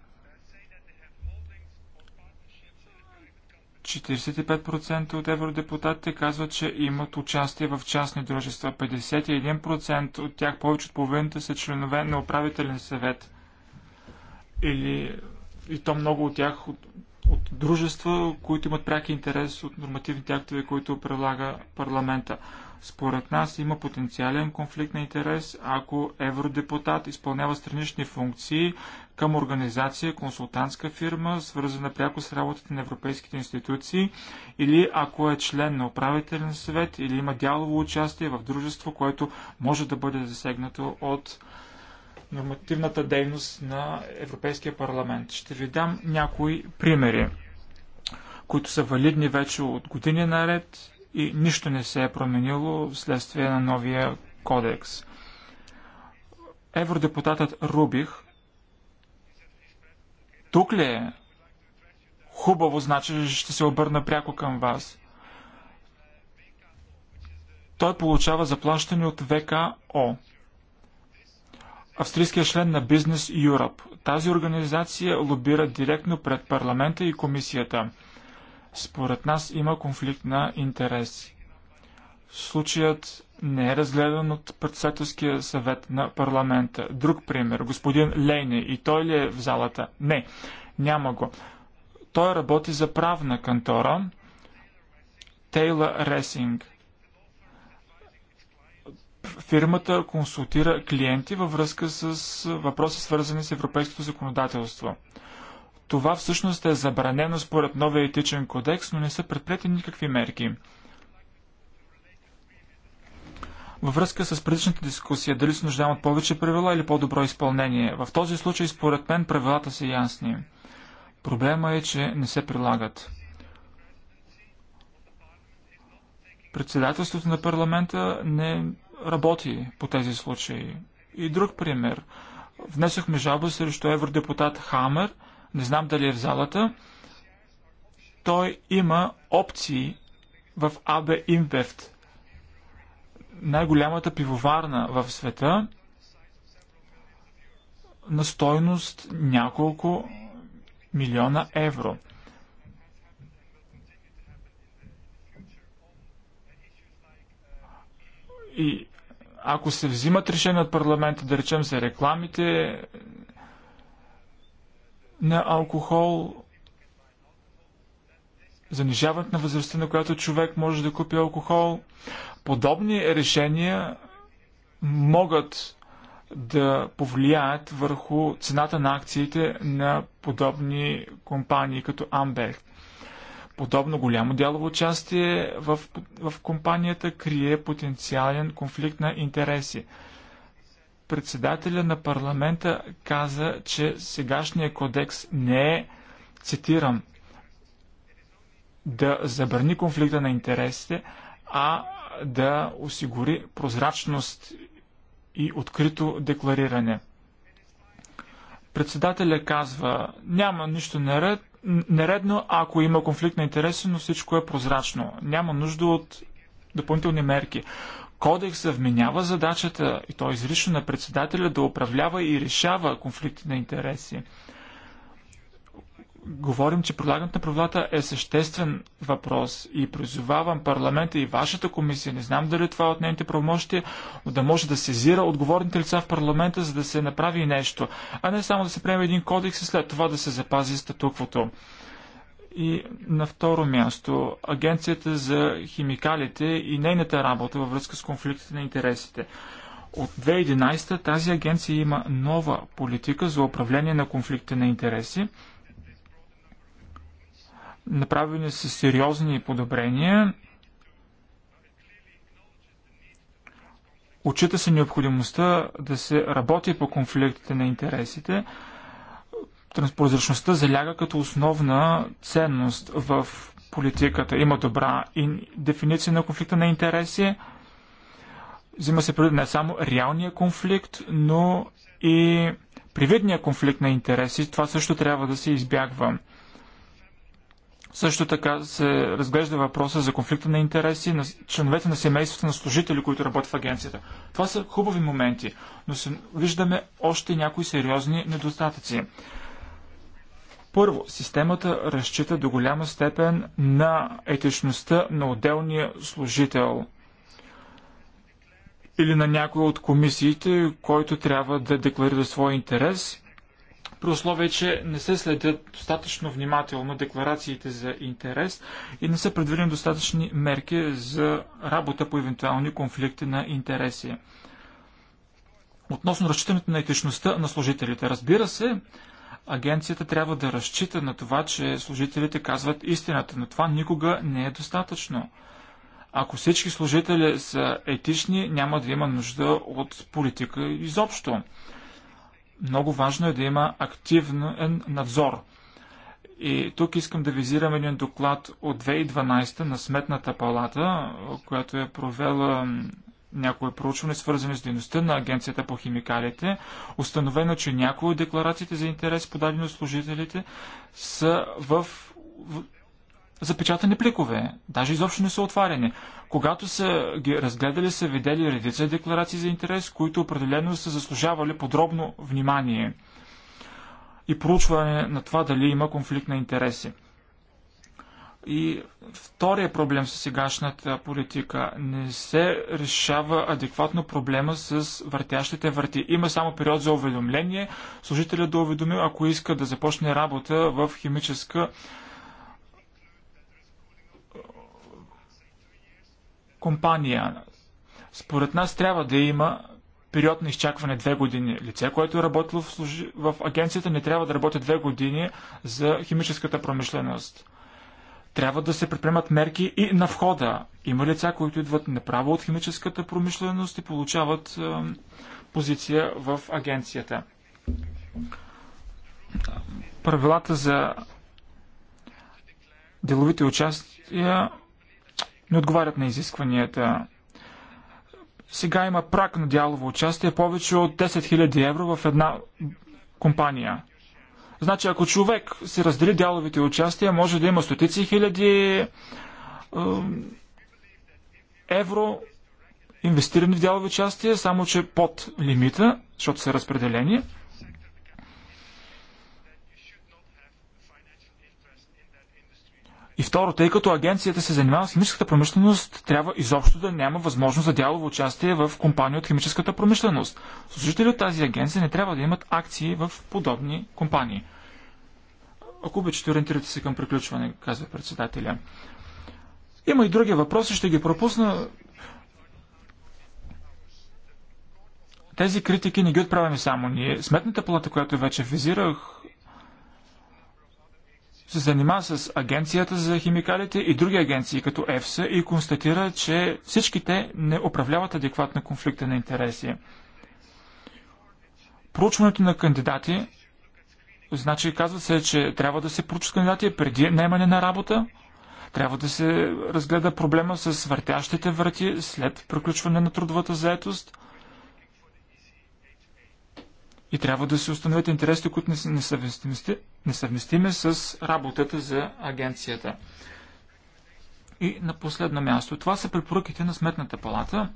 [SPEAKER 1] 45% от евродепутатите казват, че имат участие в частни дружества. 51% от тях, повече от половината, са членове на управителен съвет. Или, и то много от тях от, от дружества, които имат пряк интерес от нормативните актове, които прилага парламента. Според нас има потенциален конфликт на интерес, ако евродепутат изпълнява странични функции към организация, консултантска фирма, свързана пряко с работата на европейските институции, или ако е член на управителен съвет, или има дялово участие в дружество, което може да бъде засегнато от нормативната дейност на Европейския парламент. Ще ви дам някои примери, които са валидни вече от години наред и нищо не се е променило вследствие на новия кодекс. Евродепутатът Рубих тук ли е? Хубаво, значи ще се обърна пряко към вас. Той получава заплащане от ВКО австрийския член на Business Europe. Тази организация лобира директно пред парламента и комисията. Според нас има конфликт на интереси. Случаят не е разгледан от председателския съвет на парламента. Друг пример. Господин Лейне. И той ли е в залата? Не. Няма го. Той работи за правна кантора. Тейла Ресинг. Фирмата консултира клиенти във връзка с въпроси свързани с европейското законодателство. Това всъщност е забранено според новия етичен кодекс, но не са предприяти никакви мерки. Във връзка с предишната дискусия, дали се нуждаем от повече правила или по-добро изпълнение, в този случай според мен правилата са ясни. Проблема е, че не се прилагат. Председателството на парламента не работи по тези случаи. И друг пример. Внесохме жалба срещу евродепутат Хамер – не знам дали е в залата, той има опции в АБ Импефт, най-голямата пивоварна в света, на стойност няколко милиона евро. И ако се взимат решения от парламента, да речем за рекламите на алкохол, занижаването на възрастта, на която човек може да купи алкохол. Подобни решения могат да повлияят върху цената на акциите на подобни компании като Амбех. Подобно голямо дялово участие в, в компанията крие потенциален конфликт на интереси – председателя на парламента каза, че сегашния кодекс не е, цитирам, да забрани конфликта на интересите, а да осигури прозрачност и открито деклариране. Председателя казва, няма нищо наред, нередно, ако има конфликт на интереси, но всичко е прозрачно. Няма нужда от допълнителни мерки. Кодекса вменява задачата и то е изрично на председателя да управлява и решава конфликти на интереси. Говорим, че прилагането на правилата е съществен въпрос и призовавам парламента и вашата комисия, не знам дали това е от нейните правомощия, да може да сезира отговорните лица в парламента, за да се направи нещо, а не само да се приеме един кодекс и след това да се запази статуквото. И на второ място, Агенцията за химикалите и нейната работа във връзка с конфликтите на интересите. От 2011 тази агенция има нова политика за управление на конфликта на интереси. Направени са сериозни подобрения. Отчита се необходимостта да се работи по конфликтите на интересите. Транспрозрачността заляга като основна ценност в политиката. Има добра дефиниция на конфликта на интереси. Взима се преди не само реалния конфликт, но и привидния конфликт на интереси. Това също трябва да се избягва. Също така се разглежда въпроса за конфликта на интереси на членовете на семейството на служители, които работят в агенцията. Това са хубави моменти, но виждаме още някои сериозни недостатъци. Първо, системата разчита до голяма степен на етичността на отделния служител или на някой от комисиите, който трябва да декларира своя интерес, при условие, че не се следят достатъчно внимателно декларациите за интерес и не са предвидени достатъчни мерки за работа по евентуални конфликти на интереси. Относно разчитането на етичността на служителите. Разбира се, агенцията трябва да разчита на това, че служителите казват истината, но това никога не е достатъчно. Ако всички служители са етични, няма да има нужда от политика изобщо. Много важно е да има активен надзор. И тук искам да визирам един доклад от 2012 на Сметната палата, която е провела някои проучване, свързани с дейността на Агенцията по химикалите, установено, е, че някои от декларациите за интерес, подадени от служителите, са в запечатани пликове, даже изобщо не са отварени. Когато са ги разгледали, са видели редица декларации за интерес, които определено са заслужавали подробно внимание и проучване на това дали има конфликт на интереси. И втория проблем с сегашната политика не се решава адекватно проблема с въртящите върти. Има само период за уведомление, служителят да уведоми, ако иска да започне работа в химическа компания. Според нас трябва да има период на изчакване две години. Лице, което е работило в, служи... в агенцията, не трябва да работи две години за химическата промишленост. Трябва да се предприемат мерки и на входа. Има лица, които идват направо от химическата промишленост и получават е, позиция в агенцията. Правилата за деловите участия не отговарят на изискванията. Сега има прак на дялово участие повече от 10 000 евро в една компания. Значи, ако човек си раздели дяловите участия, може да има стотици хиляди евро инвестирани в дялови части, само че под лимита, защото са разпределени. И второ, тъй като агенцията се занимава с химическата промишленост, трябва изобщо да няма възможност за дялово участие в компания от химическата промишленост. Служители от тази агенция не трябва да имат акции в подобни компании. Ако обичате, ориентирате се към приключване, казва председателя. Има и други въпроси, ще ги пропусна. Тези критики не ги отправяме само ние. Сметната плата, която вече визирах, се занимава с Агенцията за химикалите и други агенции като ЕФСА и констатира, че всичките не управляват адекватно конфликта на интереси. Проучването на кандидати, значи казва се, че трябва да се проучат кандидати преди наемане на работа, трябва да се разгледа проблема с въртящите врати след приключване на трудовата заетост – и трябва да се установят интересите, които не са несъвместими, с работата за агенцията. И на последно място, това са препоръките на Сметната палата.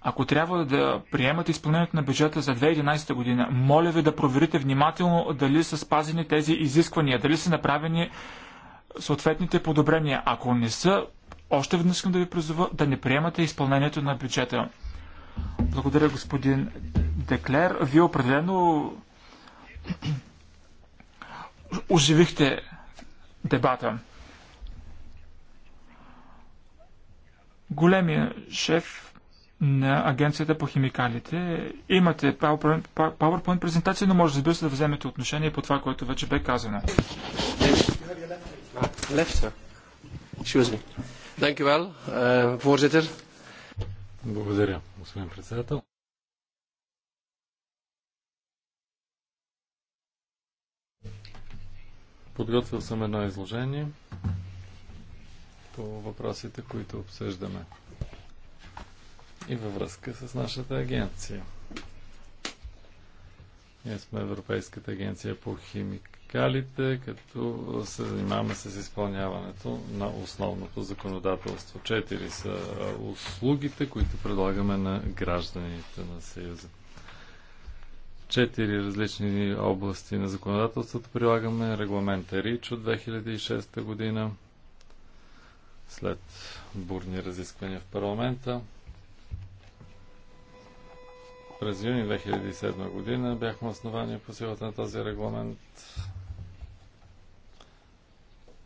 [SPEAKER 1] Ако трябва да приемат изпълнението на бюджета за 2011 година, моля ви да проверите внимателно дали са спазени тези изисквания, дали са направени съответните подобрения. Ако не са, още веднъж искам да ви призова да не приемате изпълнението на бюджета. Благодаря, господин Деклер, вие определено оживихте дебата. Големия шеф на Агенцията по химикалите. Имате PowerPoint презентация, но може да се да вземете отношение по това, което вече бе казано.
[SPEAKER 2] Uh, Благодаря, господин председател. Подготвил съм едно изложение по въпросите, които обсъждаме и във връзка с нашата агенция. Ние сме Европейската агенция по химикалите, като се занимаваме с изпълняването на основното законодателство. Четири са услугите, които предлагаме на гражданите на Съюза четири различни области на законодателството прилагаме регламента РИЧ от 2006 година след бурни разисквания в парламента. През юни 2007 година бяхме основани по силата на този регламент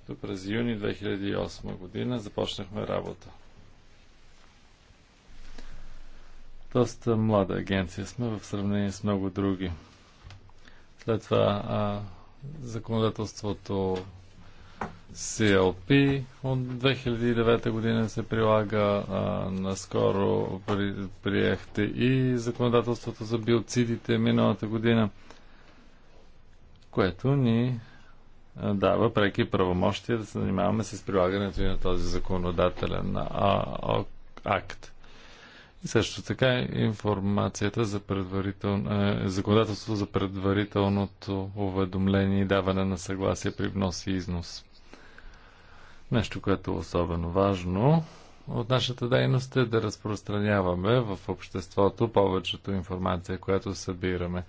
[SPEAKER 2] до през юни 2008 година започнахме работа. Доста млада агенция сме в сравнение с много други. След това а, законодателството CLP от 2009 година се прилага. А, наскоро при, приехте и законодателството за биоцидите миналата година, което ни дава преки правомощия да се занимаваме с прилагането и на този законодателен а, а, акт също така информацията за предварително Е, законодателството за предварителното уведомление и даване на съгласие при внос и износ. Нещо, което е особено важно от нашата дейност е да разпространяваме в обществото повечето информация, която събираме.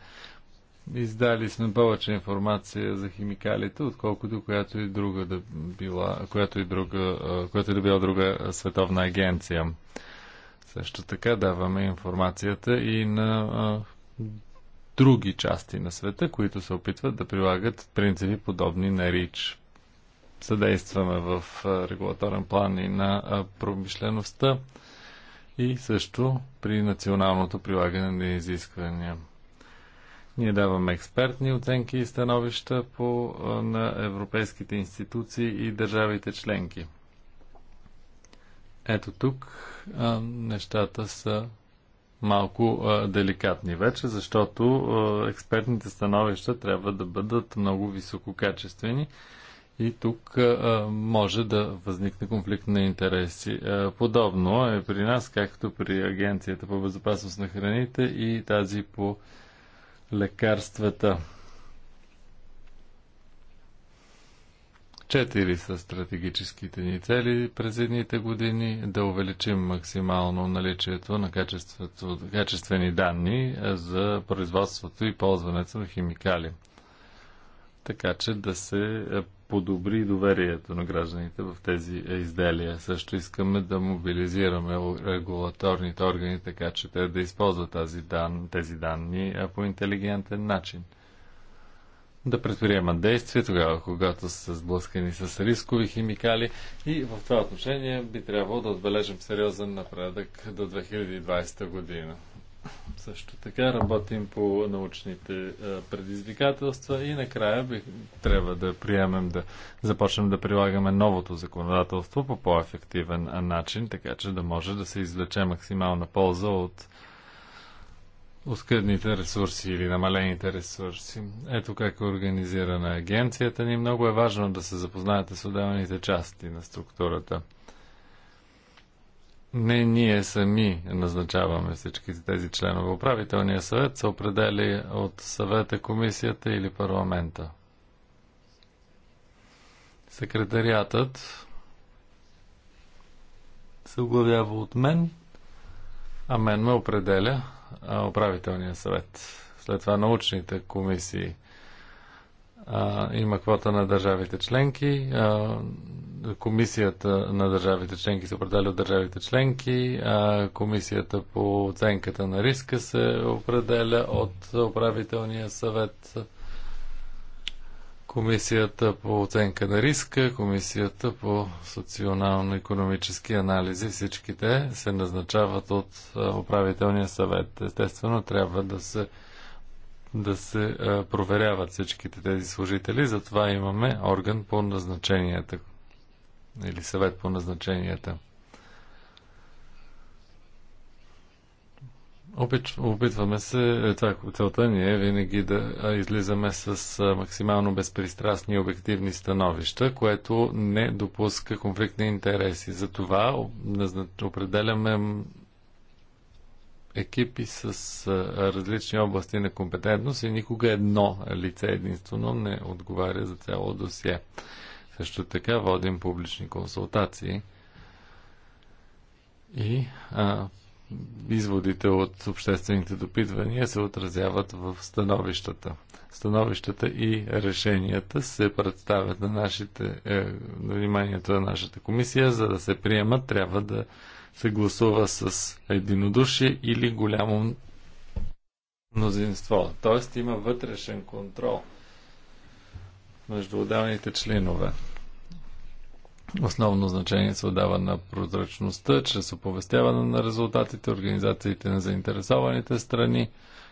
[SPEAKER 2] Издали сме повече информация за химикалите, отколкото която и друга да била, която и друга, е, която и да била друга световна агенция. Също така даваме информацията и на а, други части на света, които се опитват да прилагат принципи подобни на РИЧ. Съдействаме в а, регулаторен план и на а, промишлеността и също при националното прилагане на изисквания. Ние даваме експертни оценки и становища по, на европейските институции и държавите членки. Ето тук а, нещата са малко а, деликатни вече, защото а, експертните становища трябва да бъдат много висококачествени и тук а, може да възникне конфликт на интереси. А, подобно е при нас, както при Агенцията по безопасност на храните и тази по лекарствата. четири са стратегическите ни цели през едните години, да увеличим максимално наличието на качествени данни за производството и ползването на химикали. Така че да се подобри доверието на гражданите в тези изделия. Също искаме да мобилизираме регулаторните органи, така че те да използват тази дан, тези данни по интелигентен начин – да предприемат действия тогава, когато са сблъскани с рискови химикали и в това отношение би трябвало да отбележим сериозен напредък до 2020 година. Също така работим по научните предизвикателства и накрая би трябва да приемем да започнем да прилагаме новото законодателство по по-ефективен начин, така че да може да се извлече максимална полза от оскъдните ресурси или намалените ресурси. Ето как е организирана агенцията ни. Много е важно да се запознаете с отделните части на структурата. Не ние сами назначаваме всички тези членове. Управителният съвет се определи от съвета, комисията или парламента. Секретариатът се оглавява от мен, а мен ме определя управителния съвет, след това научните комисии. А, има квота на държавите членки. А, комисията на държавите членки се определя от държавите членки. А, комисията по оценката на риска се определя от управителния съвет. Комисията по оценка на риска, Комисията по социално-економически анализи, всичките се назначават от управителния съвет. Естествено, трябва да се, да се проверяват всичките тези служители, затова имаме орган по назначенията или съвет по назначенията. Опит, опитваме се, е, това, целта ни е винаги да излизаме с е, максимално безпристрастни и обективни становища, което не допуска конфликтни интереси. Затова определяме екипи с е, различни области на компетентност и никога едно лице единствено не отговаря за цяло досие. Също така водим публични консултации и а, изводите от обществените допитвания се отразяват в становищата. Становищата и решенията се представят на, нашите, е, на вниманието на нашата комисия, за да се приемат трябва да се гласува с единодушие или голямо мнозинство. Тоест има вътрешен контрол между отделните членове. Основно значение се отдава на прозрачността, чрез оповестяване на резултатите, организациите на заинтересованите страни,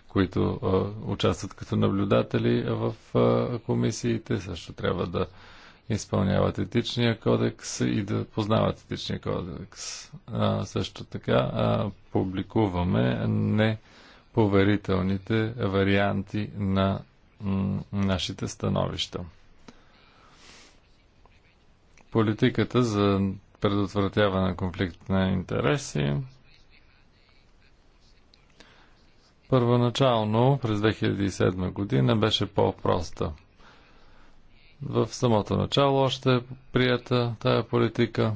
[SPEAKER 2] които а, участват като наблюдатели в а, комисиите, също трябва да изпълняват етичния кодекс и да познават етичния кодекс. А, също така а, публикуваме неповерителните варианти на нашите становища. Политиката за предотвратяване на конфликт на интереси. Първоначално през 2007 година беше по-проста. В самото начало още е прията тая политика,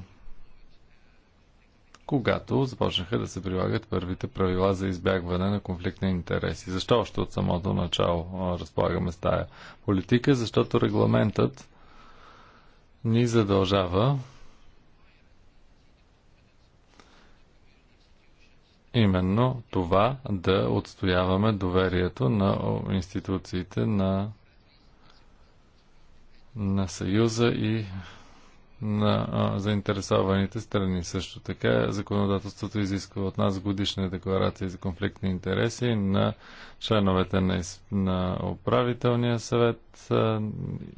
[SPEAKER 2] когато започнаха да се прилагат първите правила за избягване на конфликт на интереси. Защо още от самото начало разполагаме с тая политика? Защото регламентът ни задължава именно това да отстояваме доверието на институциите на, на Съюза и на а, заинтересованите страни. Също така законодателството изисква от нас годишна декларация за конфликтни интереси на членовете на, на управителния съвет а,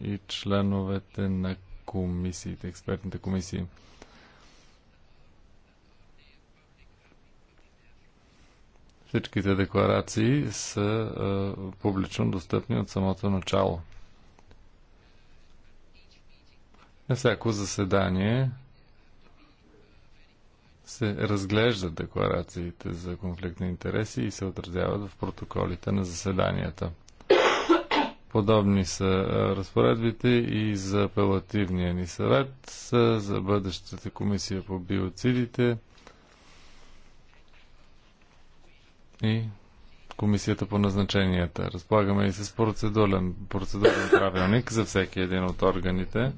[SPEAKER 2] и членовете на комисиите, експертните комисии. Всичките декларации са а, публично достъпни от самото начало. На всяко заседание се разглеждат декларациите за конфликт на интереси и се отразяват в протоколите на заседанията. Подобни са разпоредбите и за апелативния ни съвет за бъдещата комисия по биоцидите и комисията по назначенията. Разполагаме и с процедурен, процедурен правилник за всеки един от органите.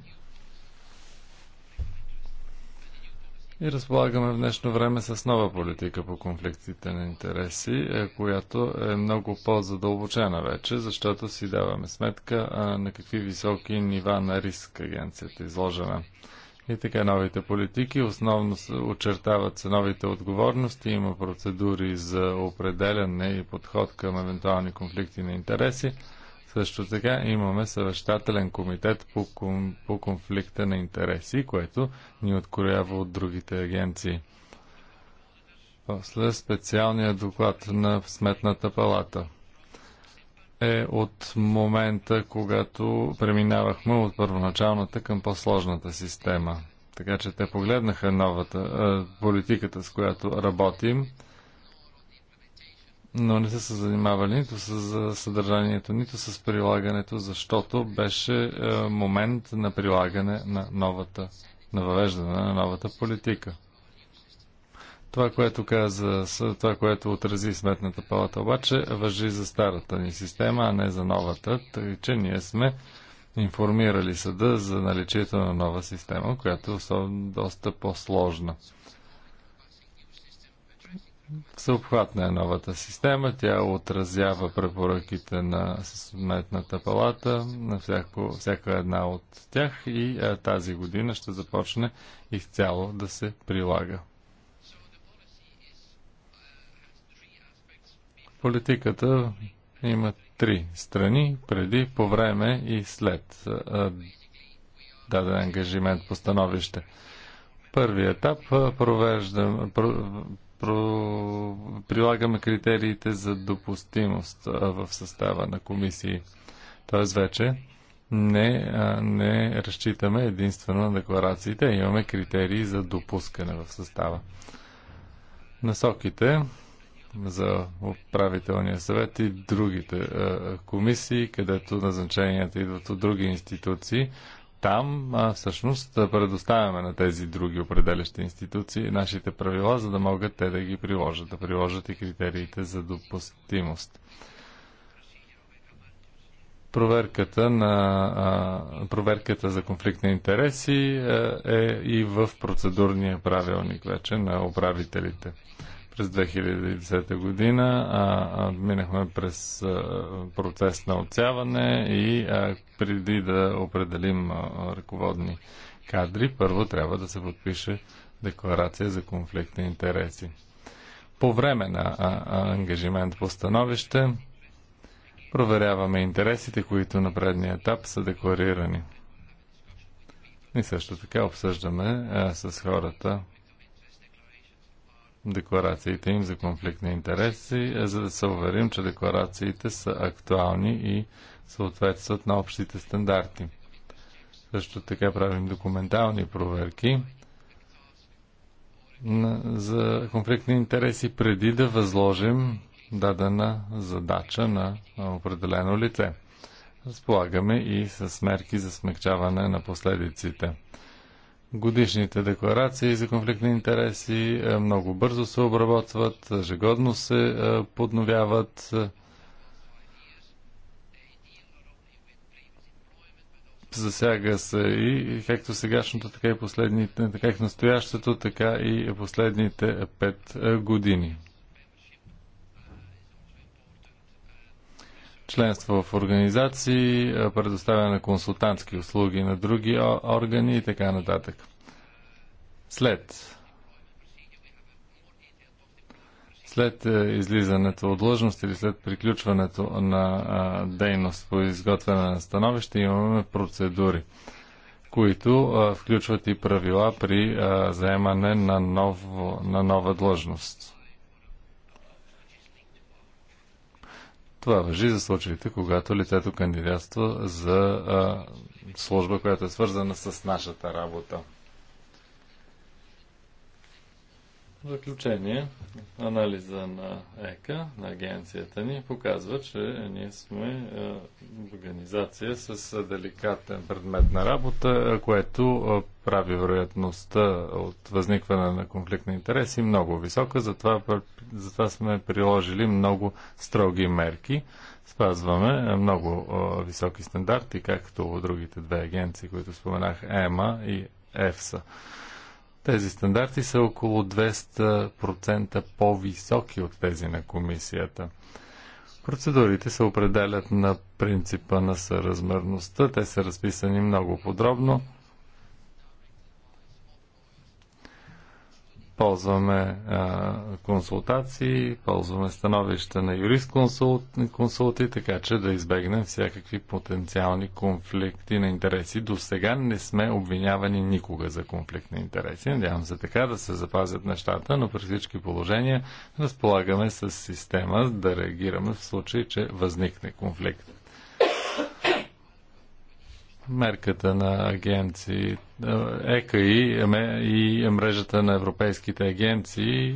[SPEAKER 2] И разполагаме в днешно време с нова политика по конфликтите на интереси, е, която е много по-задълбочена вече, защото си даваме сметка на какви високи нива на риск агенцията е изложена. И така новите политики основно очертават се новите отговорности, има процедури за определяне и подход към евентуални конфликти на интереси също така имаме съвещателен комитет по, ком, по конфликта на интереси, което ни откорява от другите агенции. После специалния доклад на Сметната палата е от момента, когато преминавахме от първоначалната към по-сложната система. Така че те погледнаха новата е, политиката, с която работим но не са се занимавали нито с съдържанието, нито с прилагането, защото беше е, момент на прилагане на новата, на въвеждане на новата политика. Това, което каза, това, което отрази Сметната палата, обаче въжи за старата ни система, а не за новата, тъй че ние сме информирали съда за наличието на нова система, която е доста по-сложна. Съобхватна е новата система. Тя отразява препоръките на Сметната палата, на всяко, всяка една от тях и а, е, тази година ще започне изцяло да се прилага. Политиката има три страни преди, по време и след е, е, даден ангажимент по становище. Първият етап провеждам, про... прилагаме критериите за допустимост в състава на комисии. Тоест вече не, не разчитаме единствено на декларациите, имаме критерии за допускане в състава. Насоките за управителния съвет и другите комисии, където назначенията идват от други институции, там а, всъщност предоставяме на тези други определящи институции нашите правила, за да могат те да ги приложат, да приложат и критериите за допустимост. Проверката, на, а, проверката за конфликт на интереси а, е и в процедурния правилник вече на управителите през 2010 година. А, а, минахме през а, процес на отсяване и а, преди да определим а, ръководни кадри, първо трябва да се подпише декларация за конфликт на интереси. По време на а, а, ангажимент по становище проверяваме интересите, които на предния етап са декларирани. И също така обсъждаме а, с хората декларациите им за конфликт на интереси, е, за да се уверим, че декларациите са актуални и съответстват на общите стандарти. Също така правим документални проверки за конфликт на интереси преди да възложим дадена задача на определено лице. Разполагаме и с мерки за смягчаване на последиците. Годишните декларации за конфликт на интереси е, много бързо се обработват, ежегодно се е, подновяват. Засяга се и както сегашното, така и последните, така и настоящето, така и последните пет е, години. членство в организации, предоставяне на консултантски услуги на други органи и така нататък. След след е, излизането от длъжност или след приключването на а, дейност по изготвяне на становище имаме процедури, които а, включват и правила при а, заемане на, ново, на нова длъжност. Това въжи за случаите, когато лицето кандидатства за а, служба, която е свързана с нашата работа. В заключение, анализа на ЕКА, на агенцията ни, показва, че ние сме е, организация с е, деликатен предмет на работа, което е, прави вероятността от възникване на конфликт на интереси много висока. Затова, затова сме приложили много строги мерки. Спазваме много високи стандарти, както другите две агенции, които споменах, ЕМА и ЕФСА. Тези стандарти са около 200% по-високи от тези на комисията. Процедурите се определят на принципа на съразмерността. Те са разписани много подробно. ползваме а, консултации, ползваме становища на юрист консулти, така че да избегнем всякакви потенциални конфликти на интереси. До сега не сме обвинявани никога за конфликт на интереси. Надявам се така да се запазят нещата, но при всички положения разполагаме с система да реагираме в случай, че възникне конфликт мерката на агенции ЕКАИ и мрежата на европейските агенции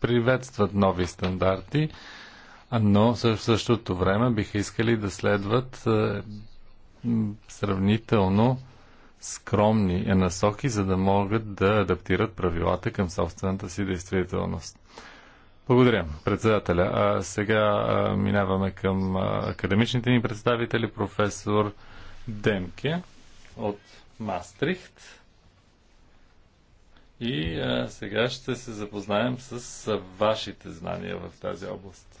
[SPEAKER 2] приветстват нови стандарти, но в същото време биха искали да следват сравнително скромни насоки, за да могат да адаптират правилата към собствената си действителност. Благодаря, председателя. А сега а, минаваме към а, академичните ни представители, професор Демке от Мастрихт. И а, сега ще се запознаем с а, вашите знания в тази област.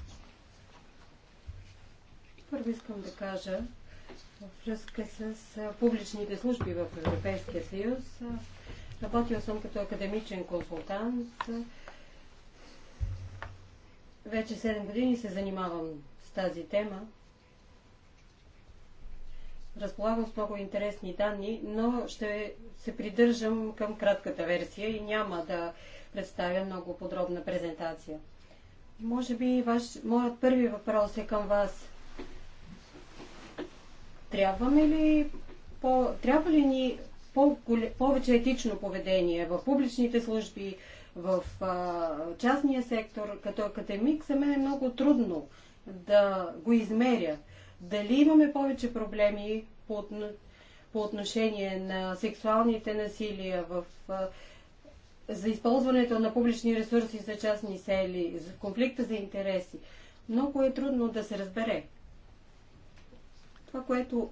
[SPEAKER 3] Първо искам да кажа, във връзка с а, публичните служби в Европейския съюз, работил съм като академичен консултант. Вече 7 години се занимавам с тази тема разполагам с много интересни данни, но ще се придържам към кратката версия и няма да представя много подробна презентация. Може би ваш, моят първи въпрос е към вас. Трябваме ли по, трябва ли ни по, повече етично поведение в публичните служби, в а, частния сектор? Като академик за мен е много трудно да го измеря дали имаме повече проблеми по, по отношение на сексуалните насилия в за използването на публични ресурси за частни сели, за конфликта за интереси. Много е трудно да се разбере. Това, което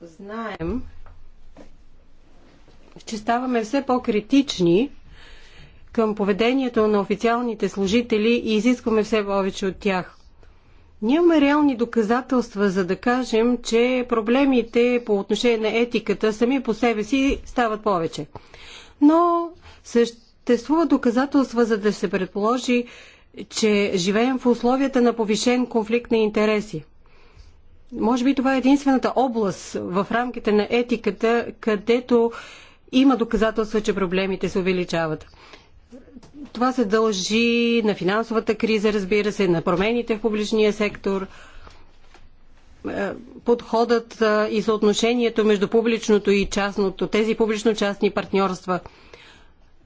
[SPEAKER 3] знаем, че ставаме все по-критични към поведението на официалните служители и изискваме все повече от тях. Нямаме реални доказателства за да кажем, че проблемите по отношение на етиката сами по себе си стават повече. Но съществуват доказателства за да се предположи, че живеем в условията на повишен конфликт на интереси. Може би това е единствената област в рамките на етиката, където има доказателства, че проблемите се увеличават това се дължи на финансовата криза, разбира се, на промените в публичния сектор, е, подходът е, и съотношението между публичното и частното, тези публично-частни партньорства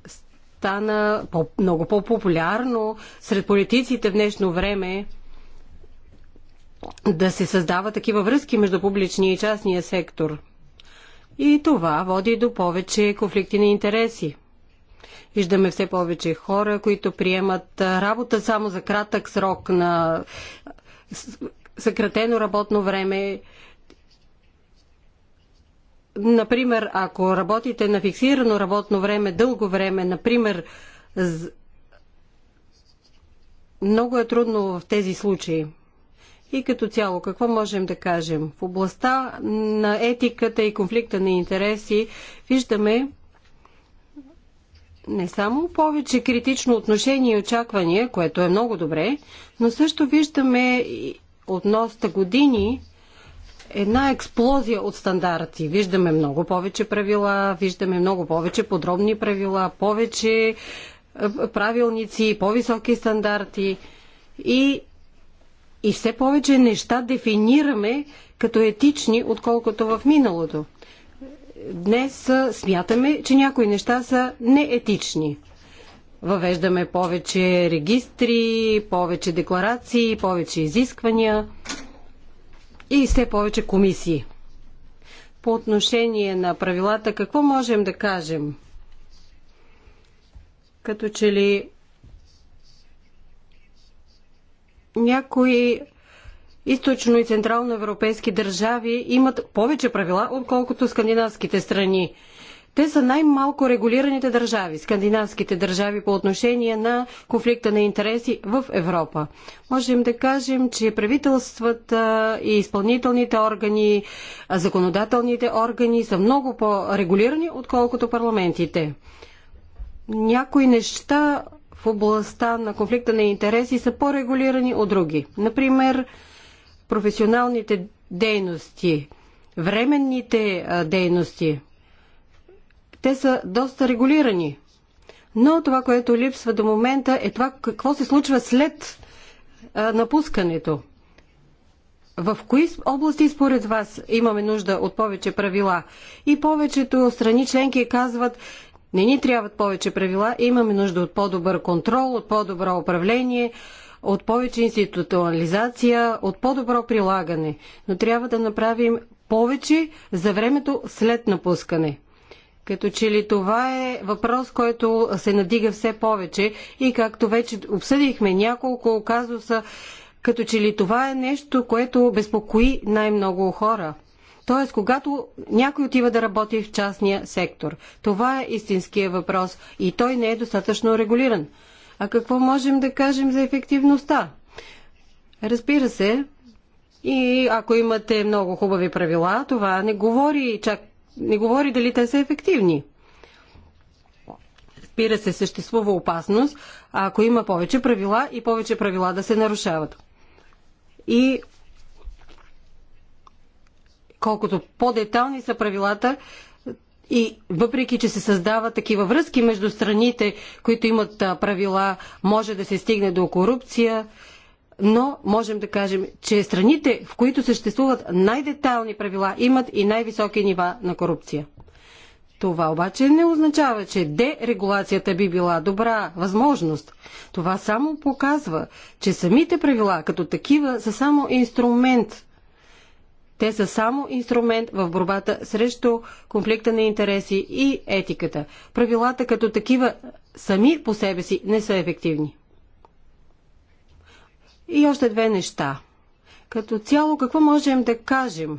[SPEAKER 3] стана по- много по-популярно сред политиците в днешно време да се създават такива връзки между публичния и частния сектор. И това води до повече конфликти на интереси. Виждаме все повече хора, които приемат работа само за кратък срок на съкратено работно време. Например, ако работите на фиксирано работно време дълго време, например, много е трудно в тези случаи. И като цяло, какво можем да кажем? В областта на етиката и конфликта на интереси виждаме, не само повече критично отношение и очаквания, което е много добре, но също виждаме от носта години една експлозия от стандарти. Виждаме много повече правила, виждаме много повече подробни правила, повече е, правилници, по-високи стандарти и, и все повече неща дефинираме като етични, отколкото в миналото днес смятаме, че някои неща са неетични. Въвеждаме повече регистри, повече декларации, повече изисквания и все повече комисии. По отношение на правилата, какво можем да кажем? Като че ли някои източно и централно европейски държави имат повече правила, отколкото скандинавските страни. Те са най-малко регулираните държави, скандинавските държави по отношение на конфликта на интереси в Европа. Можем да кажем, че правителствата и изпълнителните органи, законодателните органи са много по-регулирани, отколкото парламентите. Някои неща в областта на конфликта на интереси са по-регулирани от други. Например, професионалните дейности, временните дейности. Те са доста регулирани. Но това, което липсва до момента е това какво се случва след напускането. В кои области според вас имаме нужда от повече правила? И повечето страни членки казват, не ни трябват повече правила, имаме нужда от по-добър контрол, от по-добро управление, от повече институтуализация, от по-добро прилагане, но трябва да направим повече за времето след напускане. Като че ли това е въпрос, който се надига все повече и както вече обсъдихме няколко казуса, като че ли това е нещо, което безпокои най-много хора. Тоест, когато някой отива да работи в частния сектор, това е истинския въпрос и той не е достатъчно регулиран. А какво можем да кажем за ефективността? Разбира се, и ако имате много хубави правила, това не говори, чак, не говори дали те са ефективни. Разбира се, съществува опасност, ако има повече правила и повече правила да се нарушават. И колкото по-детални са правилата, и въпреки, че се създават такива връзки между страните, които имат правила, може да се стигне до корупция, но можем да кажем, че страните, в които съществуват най-детайлни правила, имат и най-високи нива на корупция. Това обаче не означава, че дерегулацията би била добра възможност. Това само показва, че самите правила като такива са само инструмент те са само инструмент в борбата срещу конфликта на интереси и етиката. Правилата като такива сами по себе си не са ефективни. И още две неща. Като цяло, какво можем да кажем?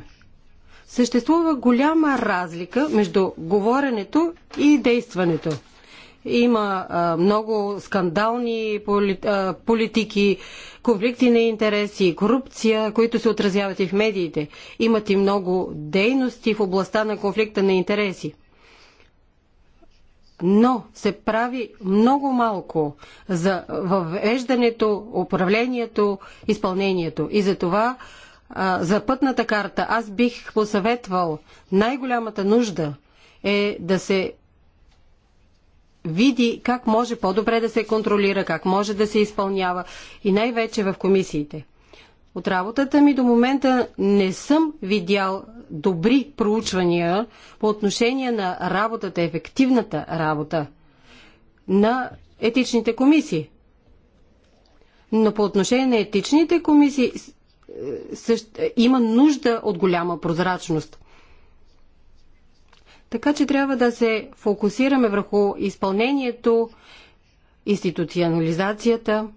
[SPEAKER 3] Съществува голяма разлика между говоренето и действането. Има а, много скандални а, политики, конфликти на интереси, корупция, които се отразяват и в медиите. Имат и много дейности в областта на конфликта на интереси. Но се прави много малко за въвеждането, управлението, изпълнението. И за това за пътната карта аз бих посъветвал най-голямата нужда е да се види как може по-добре да се контролира, как може да се изпълнява и най-вече в комисиите. От работата ми до момента не съм видял добри проучвания по отношение на работата, ефективната работа на етичните комисии. Но по отношение на етичните комисии е, също, е, има нужда от голяма прозрачност. Така че трябва да се фокусираме върху изпълнението, институционализацията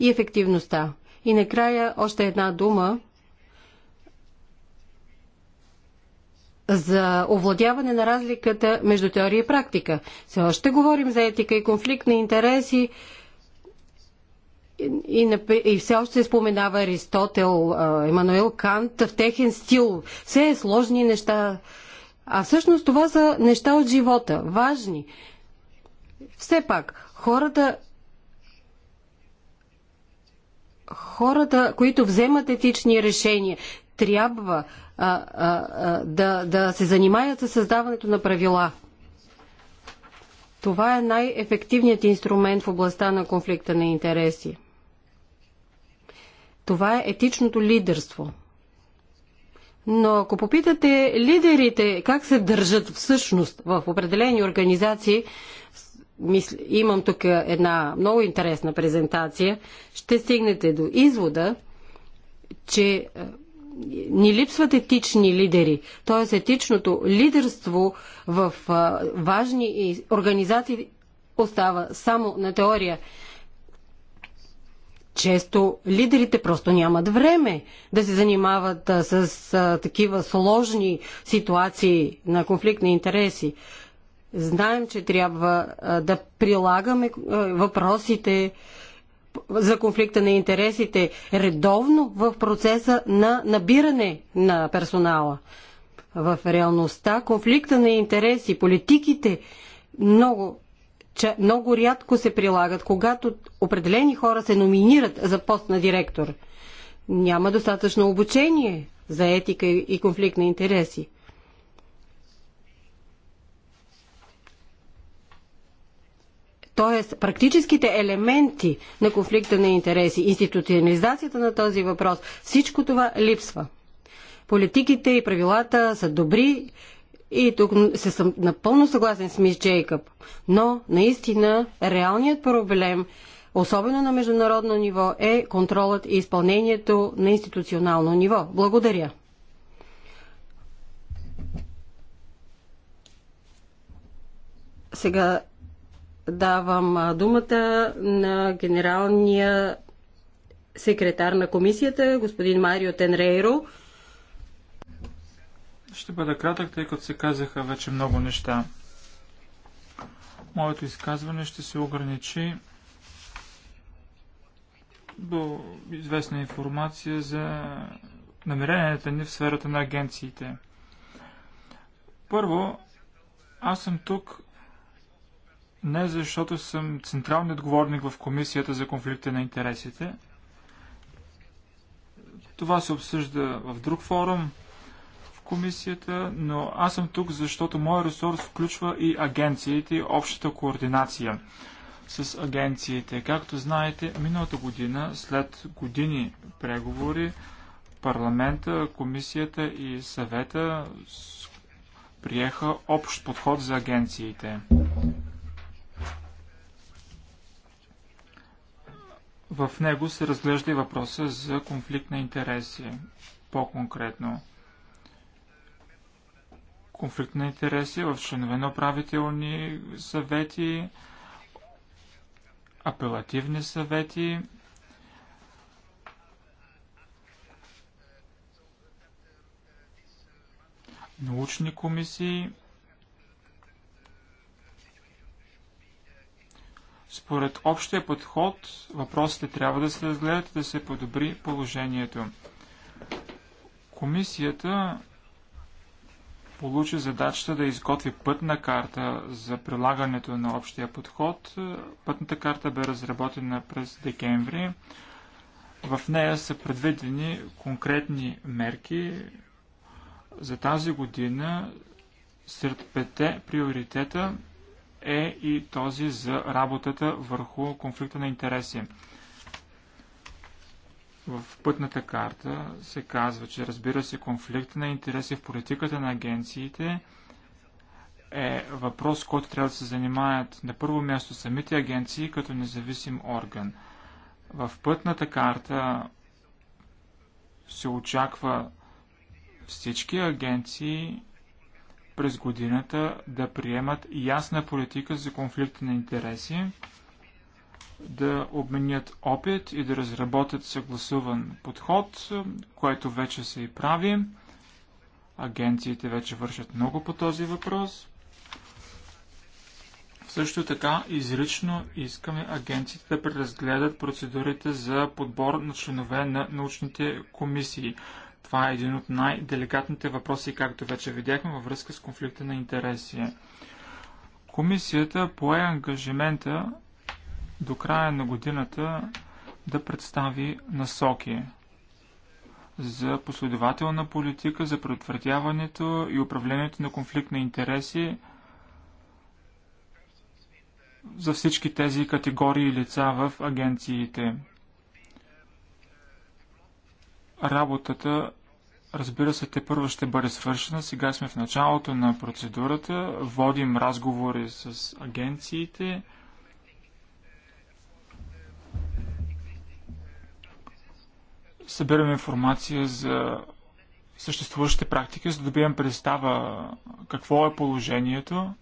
[SPEAKER 3] и ефективността. И накрая още една дума за овладяване на разликата между теория и практика. Все още говорим за етика и конфликт на интереси и, и, и все още споменава Аристотел, Емануел Кант в техен стил. Все е сложни неща а всъщност това са неща от живота, важни. Все пак, хората хората, които вземат етични решения, трябва а, а, а, да, да се занимаят с създаването на правила. Това е най-ефективният инструмент в областта на конфликта на интереси. Това е етичното лидерство. Но ако попитате лидерите как се държат всъщност в определени организации, имам тук една много интересна презентация, ще стигнете до извода, че ни липсват етични лидери. Т.е. етичното лидерство в важни организации остава само на теория често лидерите просто нямат време да се занимават а, с а, такива сложни ситуации на конфликт на интереси. Знаем, че трябва а, да прилагаме а, въпросите за конфликта на интересите редовно в процеса на набиране на персонала. В реалността конфликта на интереси, политиките много че много рядко се прилагат, когато определени хора се номинират за пост на директор. Няма достатъчно обучение за етика и конфликт на интереси. Тоест, практическите елементи на конфликта на интереси, институционализацията на този въпрос, всичко това липсва. Политиките и правилата са добри и тук се съм напълно съгласен с мис Джейкъб. Но наистина реалният проблем, особено на международно ниво, е контролът и изпълнението на институционално ниво. Благодаря. Сега давам думата на генералния секретар на комисията, господин Марио Тенрейро.
[SPEAKER 1] Ще бъда кратък, тъй като се казаха вече много неща. Моето изказване ще се ограничи до известна информация за намеренията ни в сферата на агенциите. Първо, аз съм тук не защото съм централният отговорник в Комисията за конфликта на интересите. Това се обсъжда в друг форум – комисията, но аз съм тук, защото моят ресурс включва и агенциите и общата координация с агенциите. Както знаете, миналата година, след години преговори, парламента, комисията и съвета приеха общ подход за агенциите. В него се разглежда и въпроса за конфликт на интереси. По-конкретно, конфликт на интереси в членове на управителни съвети, апелативни съвети, научни комисии. Според общия подход, въпросите трябва да се разгледат и да се подобри положението. Комисията получи задачата да изготви пътна карта за прилагането на общия подход. Пътната карта бе разработена през декември. В нея са предвидени конкретни мерки за тази година. Сред пете приоритета е и този за работата върху конфликта на интереси. В пътната карта се казва, че разбира се конфликт на интереси в политиката на агенциите е въпрос, който трябва да се занимаят на първо място самите агенции като независим орган. В пътната карта се очаква всички агенции през годината да приемат ясна политика за конфликт на интереси да обменят опит и да разработят съгласуван подход, което вече се и прави. Агенциите вече вършат много по този въпрос. Също така изрично искаме агенциите да преразгледат процедурите за подбор на членове на научните комисии. Това е един от най-деликатните въпроси, както вече видяхме, във връзка с конфликта на интереси. Комисията пое ангажимента до края на годината да представи насоки за последователна политика за предотвратяването и управлението на конфликт на интереси за всички тези категории лица в агенциите. Работата, разбира се, те първо ще бъде свършена. Сега сме в началото на процедурата. Водим разговори с агенциите. събираме информация за съществуващите практики, за да добием представа какво е положението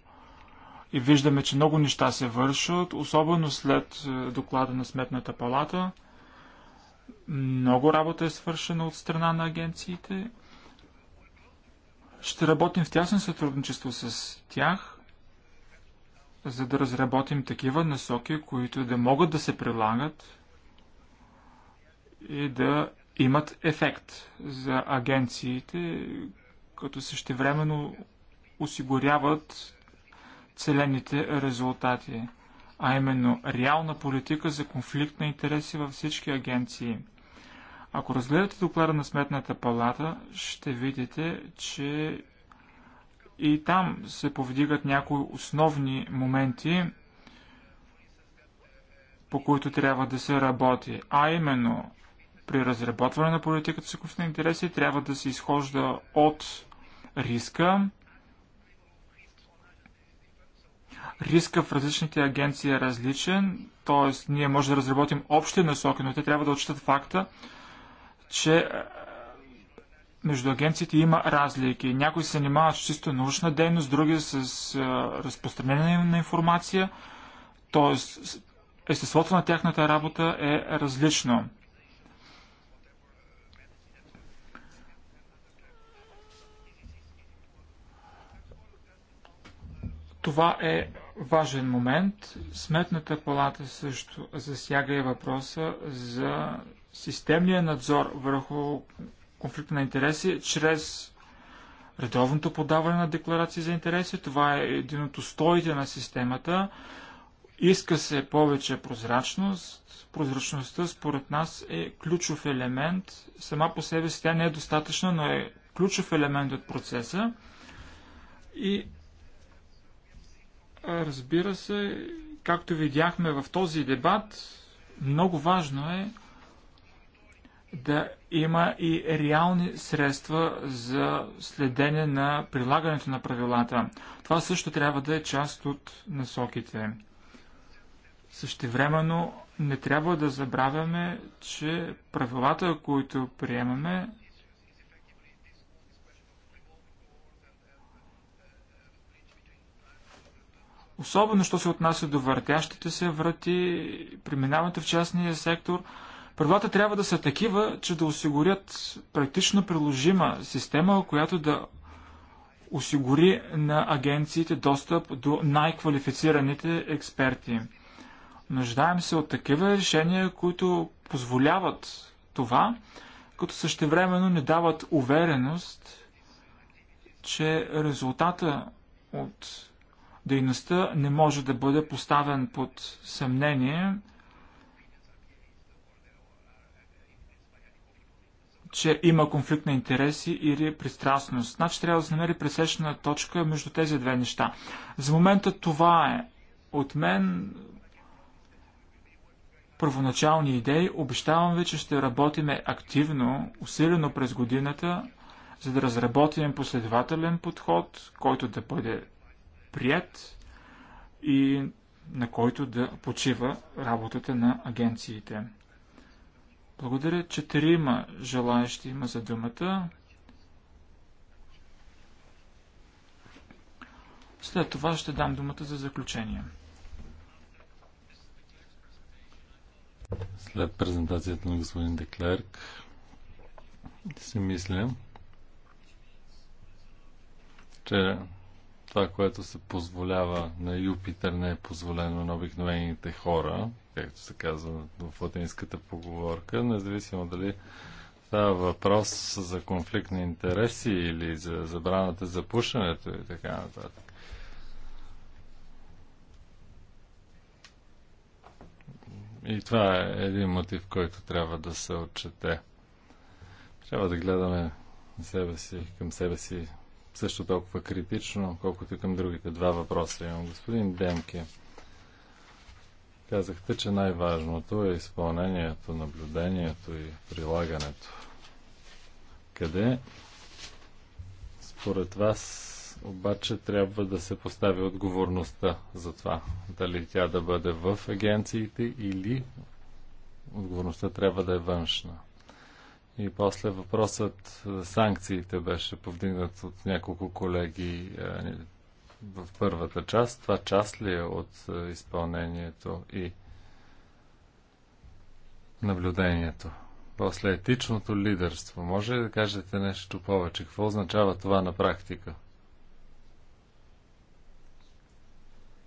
[SPEAKER 1] и виждаме, че много неща се вършат, особено след е, доклада на Сметната палата. Много работа е свършена от страна на агенциите. Ще работим в тясно сътрудничество с тях, за да разработим такива насоки, които да могат да се прилагат и да имат ефект за агенциите, като същевременно осигуряват целените резултати, а именно реална политика за конфликт на интереси във всички агенции. Ако разгледате доклада на Сметната палата, ще видите, че и там се повдигат някои основни моменти, по които трябва да се работи, а именно при разработване на политиката за на интереси трябва да се изхожда от риска. Риска в различните агенции е различен, т.е. ние може да разработим общи насоки, но те трябва да отчитат факта, че е, между агенциите има разлики. Някои се занимават с чисто научна дейност, други с е, разпространение на информация, т.е. естеството на тяхната работа е различно. Това е важен момент. Сметната палата също засяга и въпроса за системния надзор върху конфликта на интереси чрез редовното подаване на декларации за интереси. Това е един от устоите на системата. Иска се повече прозрачност. Прозрачността, според нас, е ключов елемент. Сама по себе си тя не е достатъчна, но е ключов елемент от процеса. И Разбира се, както видяхме в този дебат, много важно е да има и реални средства за следене на прилагането на правилата. Това също трябва да е част от насоките. Същевременно не трябва да забравяме, че правилата, които приемаме, Особено, що се отнася до въртящите се врати, преминаването в частния сектор, правилата трябва да са такива, че да осигурят практично приложима система, която да осигури на агенциите достъп до най-квалифицираните експерти. Нуждаем се от такива решения, които позволяват това, като същевременно не дават увереност, че резултата от дейността не може да бъде поставен под съмнение, че има конфликт на интереси или пристрастност. Значи трябва да се намери пресечна точка между тези две неща. За момента това е от мен първоначални идеи. Обещавам ви, че ще работиме активно, усилено през годината, за да разработим последователен подход, който да бъде прият и на който да почива работата на агенциите. Благодаря, че трима желаящи има за думата. След това ще дам думата за заключение.
[SPEAKER 2] След презентацията на господин Деклерк си мисля, че това, което се позволява на Юпитер, не е позволено на обикновените хора, както се казва в латинската поговорка, независимо дали става въпрос за конфликт на интереси или за забраната за пушенето и така нататък. И това е един мотив, който трябва да се отчете. Трябва да гледаме себе си, към себе си също толкова критично, колкото към другите два въпроса имам. Господин Демке, казахте, че най-важното е изпълнението, наблюдението и прилагането. Къде според вас обаче трябва да се постави отговорността за това. Дали тя да бъде в агенциите или отговорността трябва да е външна. И после въпросът за е, санкциите беше повдигнат от няколко колеги е, в първата част. Това част ли е от е, изпълнението и наблюдението? После етичното лидерство. Може ли да кажете нещо повече? Какво означава това на практика?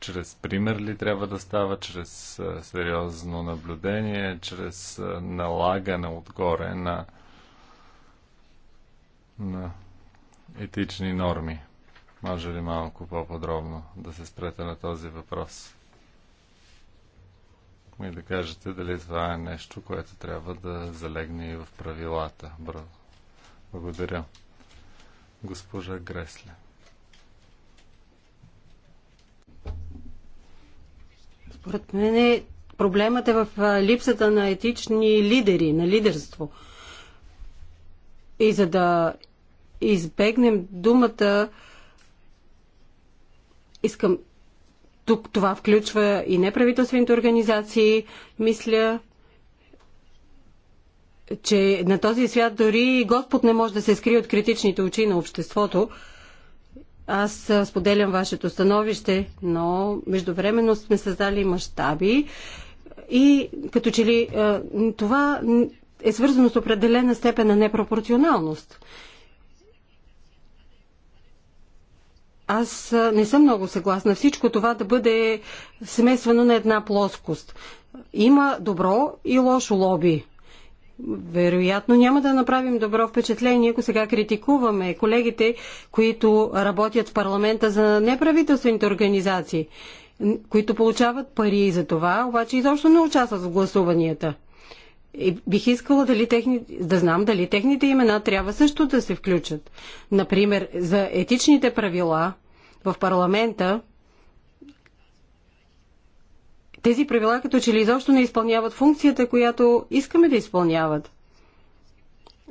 [SPEAKER 2] чрез пример ли трябва да става, чрез сериозно наблюдение, чрез налагане отгоре на, на етични норми? Може ли малко по-подробно да се спрете на този въпрос? И да кажете дали това е нещо, което трябва да залегне и в правилата. Браво. Благодаря. Госпожа Гресле.
[SPEAKER 3] Според мен е, проблемът е в липсата на етични лидери, на лидерство. И за да избегнем думата, искам. Тук това включва и неправителствените организации. Мисля, че на този свят дори Господ не може да се скрие от критичните очи на обществото. Аз споделям вашето становище, но междувременно сме създали мащаби и като че ли това е свързано с определена степен на непропорционалност. Аз не съм много съгласна всичко това да бъде смесвано на една плоскост. Има добро и лошо лоби вероятно няма да направим добро впечатление, ако сега критикуваме колегите, които работят в парламента за неправителствените организации, които получават пари за това, обаче изобщо не участват в гласуванията. И бих искала дали техни, да знам дали техните имена трябва също да се включат. Например, за етичните правила в парламента тези правила като че ли изобщо не изпълняват функцията, която искаме да изпълняват.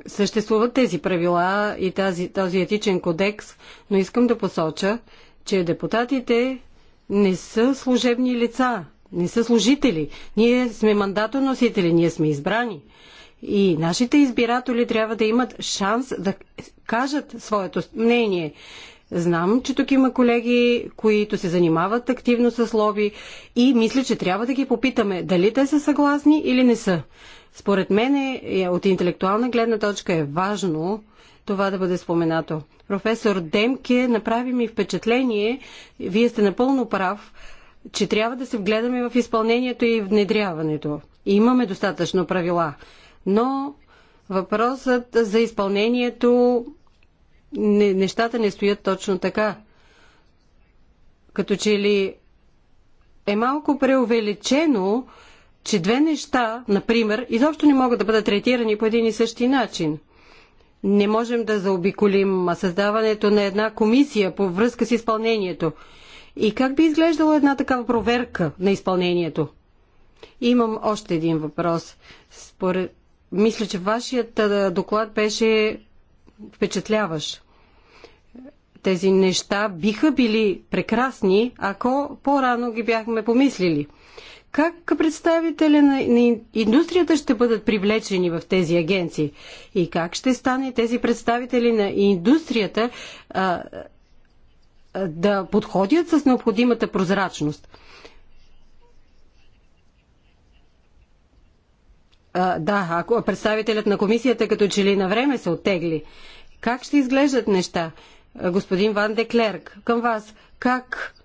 [SPEAKER 3] Съществуват тези правила и тази, този етичен кодекс, но искам да посоча, че депутатите не са служебни лица, не са служители. Ние сме мандатоносители, ние сме избрани. И нашите избиратели трябва да имат шанс да кажат своето мнение. Знам, че тук има колеги, които се занимават активно с лоби и мисля, че трябва да ги попитаме дали те са съгласни или не са. Според мен е, е, от интелектуална гледна точка е важно това да бъде споменато. Професор Демке, направи ми впечатление, вие сте напълно прав, че трябва да се вгледаме в изпълнението и внедряването. Имаме достатъчно правила, но въпросът за изпълнението не, нещата не стоят точно така. Като че ли е малко преувеличено, че две неща, например, изобщо не могат да бъдат третирани по един и същи начин. Не можем да заобиколим създаването на една комисия по връзка с изпълнението. И как би изглеждала една такава проверка на изпълнението? Имам още един въпрос. Според... Мисля, че вашият доклад беше Впечатляваш. Тези неща биха били прекрасни, ако по-рано ги бяхме помислили. Как представители на, на индустрията ще бъдат привлечени в тези агенции? И как ще стане тези представители на индустрията а, да подходят с необходимата прозрачност? А, да, ако представителят на комисията като че ли на време се оттегли. Как ще изглеждат неща? Господин Ван Деклерк, към вас. Как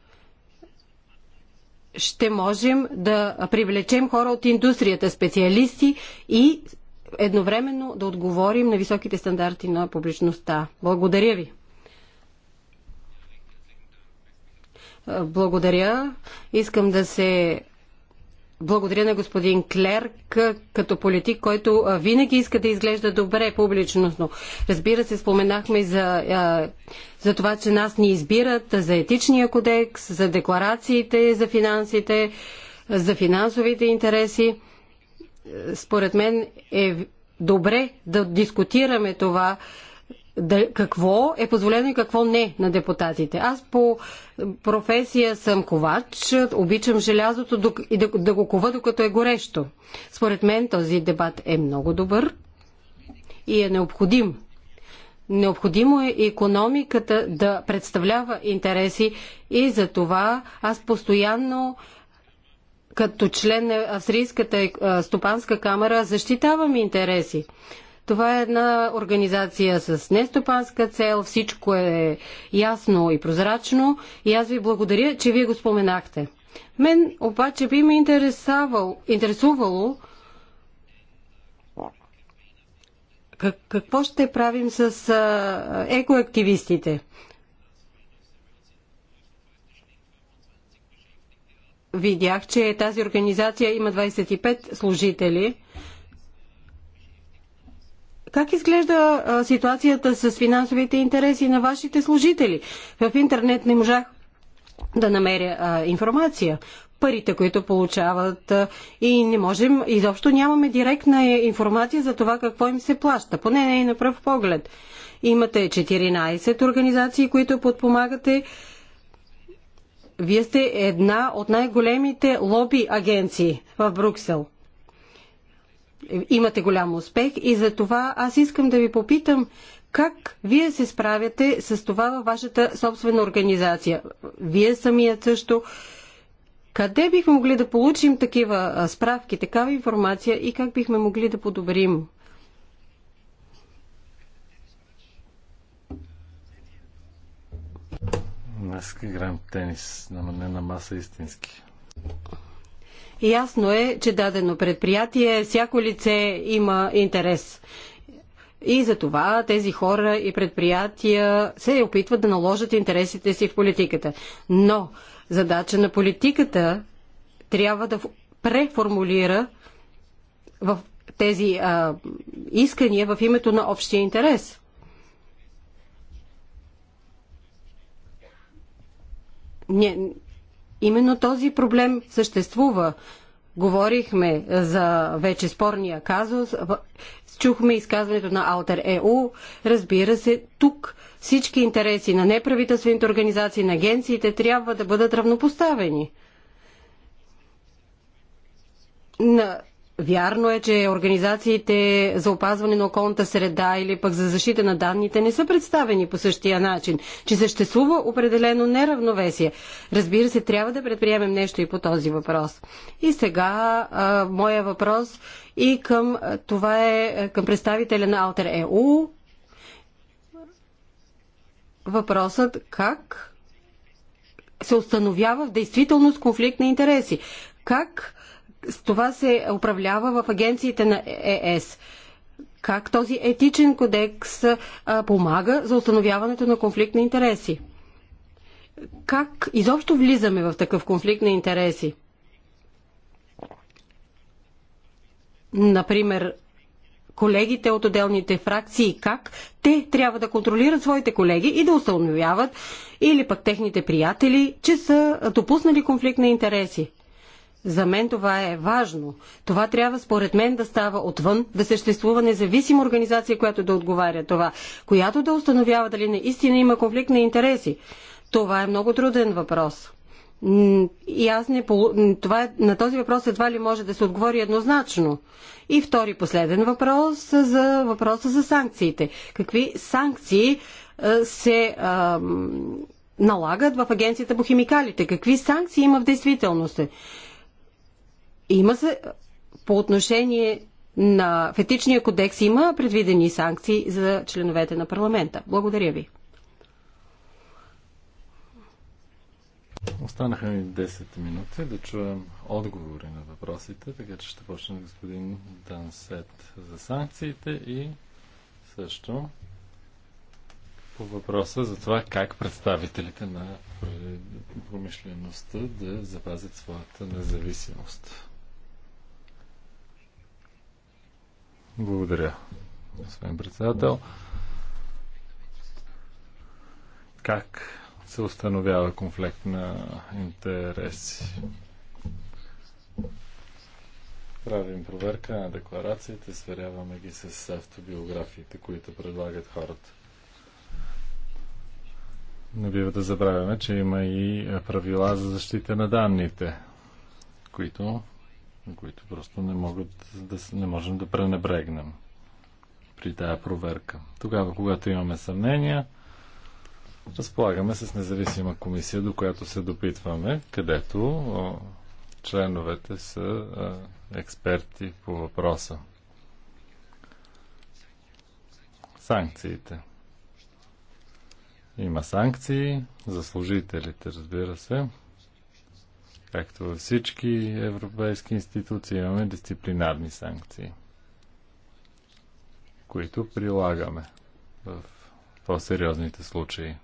[SPEAKER 3] ще можем да привлечем хора от индустрията, специалисти и едновременно да отговорим на високите стандарти на публичността. Благодаря ви. Благодаря. Искам да се благодаря на господин Клерк като политик, който винаги иска да изглежда добре публично. Но разбира се, споменахме за, за това, че нас ни избират за етичния кодекс, за декларациите, за финансите, за финансовите интереси. Е, според мен е добре да дискутираме това да, какво е позволено и какво не на депутатите. Аз по професия съм ковач, обичам желязото и да, да го кова докато е горещо. Според мен този дебат е много добър и е необходим. Необходимо е економиката да представлява интереси и за това аз постоянно като член на Австрийската стопанска камера защитавам интереси. Това е една организация с нестопанска цел, всичко е ясно и прозрачно и аз ви благодаря, че вие го споменахте. Мен обаче би ме интересувало как, какво ще правим с а, екоактивистите. Видях, че тази организация има 25 служители. Как изглежда ситуацията с финансовите интереси на вашите служители? В интернет не можах да намеря информация парите, които получават и не можем, изобщо нямаме директна е, информация за това какво им се плаща, поне не и е на пръв поглед. Имате 14 организации, които подпомагате. Вие сте една от най-големите лоби агенции в Бруксел имате голям успех и за това аз искам да ви попитам как вие се справяте с това във вашата собствена организация. Вие самият също. Къде бихме могли да получим такива справки, такава информация и как бихме могли да подобрим?
[SPEAKER 2] Аз играем тенис на мен на маса истински.
[SPEAKER 3] Ясно е, че дадено предприятие, всяко лице има интерес. И за това тези хора и предприятия се опитват да наложат интересите си в политиката. Но задача на политиката трябва да преформулира в тези а, искания в името на общия интерес. не. Именно този проблем съществува. Говорихме за вече спорния казус, чухме изказването на Алтер ЕУ. Разбира се, тук всички интереси на неправителствените организации, на агенциите трябва да бъдат равнопоставени. На Вярно е, че организациите за опазване на околната среда или пък за защита на данните не са представени по същия начин, че съществува определено неравновесие. Разбира се, трябва да предприемем нещо и по този въпрос. И сега а, моя въпрос и към това е към представителя на Алтер ЕУ. E Въпросът как се установява в действителност конфликт на интереси. Как това се управлява в агенциите на ЕС. Е как този етичен кодекс помага за установяването на конфликт на интереси? Как изобщо влизаме в такъв конфликт на интереси? Например, колегите от отделните фракции, как те трябва да контролират своите колеги и да установяват или пък техните приятели, че са допуснали конфликт на интереси. За мен това е важно. Това трябва, според мен, да става отвън, да съществува независима организация, която да отговаря това, която да установява дали наистина има конфликт на интереси. Това е много труден въпрос. И аз не полу... това, е- на този въпрос едва ли може да се отговори еднозначно. И втори последен въпрос за въпроса за санкциите. Какви санкции се а, налагат в агенцията по химикалите? Какви санкции има в действителност? Има се по отношение на фетичния етичния кодекс има предвидени санкции за членовете на парламента. Благодаря ви.
[SPEAKER 2] Останаха ми 10 минути да чуем отговори на въпросите, така че ще почне господин Дансет за санкциите и също по въпроса за това как представителите на промишлеността да запазят своята независимост. Благодаря, господин председател. Как се установява конфликт на интереси? Правим проверка на декларациите, сверяваме ги с автобиографиите, които предлагат хората. Не бива да забравяме, че има и правила за защита на данните, които които просто не, могат да, не можем да пренебрегнем при тая проверка. Тогава, когато имаме съмнения, разполагаме с независима комисия, до която се допитваме, където членовете са експерти по въпроса. Санкциите. Има санкции за служителите, разбира се. Както във всички европейски институции имаме дисциплинарни санкции, които прилагаме в по-сериозните случаи.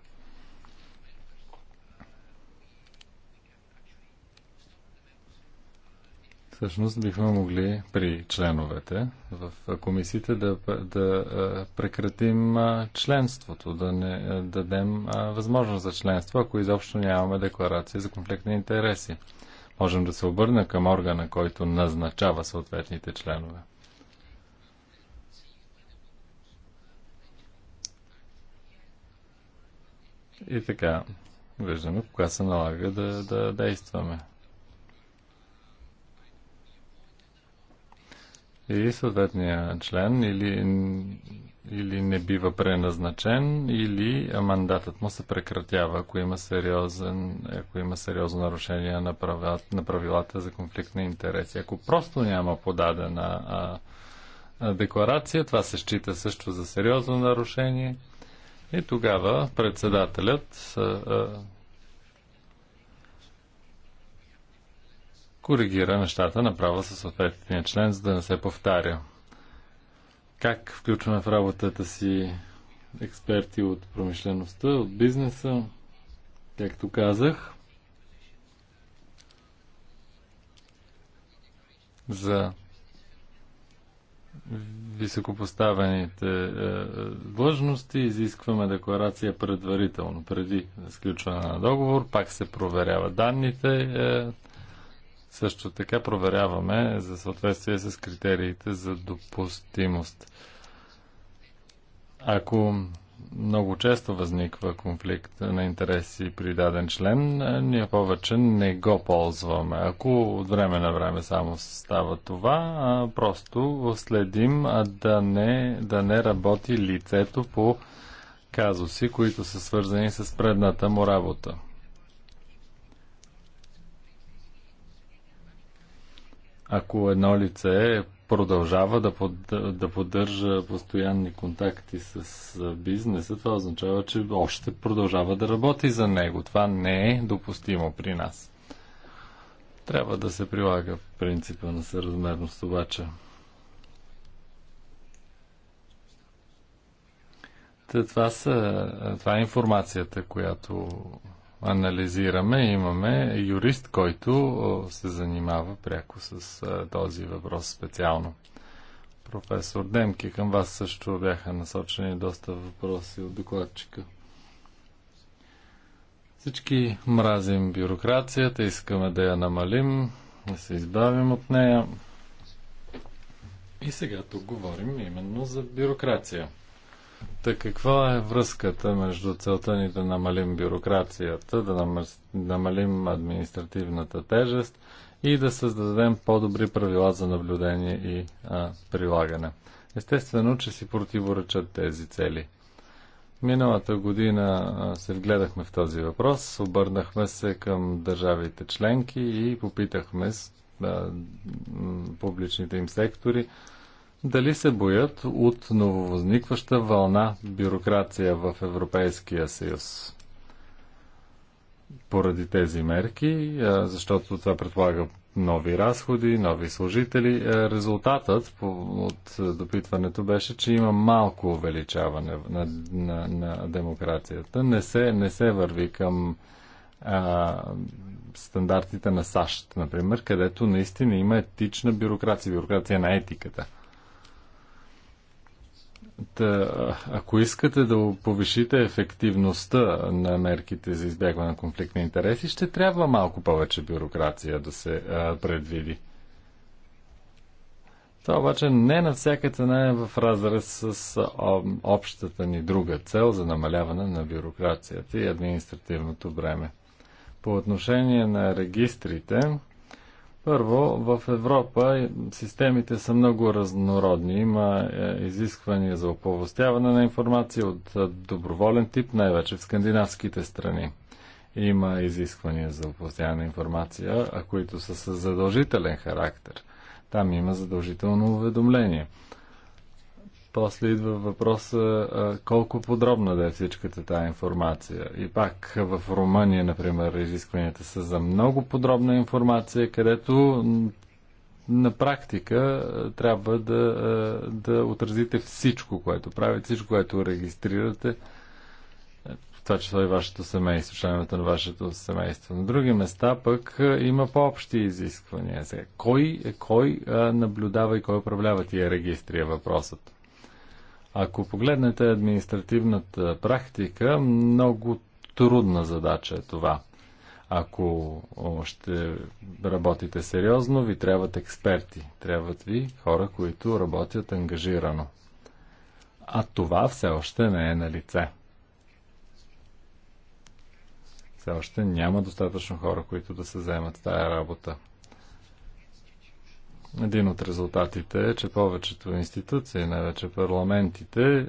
[SPEAKER 2] Всъщност бихме могли при членовете в комисиите да, да прекратим членството, да не дадем възможност за членство, ако изобщо нямаме декларация за конфликт на интереси можем да се обърнем към органа, който назначава съответните членове. И така, виждаме кога се налага да, да действаме. И съответния член или или не бива преназначен, или мандатът му се прекратява, ако има, сериозен, ако има сериозно нарушение на, правилата, на правилата за конфликт на интереси. Ако просто няма подадена а, а, декларация, това се счита също за сериозно нарушение. И тогава председателят а, а, коригира нещата направо със съответния член, за да не се повтаря как включваме в работата си експерти от промишлеността, от бизнеса, както казах, за високопоставените е, е длъжности изискваме декларация предварително, преди сключване на договор. Пак се проверява данните, е, също така проверяваме за съответствие с критериите за допустимост. Ако много често възниква конфликт на интереси при даден член, ние повече не го ползваме. Ако от време на време само става това, просто следим да не, да не работи лицето по казуси, които са свързани с предната му работа. Ако едно лице продължава да, под, да поддържа постоянни контакти с бизнеса, това означава, че още продължава да работи за него. Това не е допустимо при нас. Трябва да се прилага принципа на съразмерност обаче. това, са, това е информацията, която анализираме. Имаме юрист, който се занимава пряко с този въпрос специално. Професор Демки, към вас също бяха насочени доста въпроси от докладчика. Всички мразим бюрокрацията, искаме да я намалим, да се избавим от нея. И сега тук говорим именно за бюрокрация – Та каква е връзката между целта ни да намалим бюрокрацията, да намалим административната тежест и да създадем по-добри правила за наблюдение и а, прилагане? Естествено, че си противоречат тези цели. Миналата година се вгледахме в този въпрос, обърнахме се към държавите членки и попитахме с, а, публичните им сектори дали се боят от нововъзникваща вълна бюрокрация в Европейския съюз поради тези мерки, защото това предполага нови разходи, нови служители. Резултатът от допитването беше, че има малко увеличаване на, на, на демокрацията. Не се, не се върви към а, стандартите на САЩ, например, където наистина има етична бюрокрация, бюрокрация на етиката. Та, ако искате да повишите ефективността на мерките за избягване на конфликт на интереси, ще трябва малко повече бюрокрация да се а, предвиди. Това обаче не на всяка цена е в разрез с общата ни друга цел за намаляване на бюрокрацията и административното време. По отношение на регистрите, първо, в Европа системите са много разнородни. Има е, изисквания за оповостяване на информация от е, доброволен тип, най-вече в скандинавските страни. Има изисквания за оповостяване на информация, а които са с задължителен характер. Там има задължително уведомление. После идва въпроса колко подробна да е всичката тази информация. И пак в Румъния, например, изискванията са за много подробна информация, където на практика трябва да, да отразите всичко, което правите, всичко, което регистрирате, в това че и вашето семейство, членовете на вашето семейство. На други места пък има по-общи изисквания. Сега, кой, кой наблюдава и кой управлява тия регистри е въпросът. Ако погледнете административната практика, много трудна задача е това. Ако ще работите сериозно, ви трябват експерти, трябват ви хора, които работят ангажирано. А това все още не е на лице. Все още няма достатъчно хора, които да се вземат тая работа. Един от резултатите е, че повечето институции, най-вече парламентите, е,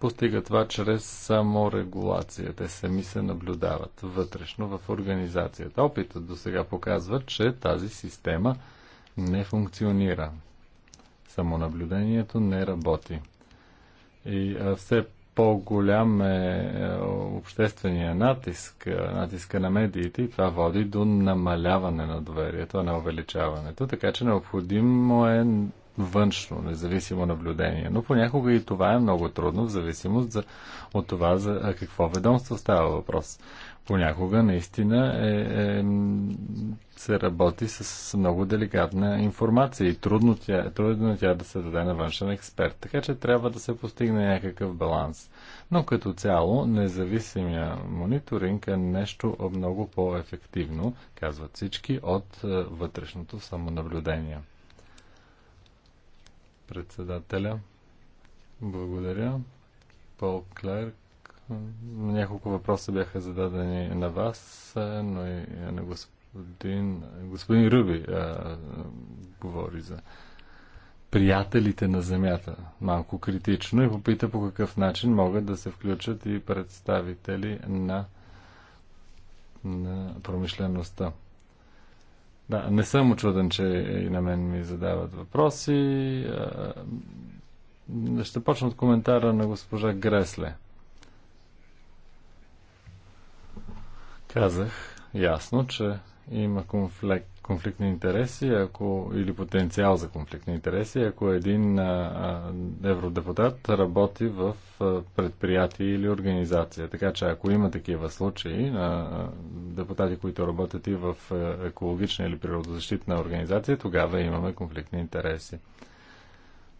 [SPEAKER 2] постига това чрез саморегулация. Те сами се наблюдават вътрешно в организацията. Опитът до сега показва, че тази система не функционира. Самонаблюдението не работи. И все по-голям е, е обществения натиск, е, натиска на медиите и това води до намаляване на доверието, а не увеличаването. Така че необходимо е външно, независимо наблюдение. Но понякога и това е много трудно, в зависимост от това за какво ведомство става въпрос понякога наистина е, е, се работи с много деликатна информация и трудно тя, трудно е тя да се даде на външен експерт. Така че трябва да се постигне някакъв баланс. Но като цяло, независимия мониторинг е нещо много по-ефективно, казват всички, от е, вътрешното самонаблюдение. Председателя. Благодаря. Пол Клерк няколко въпроса бяха зададени на вас, но и на господин, господин Руби а, говори за приятелите на Земята. Малко критично и попита по какъв начин могат да се включат и представители на, на промишлеността. Да, не съм очуден, че и на мен ми задават въпроси. Ще почна от коментара на госпожа Гресле. Казах ясно, че има конфликт, конфликт на интереси ако, или потенциал за конфликт на интереси, ако един а, евродепутат работи в а, предприятие или организация. Така че ако има такива случаи на депутати, които работят и в а, екологична или природозащитна организация, тогава имаме конфликт на интереси.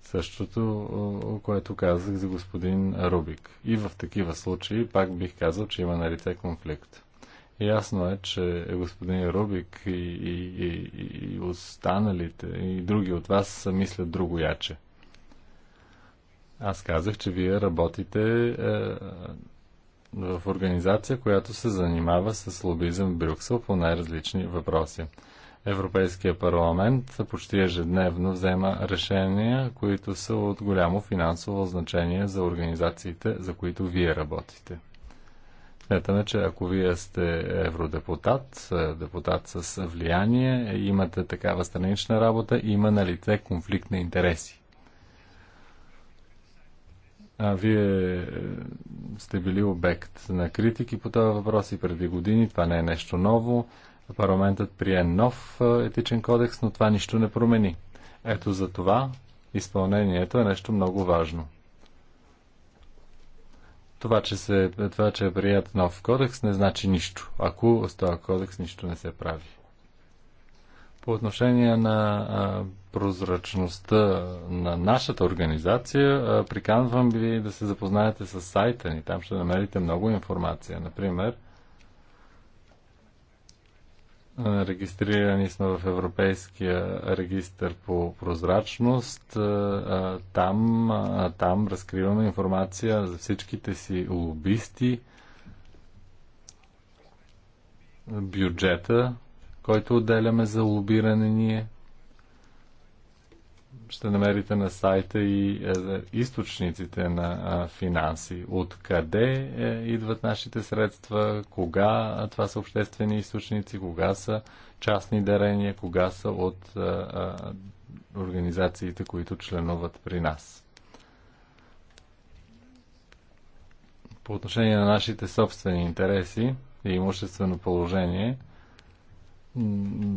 [SPEAKER 2] Същото, което казах за господин Рубик. И в такива случаи пак бих казал, че има на лице конфликт. Ясно е, че господин Рубик и, и, и, и останалите, и други от вас мислят друго яче. Аз казах, че вие работите е, в организация, която се занимава с лобизъм в Брюксел по най-различни въпроси. Европейския парламент почти ежедневно взема решения, които са от голямо финансово значение за организациите, за които вие работите. Смятаме, че ако вие сте евродепутат, е, депутат с влияние, имате такава странична работа, има на лице конфликт на интереси. А вие е, сте били обект на критики по този въпрос и преди години. Това не е нещо ново. Парламентът прие нов е, етичен кодекс, но това нищо не промени. Ето за това изпълнението е нещо много важно. Това, че, се, това, че е прият нов кодекс, не значи нищо. Ако с този кодекс нищо не се прави. По отношение на а, прозрачността на нашата организация, а, приканвам ви да се запознаете с сайта ни. Там ще намерите много информация. Например, Регистрирани сме в Европейския регистр по прозрачност. Е, е, там, е, там разкриваме информация за всичките си лобисти, бюджета, който отделяме за лобиране ние – ще намерите на сайта и е, източниците на финанси. Откъде е, идват нашите средства, кога това са обществени източници, кога са частни дарения, кога са от организациите, които членуват при нас. По отношение на нашите собствени интереси и имуществено положение –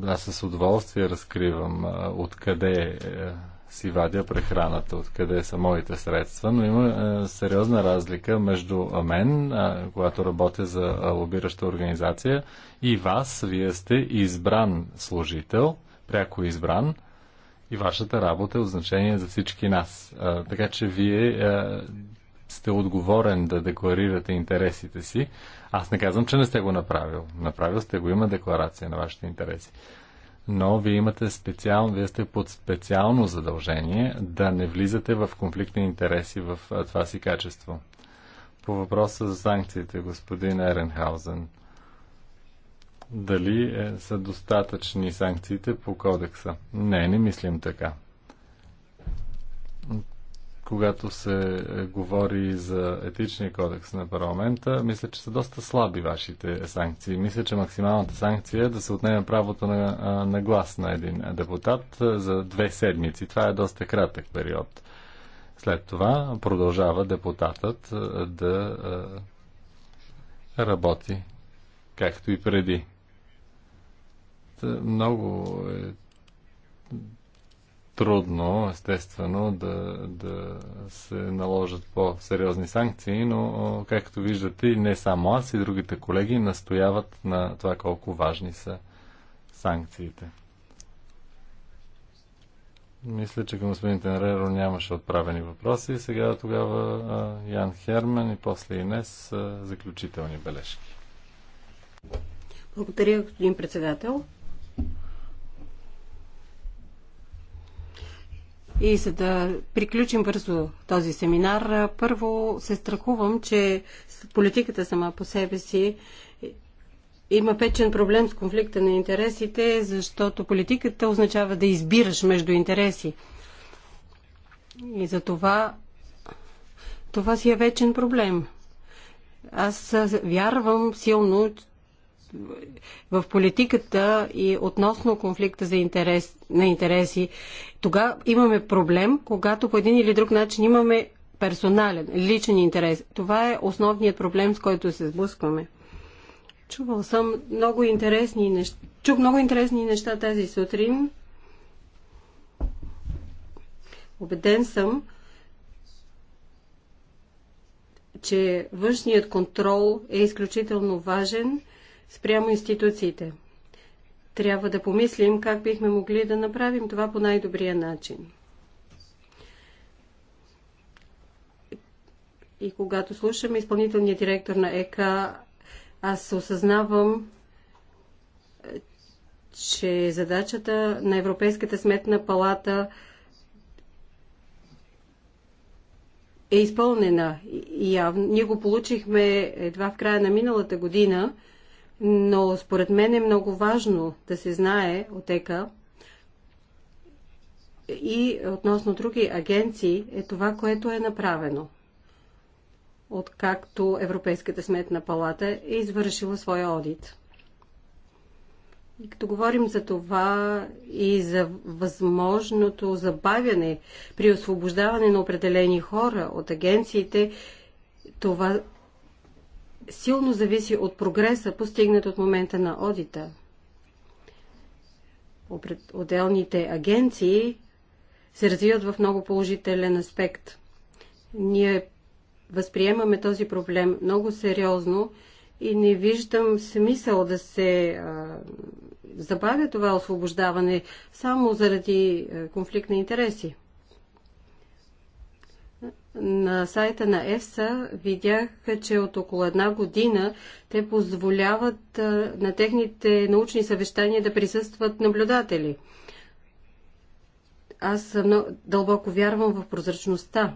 [SPEAKER 2] аз с удоволствие разкривам откъде е, си вадя прехраната, откъде са моите средства, но има е, сериозна разлика между мен, а, е, когато работя за е, лобираща организация, и вас. Вие сте избран служител, пряко избран, и вашата работа е от значение за всички нас. А, е, така че вие а, сте отговорен да декларирате интересите си. Аз не казвам, че не сте го направил. Направил сте го, има декларация на вашите интереси но вие имате специално, вие сте под специално задължение да не влизате в конфликтни интереси в това си качество. По въпроса за санкциите, господин Еренхаузен, дали е, са достатъчни санкциите по кодекса? Не, не мислим така когато се е, говори за етичния кодекс на парламента, мисля, че са доста слаби вашите санкции. Мисля, че максималната санкция е да се отнеме правото на, на глас на един депутат за две седмици. Това е доста кратък период. След това продължава депутатът да работи както и преди. Много е трудно, естествено, да, да се наложат по-сериозни санкции, но, както виждате, не само аз и другите колеги настояват на това колко важни са санкциите. Мисля, че към господин Тенреро нямаше отправени въпроси. Сега тогава Ян Хермен и после Инес заключителни бележки.
[SPEAKER 3] Благодаря, господин председател. И за да приключим бързо този семинар, първо се страхувам, че политиката сама по себе си има печен проблем с конфликта на интересите, защото политиката означава да избираш между интереси. И за това това си е вечен проблем. Аз вярвам силно, в политиката и относно конфликта за интерес, на интереси, тогава имаме проблем, когато по един или друг начин имаме персонален, личен интерес. Това е основният проблем, с който се сблъскваме. Чувал съм много интересни неща. Чух много интересни неща тази сутрин. Обеден съм, че външният контрол е изключително важен спрямо институциите. Трябва да помислим как бихме могли да направим това по най-добрия начин. И когато слушам изпълнителния директор на ЕК, аз осъзнавам, че задачата на Европейската сметна палата е изпълнена. И Ние го получихме едва в края на миналата година – но според мен е много важно да се знае от ЕКА и относно други агенции е това, което е направено откакто Европейската сметна палата е извършила своя одит. И като говорим за това и за възможното забавяне при освобождаване на определени хора от агенциите, това силно зависи от прогреса, постигнат от момента на одита. Отделните агенции се развиват в много положителен аспект. Ние възприемаме този проблем много сериозно и не виждам смисъл да се а, забавя това освобождаване само заради а, конфликт на интереси на сайта на ЕФСА видях, че от около една година те позволяват на техните научни съвещания да присъстват наблюдатели. Аз много, дълбоко вярвам в прозрачността.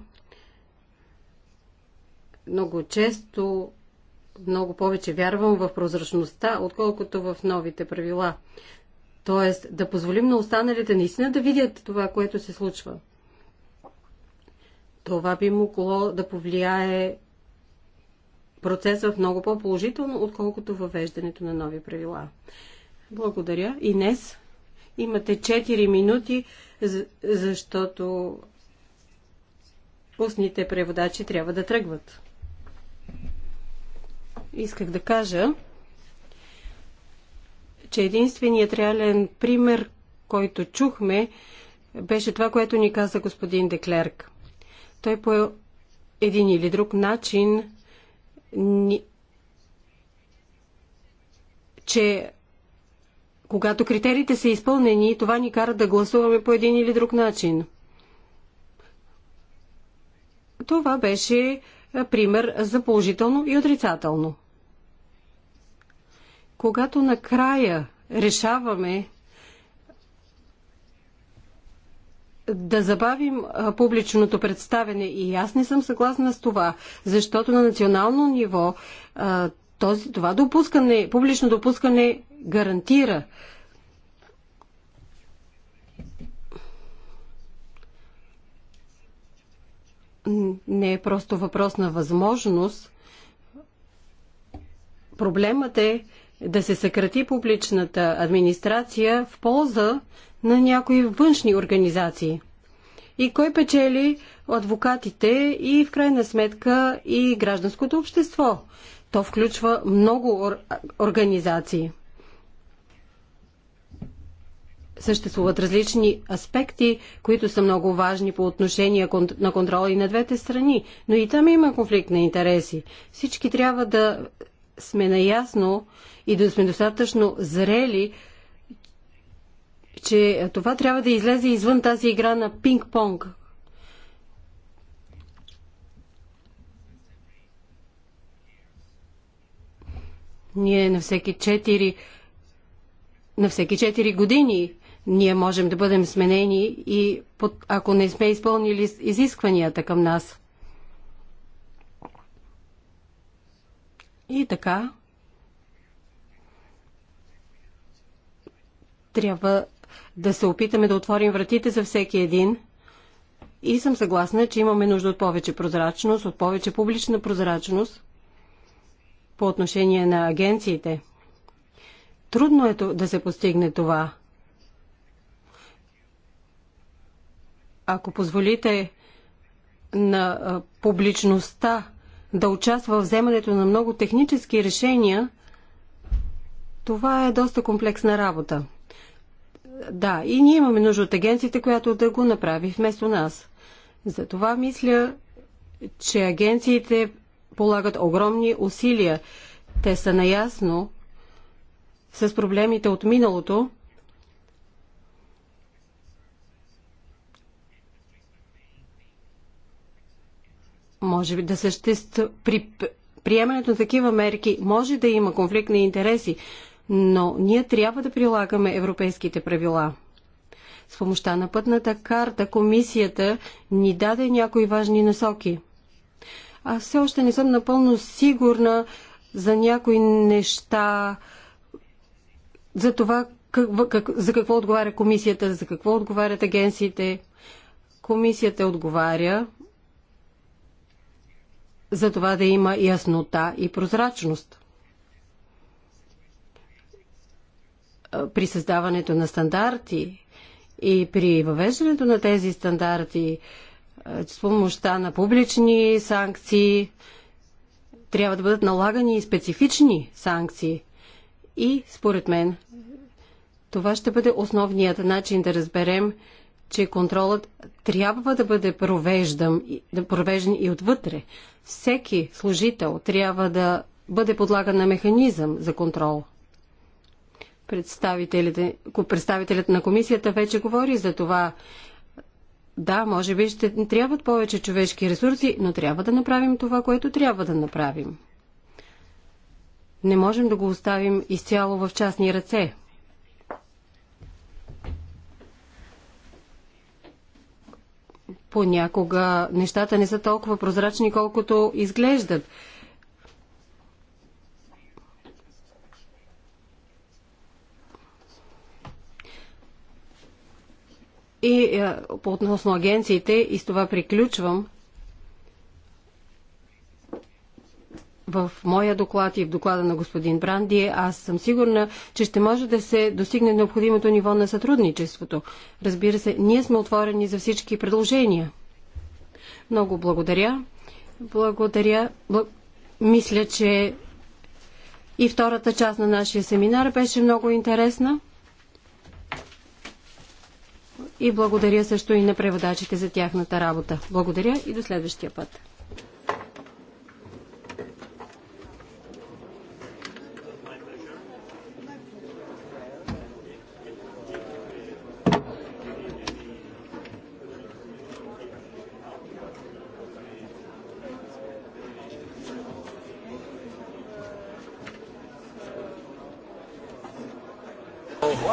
[SPEAKER 3] Много често, много повече вярвам в прозрачността, отколкото в новите правила. Тоест, да позволим на останалите наистина да видят това, което се случва. Това би могло да повлияе процесът в много по-положително, отколкото въвеждането на нови правила. Благодаря. Инес, имате 4 минути, защото устните преводачи трябва да тръгват. Исках да кажа, че единственият реален пример, който чухме, беше това, което ни каза господин Деклерк той по един или друг начин че когато критериите са изпълнени, това ни кара да гласуваме по един или друг начин. Това беше е, пример за положително и отрицателно. Когато накрая решаваме да забавим публичното представене и аз не съм съгласна с това, защото на национално ниво този, това допускане, публично допускане гарантира не е просто въпрос на възможност. Проблемът е да се съкрати публичната администрация в полза на някои външни организации. И кой печели адвокатите и в крайна сметка и гражданското общество. То включва много организации. Съществуват различни аспекти, които са много важни по отношение на контрола и на двете страни, но и там има конфликт на интереси. Всички трябва да сме наясно и да сме достатъчно зрели, че това трябва да излезе извън тази игра на пинг-понг. Ние на всеки 4 на всеки 4 години ние можем да бъдем сменени и под, ако не сме изпълнили изискванията към нас. И така. Трябва да се опитаме да отворим вратите за всеки един. И съм съгласна, че имаме нужда от повече прозрачност, от повече публична прозрачност по отношение на агенциите. Трудно е да се постигне това. Ако позволите на публичността да участва в вземането на много технически решения, това е доста комплексна работа. Да, и ние имаме нужда от агенцията, която да го направи вместо нас. Затова мисля, че агенциите полагат огромни усилия. Те са наясно с проблемите от миналото, може би да съществува при приемането на такива мерки може да има конфликт на интереси, но ние трябва да прилагаме европейските правила. С помощта на пътната карта комисията ни даде някои важни насоки. Аз все още не съм напълно сигурна за някои неща, за това за какво отговаря комисията, за какво отговарят агенциите. Комисията отговаря за това да има яснота и прозрачност. при създаването на стандарти и при въвеждането на тези стандарти с помощта на публични санкции трябва да бъдат налагани и специфични санкции. И според мен това ще бъде основният начин да разберем, че контролът трябва да бъде провеждан, да провеждан и отвътре. Всеки служител трябва да бъде подлаган на механизъм за контрол – представителят на комисията вече говори за това. Да, може би ще трябват повече човешки ресурси, но трябва да направим това, което трябва да направим. Не можем да го оставим изцяло в частни ръце. Понякога нещата не са толкова прозрачни, колкото изглеждат. И е, по относно агенциите, и с това приключвам, в моя доклад и в доклада на господин Бранди, аз съм сигурна, че ще може да се достигне необходимото ниво на сътрудничеството. Разбира се, ние сме отворени за всички предложения. Много благодаря. Благодаря. Благ... Мисля, че и втората част на нашия семинар беше много интересна и благодаря също и на преводачите за тяхната работа. Благодаря и до следващия път.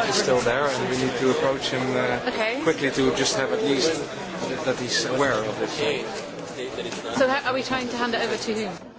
[SPEAKER 3] is still there, and we need to approach him uh, okay. quickly to just have at least that he's aware of it. So, are we trying to hand it over to whom?